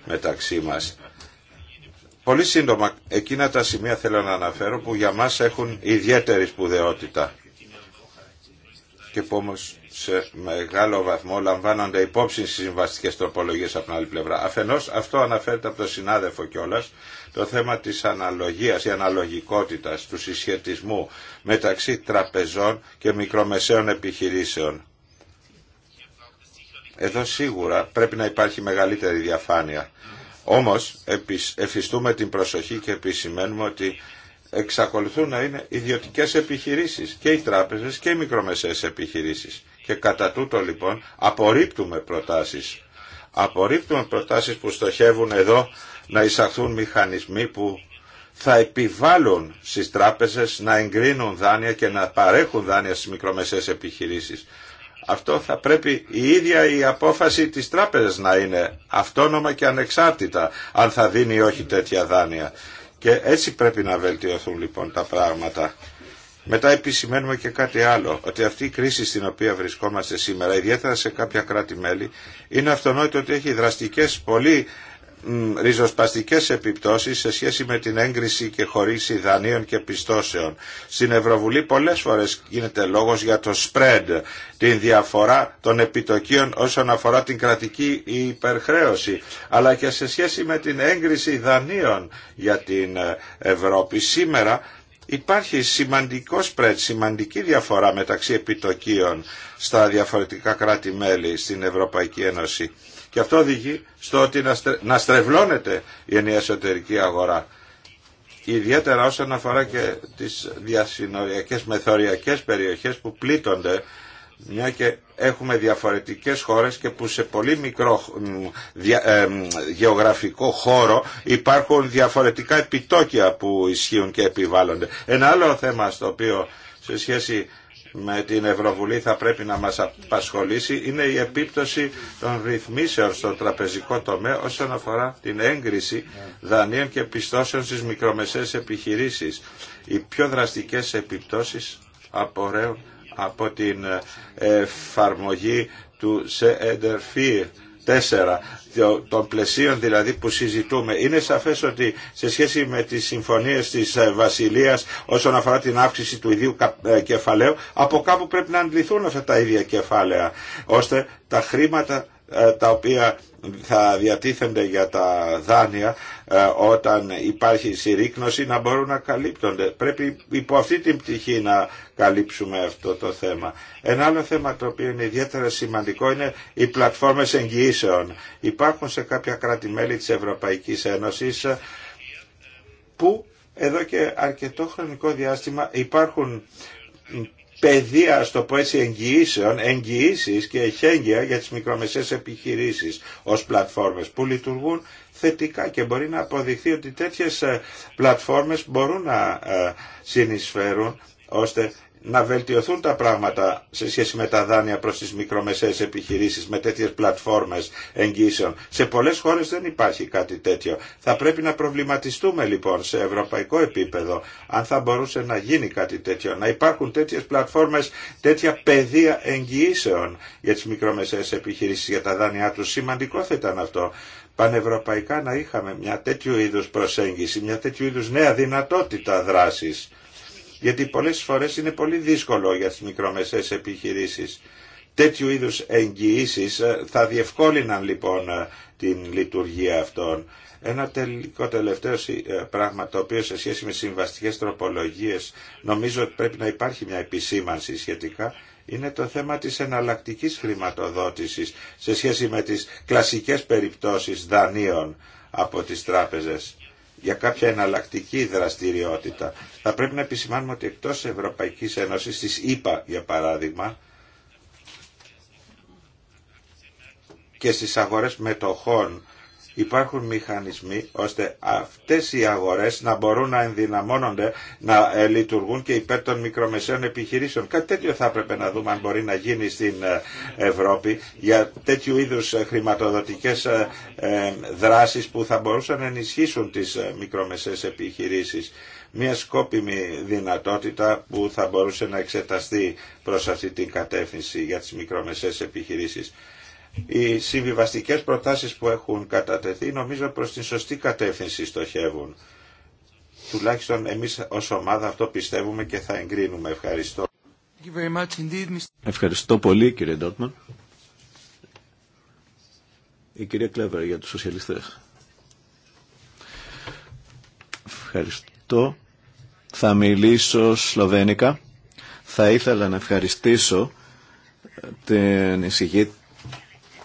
μεταξύ μας. Πολύ σύντομα, εκείνα τα σημεία θέλω να αναφέρω που για μας έχουν ιδιαίτερη σπουδαιότητα και που όμως σε μεγάλο βαθμό λαμβάνονται υπόψη στις συμβαστικέ τροπολογίε από την άλλη πλευρά. Αφενό αυτό αναφέρεται από τον συνάδελφο κιόλα το θέμα τη αναλογία ή αναλογικότητα του συσχετισμού μεταξύ τραπεζών και μικρομεσαίων επιχειρήσεων. Εδώ σίγουρα πρέπει να υπάρχει μεγαλύτερη διαφάνεια. Όμω εφιστούμε την προσοχή και επισημαίνουμε ότι εξακολουθούν να είναι ιδιωτικές επιχειρήσεις και οι τράπεζες και οι μικρομεσαίες επιχειρήσεις. Και κατά τούτο λοιπόν απορρίπτουμε προτάσεις. Απορρίπτουμε προτάσεις που στοχεύουν εδώ να εισαχθούν μηχανισμοί που θα επιβάλλουν στις τράπεζες να εγκρίνουν δάνεια και να παρέχουν δάνεια στις μικρομεσαίες επιχειρήσεις. Αυτό θα πρέπει η ίδια η απόφαση της τράπεζας να είναι αυτόνομα και ανεξάρτητα αν θα δίνει ή όχι τέτοια δάνεια. Και έτσι πρέπει να βελτιωθούν λοιπόν τα πράγματα. Μετά επισημαίνουμε και κάτι άλλο, ότι αυτή η κρίση στην οποία βρισκόμαστε σήμερα, ιδιαίτερα σε κάποια κράτη-μέλη, είναι αυτονόητο ότι έχει δραστικές, πολύ μ, ριζοσπαστικές επιπτώσεις σε σχέση με την έγκριση και χωρίση δανείων και πιστώσεων. Στην Ευρωβουλή πολλές φορές γίνεται λόγος για το spread, την διαφορά των επιτοκίων όσον αφορά την κρατική υπερχρέωση, αλλά και σε σχέση με την έγκριση δανείων για την ε, Ευρώπη. Σήμερα Υπάρχει σημαντικό σπρέτ, σημαντική διαφορά μεταξύ επιτοκίων στα διαφορετικά κράτη-μέλη στην Ευρωπαϊκή Ένωση. Και αυτό οδηγεί στο ότι να στρεβλώνεται η ενιαία εσωτερική αγορά. Ιδιαίτερα όσον αφορά και τις διασυνοριακές μεθοριακές περιοχές που πλήττονται μια και έχουμε διαφορετικές χώρες και που σε πολύ μικρό ε, γεωγραφικό χώρο υπάρχουν διαφορετικά επιτόκια που ισχύουν και επιβάλλονται. Ένα άλλο θέμα στο οποίο σε σχέση με την Ευρωβουλή θα πρέπει να μας απασχολήσει είναι η επίπτωση των ρυθμίσεων στο τραπεζικό τομέα όσον αφορά την έγκριση δανείων και πιστώσεων στις μικρομεσαίες επιχειρήσεις. Οι πιο δραστικές επιπτώσεις απορρέουν από την εφαρμογή του ΣΕΕΝΤΕΡΦΙΡ 4 των πλαισίων δηλαδή που συζητούμε είναι σαφές ότι σε σχέση με τις συμφωνίες της ε, Βασιλείας όσον αφορά την αύξηση του ιδίου ε, κεφαλαίου από κάπου πρέπει να αντληθούν αυτά τα ίδια κεφάλαια ώστε τα χρήματα ε, τα οποία θα διατίθενται για τα δάνεια ε, όταν υπάρχει συρρήκνωση να μπορούν να καλύπτονται. Πρέπει υπό αυτή την πτυχή να καλύψουμε αυτό το θέμα. Ένα άλλο θέμα το οποίο είναι ιδιαίτερα σημαντικό είναι οι πλατφόρμες εγγυήσεων. Υπάρχουν σε κάποια κράτη-μέλη της Ευρωπαϊκής Ένωσης ε, που εδώ και αρκετό χρονικό διάστημα υπάρχουν παιδεία, στο το πω έτσι, εγγυήσεων, εγγυήσει και εχέγγυα για τις μικρομεσαίες επιχειρήσεις ως πλατφόρμες που λειτουργούν θετικά και μπορεί να αποδειχθεί ότι τέτοιες ε, πλατφόρμες μπορούν να ε, συνεισφέρουν ώστε να βελτιωθούν τα πράγματα σε σχέση με τα δάνεια προς τις μικρομεσαίες επιχειρήσεις με τέτοιες πλατφόρμες εγγύσεων. Σε πολλές χώρες δεν υπάρχει κάτι τέτοιο. Θα πρέπει να προβληματιστούμε λοιπόν σε ευρωπαϊκό επίπεδο αν θα μπορούσε να γίνει κάτι τέτοιο. Να υπάρχουν τέτοιες πλατφόρμες, τέτοια πεδία εγγυήσεων για τις μικρομεσαίες επιχειρήσεις, για τα δάνειά τους. Σημαντικό θα ήταν αυτό πανευρωπαϊκά να είχαμε μια τέτοιου είδους προσέγγιση, μια τέτοιου είδους νέα δυνατότητα δράσης γιατί πολλές φορές είναι πολύ δύσκολο για τις μικρομεσαίες επιχειρήσεις. Τέτοιου είδους εγγυήσει θα διευκόλυναν λοιπόν την λειτουργία αυτών. Ένα τελικό τελευταίο ε, πράγμα το οποίο σε σχέση με συμβαστικές τροπολογίες νομίζω ότι πρέπει να υπάρχει μια επισήμανση σχετικά είναι το θέμα της εναλλακτική χρηματοδότησης σε σχέση με τις κλασικές περιπτώσεις δανείων από τις τράπεζες για κάποια εναλλακτική δραστηριότητα. Θα πρέπει να επισημάνουμε ότι εκτός Ευρωπαϊκής Ένωσης, της ΕΠΑ για παράδειγμα, και στις αγορές μετοχών υπάρχουν μηχανισμοί ώστε αυτές οι αγορές να μπορούν να ενδυναμώνονται, να ε, λειτουργούν και υπέρ των μικρομεσαίων επιχειρήσεων. Κάτι τέτοιο θα έπρεπε να δούμε αν μπορεί να γίνει στην ε, Ευρώπη για τέτοιου είδους ε, χρηματοδοτικές δράσεις που θα μπορούσαν να ενισχύσουν τις μικρομεσαίες επιχειρήσεις μια σκόπιμη δυνατότητα που θα μπορούσε να εξεταστεί προς αυτή την κατεύθυνση για τις μικρομεσαίες επιχειρήσεις. Οι συμβιβαστικές προτάσεις που έχουν κατατεθεί νομίζω προς την σωστή κατεύθυνση στοχεύουν. Τουλάχιστον εμείς ως ομάδα αυτό πιστεύουμε και θα εγκρίνουμε. Ευχαριστώ. Ευχαριστώ πολύ κύριε Ντότμαν. Η κυρία Κλέβερ για τους σοσιαλιστές. Ευχαριστώ. Θα μιλήσω σλοβένικα. Θα ήθελα να ευχαριστήσω ε, την εισηγήτη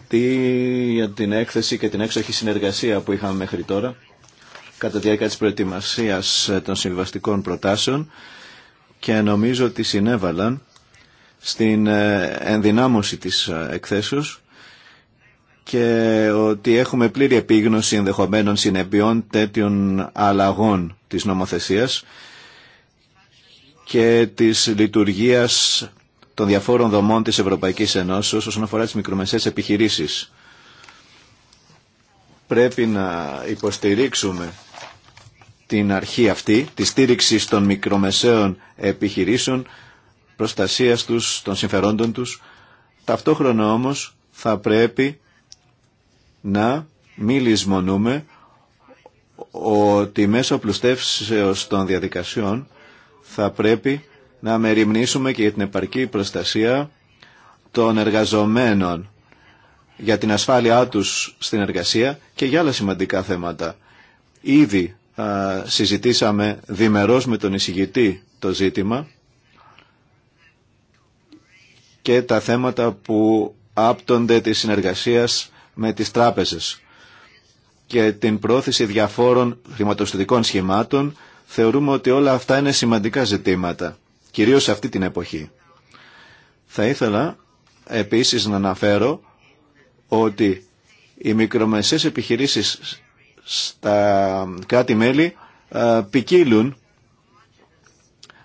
αυτή για την έκθεση και την έξοχη συνεργασία που είχαμε μέχρι τώρα κατά τη διάρκεια της προετοιμασίας των συμβαστικών προτάσεων και νομίζω ότι συνέβαλαν στην ε, ενδυνάμωση της ε, εκθέσεως και ότι έχουμε πλήρη επίγνωση ενδεχομένων συνεπειών τέτοιων αλλαγών της νομοθεσίας και της λειτουργίας των διαφόρων δομών της Ευρωπαϊκής Ενώσεως όσον αφορά τις μικρομεσαίες επιχειρήσεις. Πρέπει να υποστηρίξουμε την αρχή αυτή, τη στήριξη των μικρομεσαίων επιχειρήσεων, προστασίας τους, των συμφερόντων τους. Ταυτόχρονα όμως θα πρέπει να μην λησμονούμε ότι μέσω πλουστεύσεως των διαδικασιών θα πρέπει να μεριμνήσουμε και για την επαρκή προστασία των εργαζομένων για την ασφάλειά τους στην εργασία και για άλλα σημαντικά θέματα. Ήδη συζητήσαμε διμερώς με τον εισηγητή το ζήτημα και τα θέματα που άπτονται της συνεργασίας με τις τράπεζες και την πρόθεση διαφόρων χρηματοστατικών σχημάτων θεωρούμε ότι όλα αυτά είναι σημαντικά ζητήματα κυρίως σε αυτή την εποχή. Θα ήθελα επίσης να αναφέρω ότι οι μικρομεσαίες επιχειρήσεις στα κάτι μελη ε, ποικίλουν.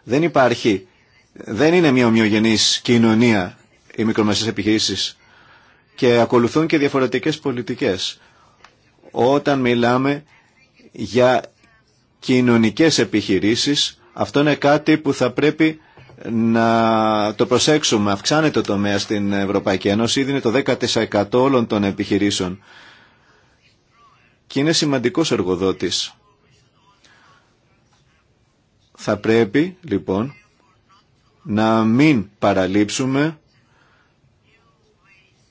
Δεν υπάρχει, δεν είναι μια ομοιογενής κοινωνία οι μικρομεσαίες επιχειρήσεις και ακολουθούν και διαφορετικές πολιτικές. Όταν μιλάμε για κοινωνικές επιχειρήσεις αυτό είναι κάτι που θα πρέπει να το προσέξουμε. Αυξάνεται το τομέα στην Ευρωπαϊκή Ένωση, ήδη είναι το 10% όλων των επιχειρήσεων. Και είναι σημαντικός εργοδότης. Θα πρέπει, λοιπόν, να μην παραλείψουμε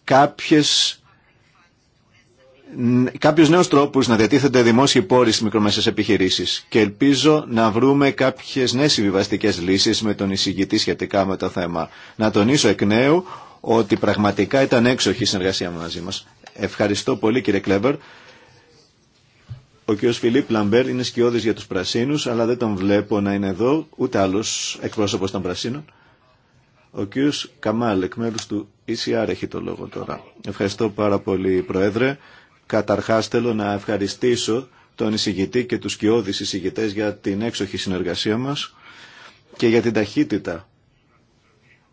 κάποιες κάποιους νέους τρόπους να διατίθεται δημόσιοι πόροι στις μικρομεσαίες επιχειρήσεις και ελπίζω να βρούμε κάποιες νέες συμβιβαστικέ λύσεις με τον εισηγητή σχετικά με το θέμα. Να τονίσω εκ νέου ότι πραγματικά ήταν έξοχη η συνεργασία μαζί μας. Ευχαριστώ πολύ κύριε Κλέβερ. Ο κ. Φιλίπ Λαμπέρ είναι σκιώδης για τους Πρασίνους, αλλά δεν τον βλέπω να είναι εδώ, ούτε άλλος εκπρόσωπος των Πρασίνων. Ο κ. Καμάλ, εκ μέρους του ECR, έχει το λόγο τώρα. Ευχαριστώ πάρα πολύ, Πρόεδρε. Καταρχάς θέλω να ευχαριστήσω τον εισηγητή και τους κοιόδης εισηγητές για την έξοχη συνεργασία μας και για την ταχύτητα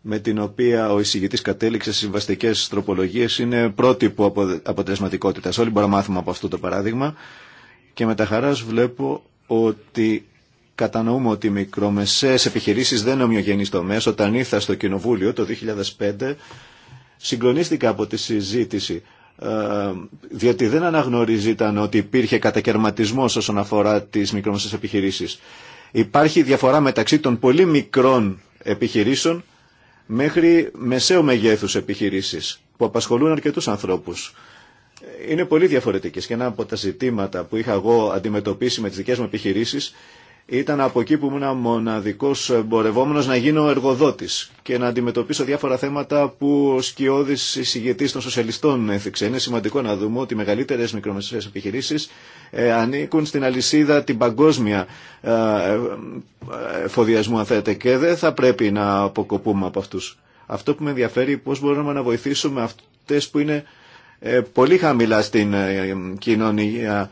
με την οποία ο εισηγητή κατέληξε στι συμβαστικέ τροπολογίε είναι πρότυπο αποτελεσματικότητα. Όλοι μπορούμε να μάθουμε από αυτό το παράδειγμα. Και με τα χαρά βλέπω ότι κατανοούμε ότι οι μικρομεσαίε επιχειρήσει δεν είναι ομοιογενεί τομέα. Όταν ήρθα στο Κοινοβούλιο το 2005, συγκλονίστηκα από τη συζήτηση ε, διότι δεν αναγνωρίζήταν ότι υπήρχε κατακαιρματισμός όσον αφορά τις μικρομεσαίες επιχειρήσεις. Υπάρχει διαφορά μεταξύ των πολύ μικρών επιχειρήσεων μέχρι μεσαίου μεγέθους επιχειρήσεις που απασχολούν αρκετούς ανθρώπους. Είναι πολύ διαφορετικές και ένα από τα ζητήματα που είχα εγώ αντιμετωπίσει με τις δικές μου επιχειρήσεις ήταν από εκεί που ήμουν μοναδικός εμπορευόμενος να γίνω εργοδότης και να αντιμετωπίσω διάφορα θέματα που ο σκιώδης εισηγητής των σοσιαλιστών έθιξε. Είναι σημαντικό να δούμε ότι οι μεγαλύτερες μικρομεσαίες επιχειρήσεις ε, ανήκουν στην αλυσίδα την παγκόσμια ε, ε, φοδιασμού αν θέλετε και δεν θα πρέπει να αποκοπούμε από αυτούς. Αυτό που με ενδιαφέρει πώς μπορούμε να βοηθήσουμε αυτές που είναι πολύ χαμηλά στην κοινωνία,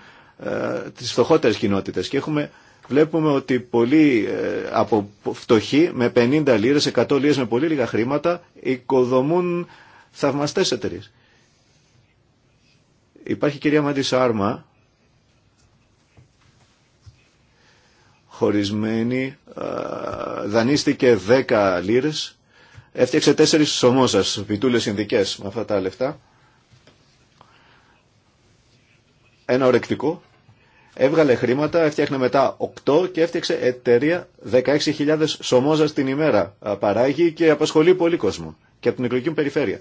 τι φτωχότερες κοινότητες και έχουμε βλέπουμε ότι πολλοί ε, από φτωχοί με 50 λίρες, 100 λίρες με πολύ λίγα χρήματα οικοδομούν θαυμαστές εταιρείε. Υπάρχει η κυρία Μαντισάρμα, χωρισμένη, ε, δανείστηκε 10 λίρες, έφτιαξε τέσσερις σωμόσας, πιτούλες συνδικές με αυτά τα λεφτά. Ένα ορεκτικό Έβγαλε χρήματα, έφτιαχνε μετά 8 και έφτιαξε εταιρεία 16.000 σωμόζα την ημέρα. Παράγει και απασχολεί πολύ κόσμο και από την εκλογική μου περιφέρεια.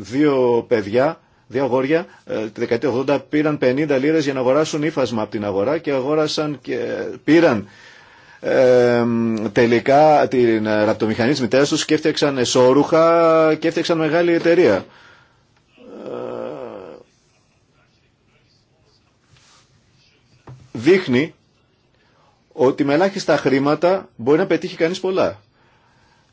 Δύο παιδιά, δύο αγόρια, ε, τη δεκαετία 80 πήραν 50 λίρες για να αγοράσουν ύφασμα από την αγορά και αγόρασαν και ε, πήραν ε, τελικά την ε, ραπτομηχανή της μητέρας τους και έφτιαξαν εσώρουχα και έφτιαξαν μεγάλη εταιρεία. δείχνει ότι με ελάχιστα χρήματα μπορεί να πετύχει κανείς πολλά.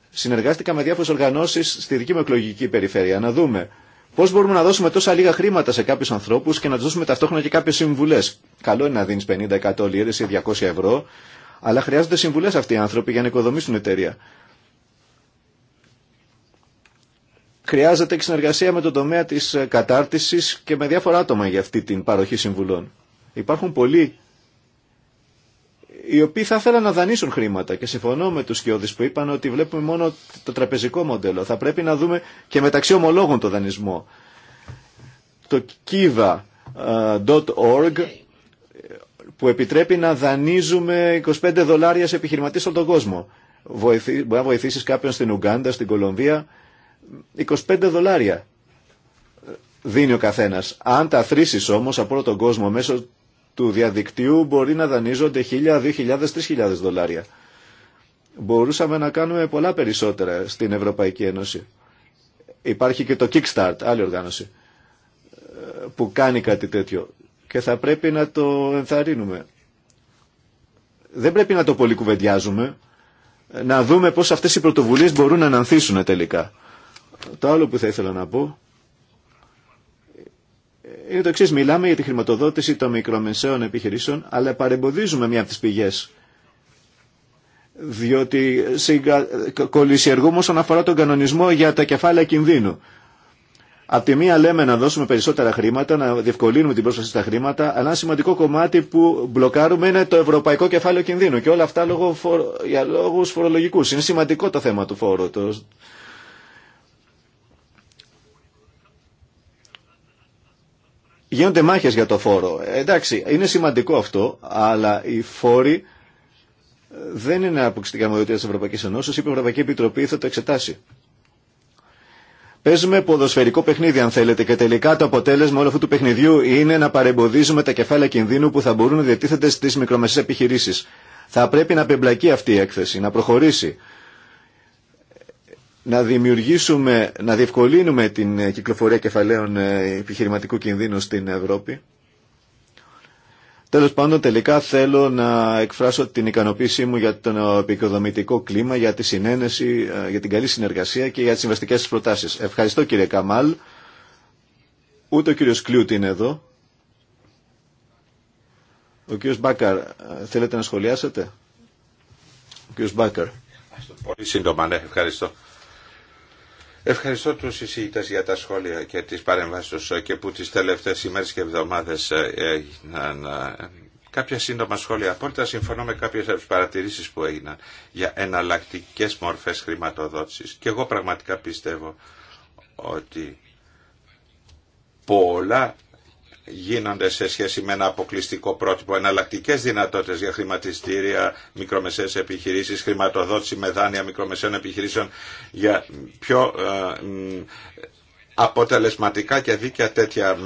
Συνεργάστηκα με διάφορες οργανώσεις στη δική μου εκλογική περιφέρεια να δούμε πώς μπορούμε να δώσουμε τόσα λίγα χρήματα σε κάποιους ανθρώπους και να τους δώσουμε ταυτόχρονα και κάποιες συμβουλές. Καλό είναι να δίνεις 50-100 λίρες ή 200 ευρώ, αλλά χρειάζονται συμβουλές αυτοί οι άνθρωποι για να οικοδομήσουν εταιρεία. Χρειάζεται και συνεργασία με τον τομέα της κατάρτισης και με διάφορα άτομα για αυτή την παροχή συμβουλών. Υπάρχουν πολλοί οι οποίοι θα ήθελαν να δανείσουν χρήματα. Και συμφωνώ με τους σκιώδεις που είπαν ότι βλέπουμε μόνο το τραπεζικό μοντέλο. Θα πρέπει να δούμε και μεταξύ ομολόγων το δανεισμό. Το kiva.org που επιτρέπει να δανείζουμε 25 δολάρια σε επιχειρηματή στον τον κόσμο. μπορεί να βοηθήσει κάποιον στην Ουγγάντα, στην Κολομβία. 25 δολάρια δίνει ο καθένας. Αν τα θρήσει όμως από όλο τον κόσμο μέσω του διαδικτύου μπορεί να δανείζονται 1.000, 2.000, 3.000 δολάρια. Μπορούσαμε να κάνουμε πολλά περισσότερα στην Ευρωπαϊκή Ένωση. Υπάρχει και το Kickstart, άλλη οργάνωση, που κάνει κάτι τέτοιο και θα πρέπει να το ενθαρρύνουμε. Δεν πρέπει να το πολυκουβεντιάζουμε να δούμε πώς αυτές οι πρωτοβουλίες μπορούν να ανθίσουν τελικά. Το άλλο που θα ήθελα να πω είναι το εξή. Μιλάμε για τη χρηματοδότηση των μικρομεσαίων επιχειρήσεων, αλλά παρεμποδίζουμε μία από τι πηγέ. Διότι συγκα... κολλησιεργούμε όσον αφορά τον κανονισμό για τα κεφάλαια κινδύνου. Απ' τη μία λέμε να δώσουμε περισσότερα χρήματα, να διευκολύνουμε την πρόσβαση στα χρήματα, αλλά ένα σημαντικό κομμάτι που μπλοκάρουμε είναι το ευρωπαϊκό κεφάλαιο κινδύνου και όλα αυτά λόγω για λόγου φορολογικού. Είναι σημαντικό το θέμα του φόρου. Το... γίνονται μάχες για το φόρο. Ε, εντάξει, είναι σημαντικό αυτό, αλλά οι φόροι ε, δεν είναι αποκλειστικά μοδιότητα της Ευρωπαϊκής Ενώσης, η Ευρωπαϊκή Επιτροπή θα το εξετάσει. Παίζουμε ποδοσφαιρικό παιχνίδι αν θέλετε και τελικά το αποτέλεσμα όλου αυτού του παιχνιδιού είναι να παρεμποδίζουμε τα κεφάλαια κινδύνου που θα μπορούν να διατίθενται στι μικρομεσαίε επιχειρήσει. Θα πρέπει να πεμπλακεί αυτή η έκθεση, να προχωρήσει να δημιουργήσουμε, να διευκολύνουμε την ε, κυκλοφορία κεφαλαίων ε, επιχειρηματικού κινδύνου στην Ευρώπη. Τέλος πάντων, τελικά θέλω να εκφράσω την ικανοποίησή μου για το επικοδομητικό κλίμα, για τη συνένεση, ε, για την καλή συνεργασία και για τις συμβαστικές σας προτάσεις. Ευχαριστώ κύριε Καμάλ. Ούτε ο κύριος Κλιούτ είναι εδώ. Ο κύριος Μπάκαρ, θέλετε να σχολιάσετε. Ο κύριος Μπάκαρ. Πολύ σύντομα, ναι, ευχαριστώ. Ευχαριστώ τους εισηγητές για τα σχόλια και τις παρεμβάσεις τους ε, και που τις τελευταίες ημέρες και εβδομάδες ε, έγιναν ε, κάποια σύντομα σχόλια. Απόλυτα συμφωνώ με κάποιες από τις παρατηρήσεις που έγιναν για εναλλακτικέ μορφές χρηματοδότησης. Και εγώ πραγματικά πιστεύω ότι πολλά γίνονται σε σχέση με ένα αποκλειστικό πρότυπο. Εναλλακτικέ δυνατότητε για χρηματιστήρια, μικρομεσαίε επιχειρήσει, χρηματοδότηση με δάνεια μικρομεσαίων επιχειρήσεων για πιο ε, αποτελεσματικά και δίκαια τέτοια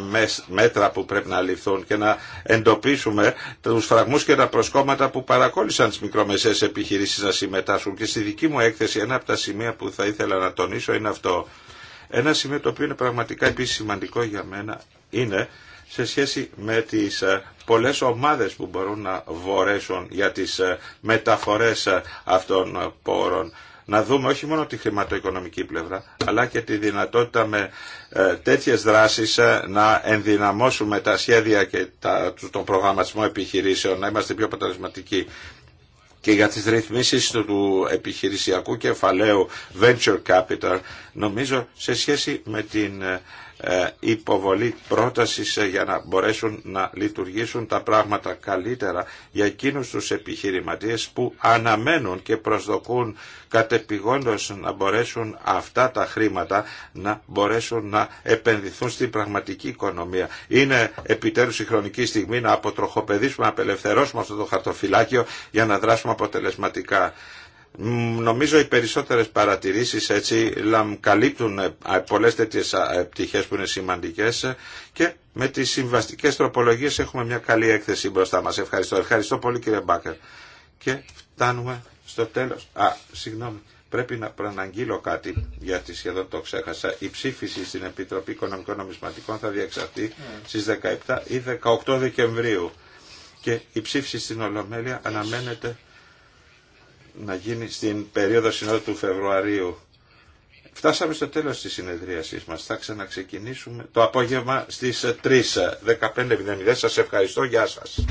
μέτρα που πρέπει να ληφθούν και να εντοπίσουμε τους φραγμούς και τα προσκόμματα που παρακόλλησαν τις μικρομεσαίες επιχειρήσεις να συμμετάσχουν. Και στη δική μου έκθεση ένα από τα σημεία που θα ήθελα να τονίσω είναι αυτό. Ένα σημείο το οποίο είναι πραγματικά επίση σημαντικό για μένα είναι σε σχέση με τις ε, πολλές ομάδες που μπορούν να βορέσουν για τις ε, μεταφορές ε, αυτών πόρων. Να δούμε όχι μόνο τη χρηματοοικονομική πλευρά, αλλά και τη δυνατότητα με τέτοιες δράσεις να ενδυναμώσουμε τα σχέδια και τα, τον προγραμματισμό επιχειρήσεων, να είμαστε πιο αποτελεσματικοί και για τις ρυθμίσεις του επιχειρησιακού κεφαλαίου venture capital νομίζω σε σχέση με την ε, υποβολή πρότασης ε, για να μπορέσουν να λειτουργήσουν τα πράγματα καλύτερα για εκείνους τους επιχειρηματίες που αναμένουν και προσδοκούν κατεπηγόντως να μπορέσουν αυτά τα χρήματα να μπορέσουν να επενδυθούν στην πραγματική οικονομία. Είναι επιτέλους η χρονική στιγμή να αποτροχοπεδίσουμε, να απελευθερώσουμε αυτό το χαρτοφυλάκιο για να δράσουμε αποτελεσματικά. Νομίζω οι περισσότερες παρατηρήσεις έτσι καλύπτουν ε, πολλές τέτοιες ε, πτυχές που είναι σημαντικές και με τις συμβαστικές τροπολογίες έχουμε μια καλή έκθεση μπροστά μας. Ευχαριστώ. Ευχαριστώ πολύ κύριε Μπάκερ. Και φτάνουμε στο τέλος. Α, συγγνώμη. Πρέπει να προαναγγείλω κάτι, γιατί σχεδόν το ξέχασα. Η ψήφιση στην Επιτροπή Οικονομικών Νομισματικών θα διεξαχθεί στις 17 ή 18 Δεκεμβρίου. Και η ψήφιση στην Ολομέλεια αναμένεται να γίνει στην περίοδο συνόδου του Φεβρουαρίου. Φτάσαμε στο τέλος της συνεδρίασής μας. Θα ξαναξεκινήσουμε το απόγευμα στις 3.15.00. Σας ευχαριστώ. Γεια σας.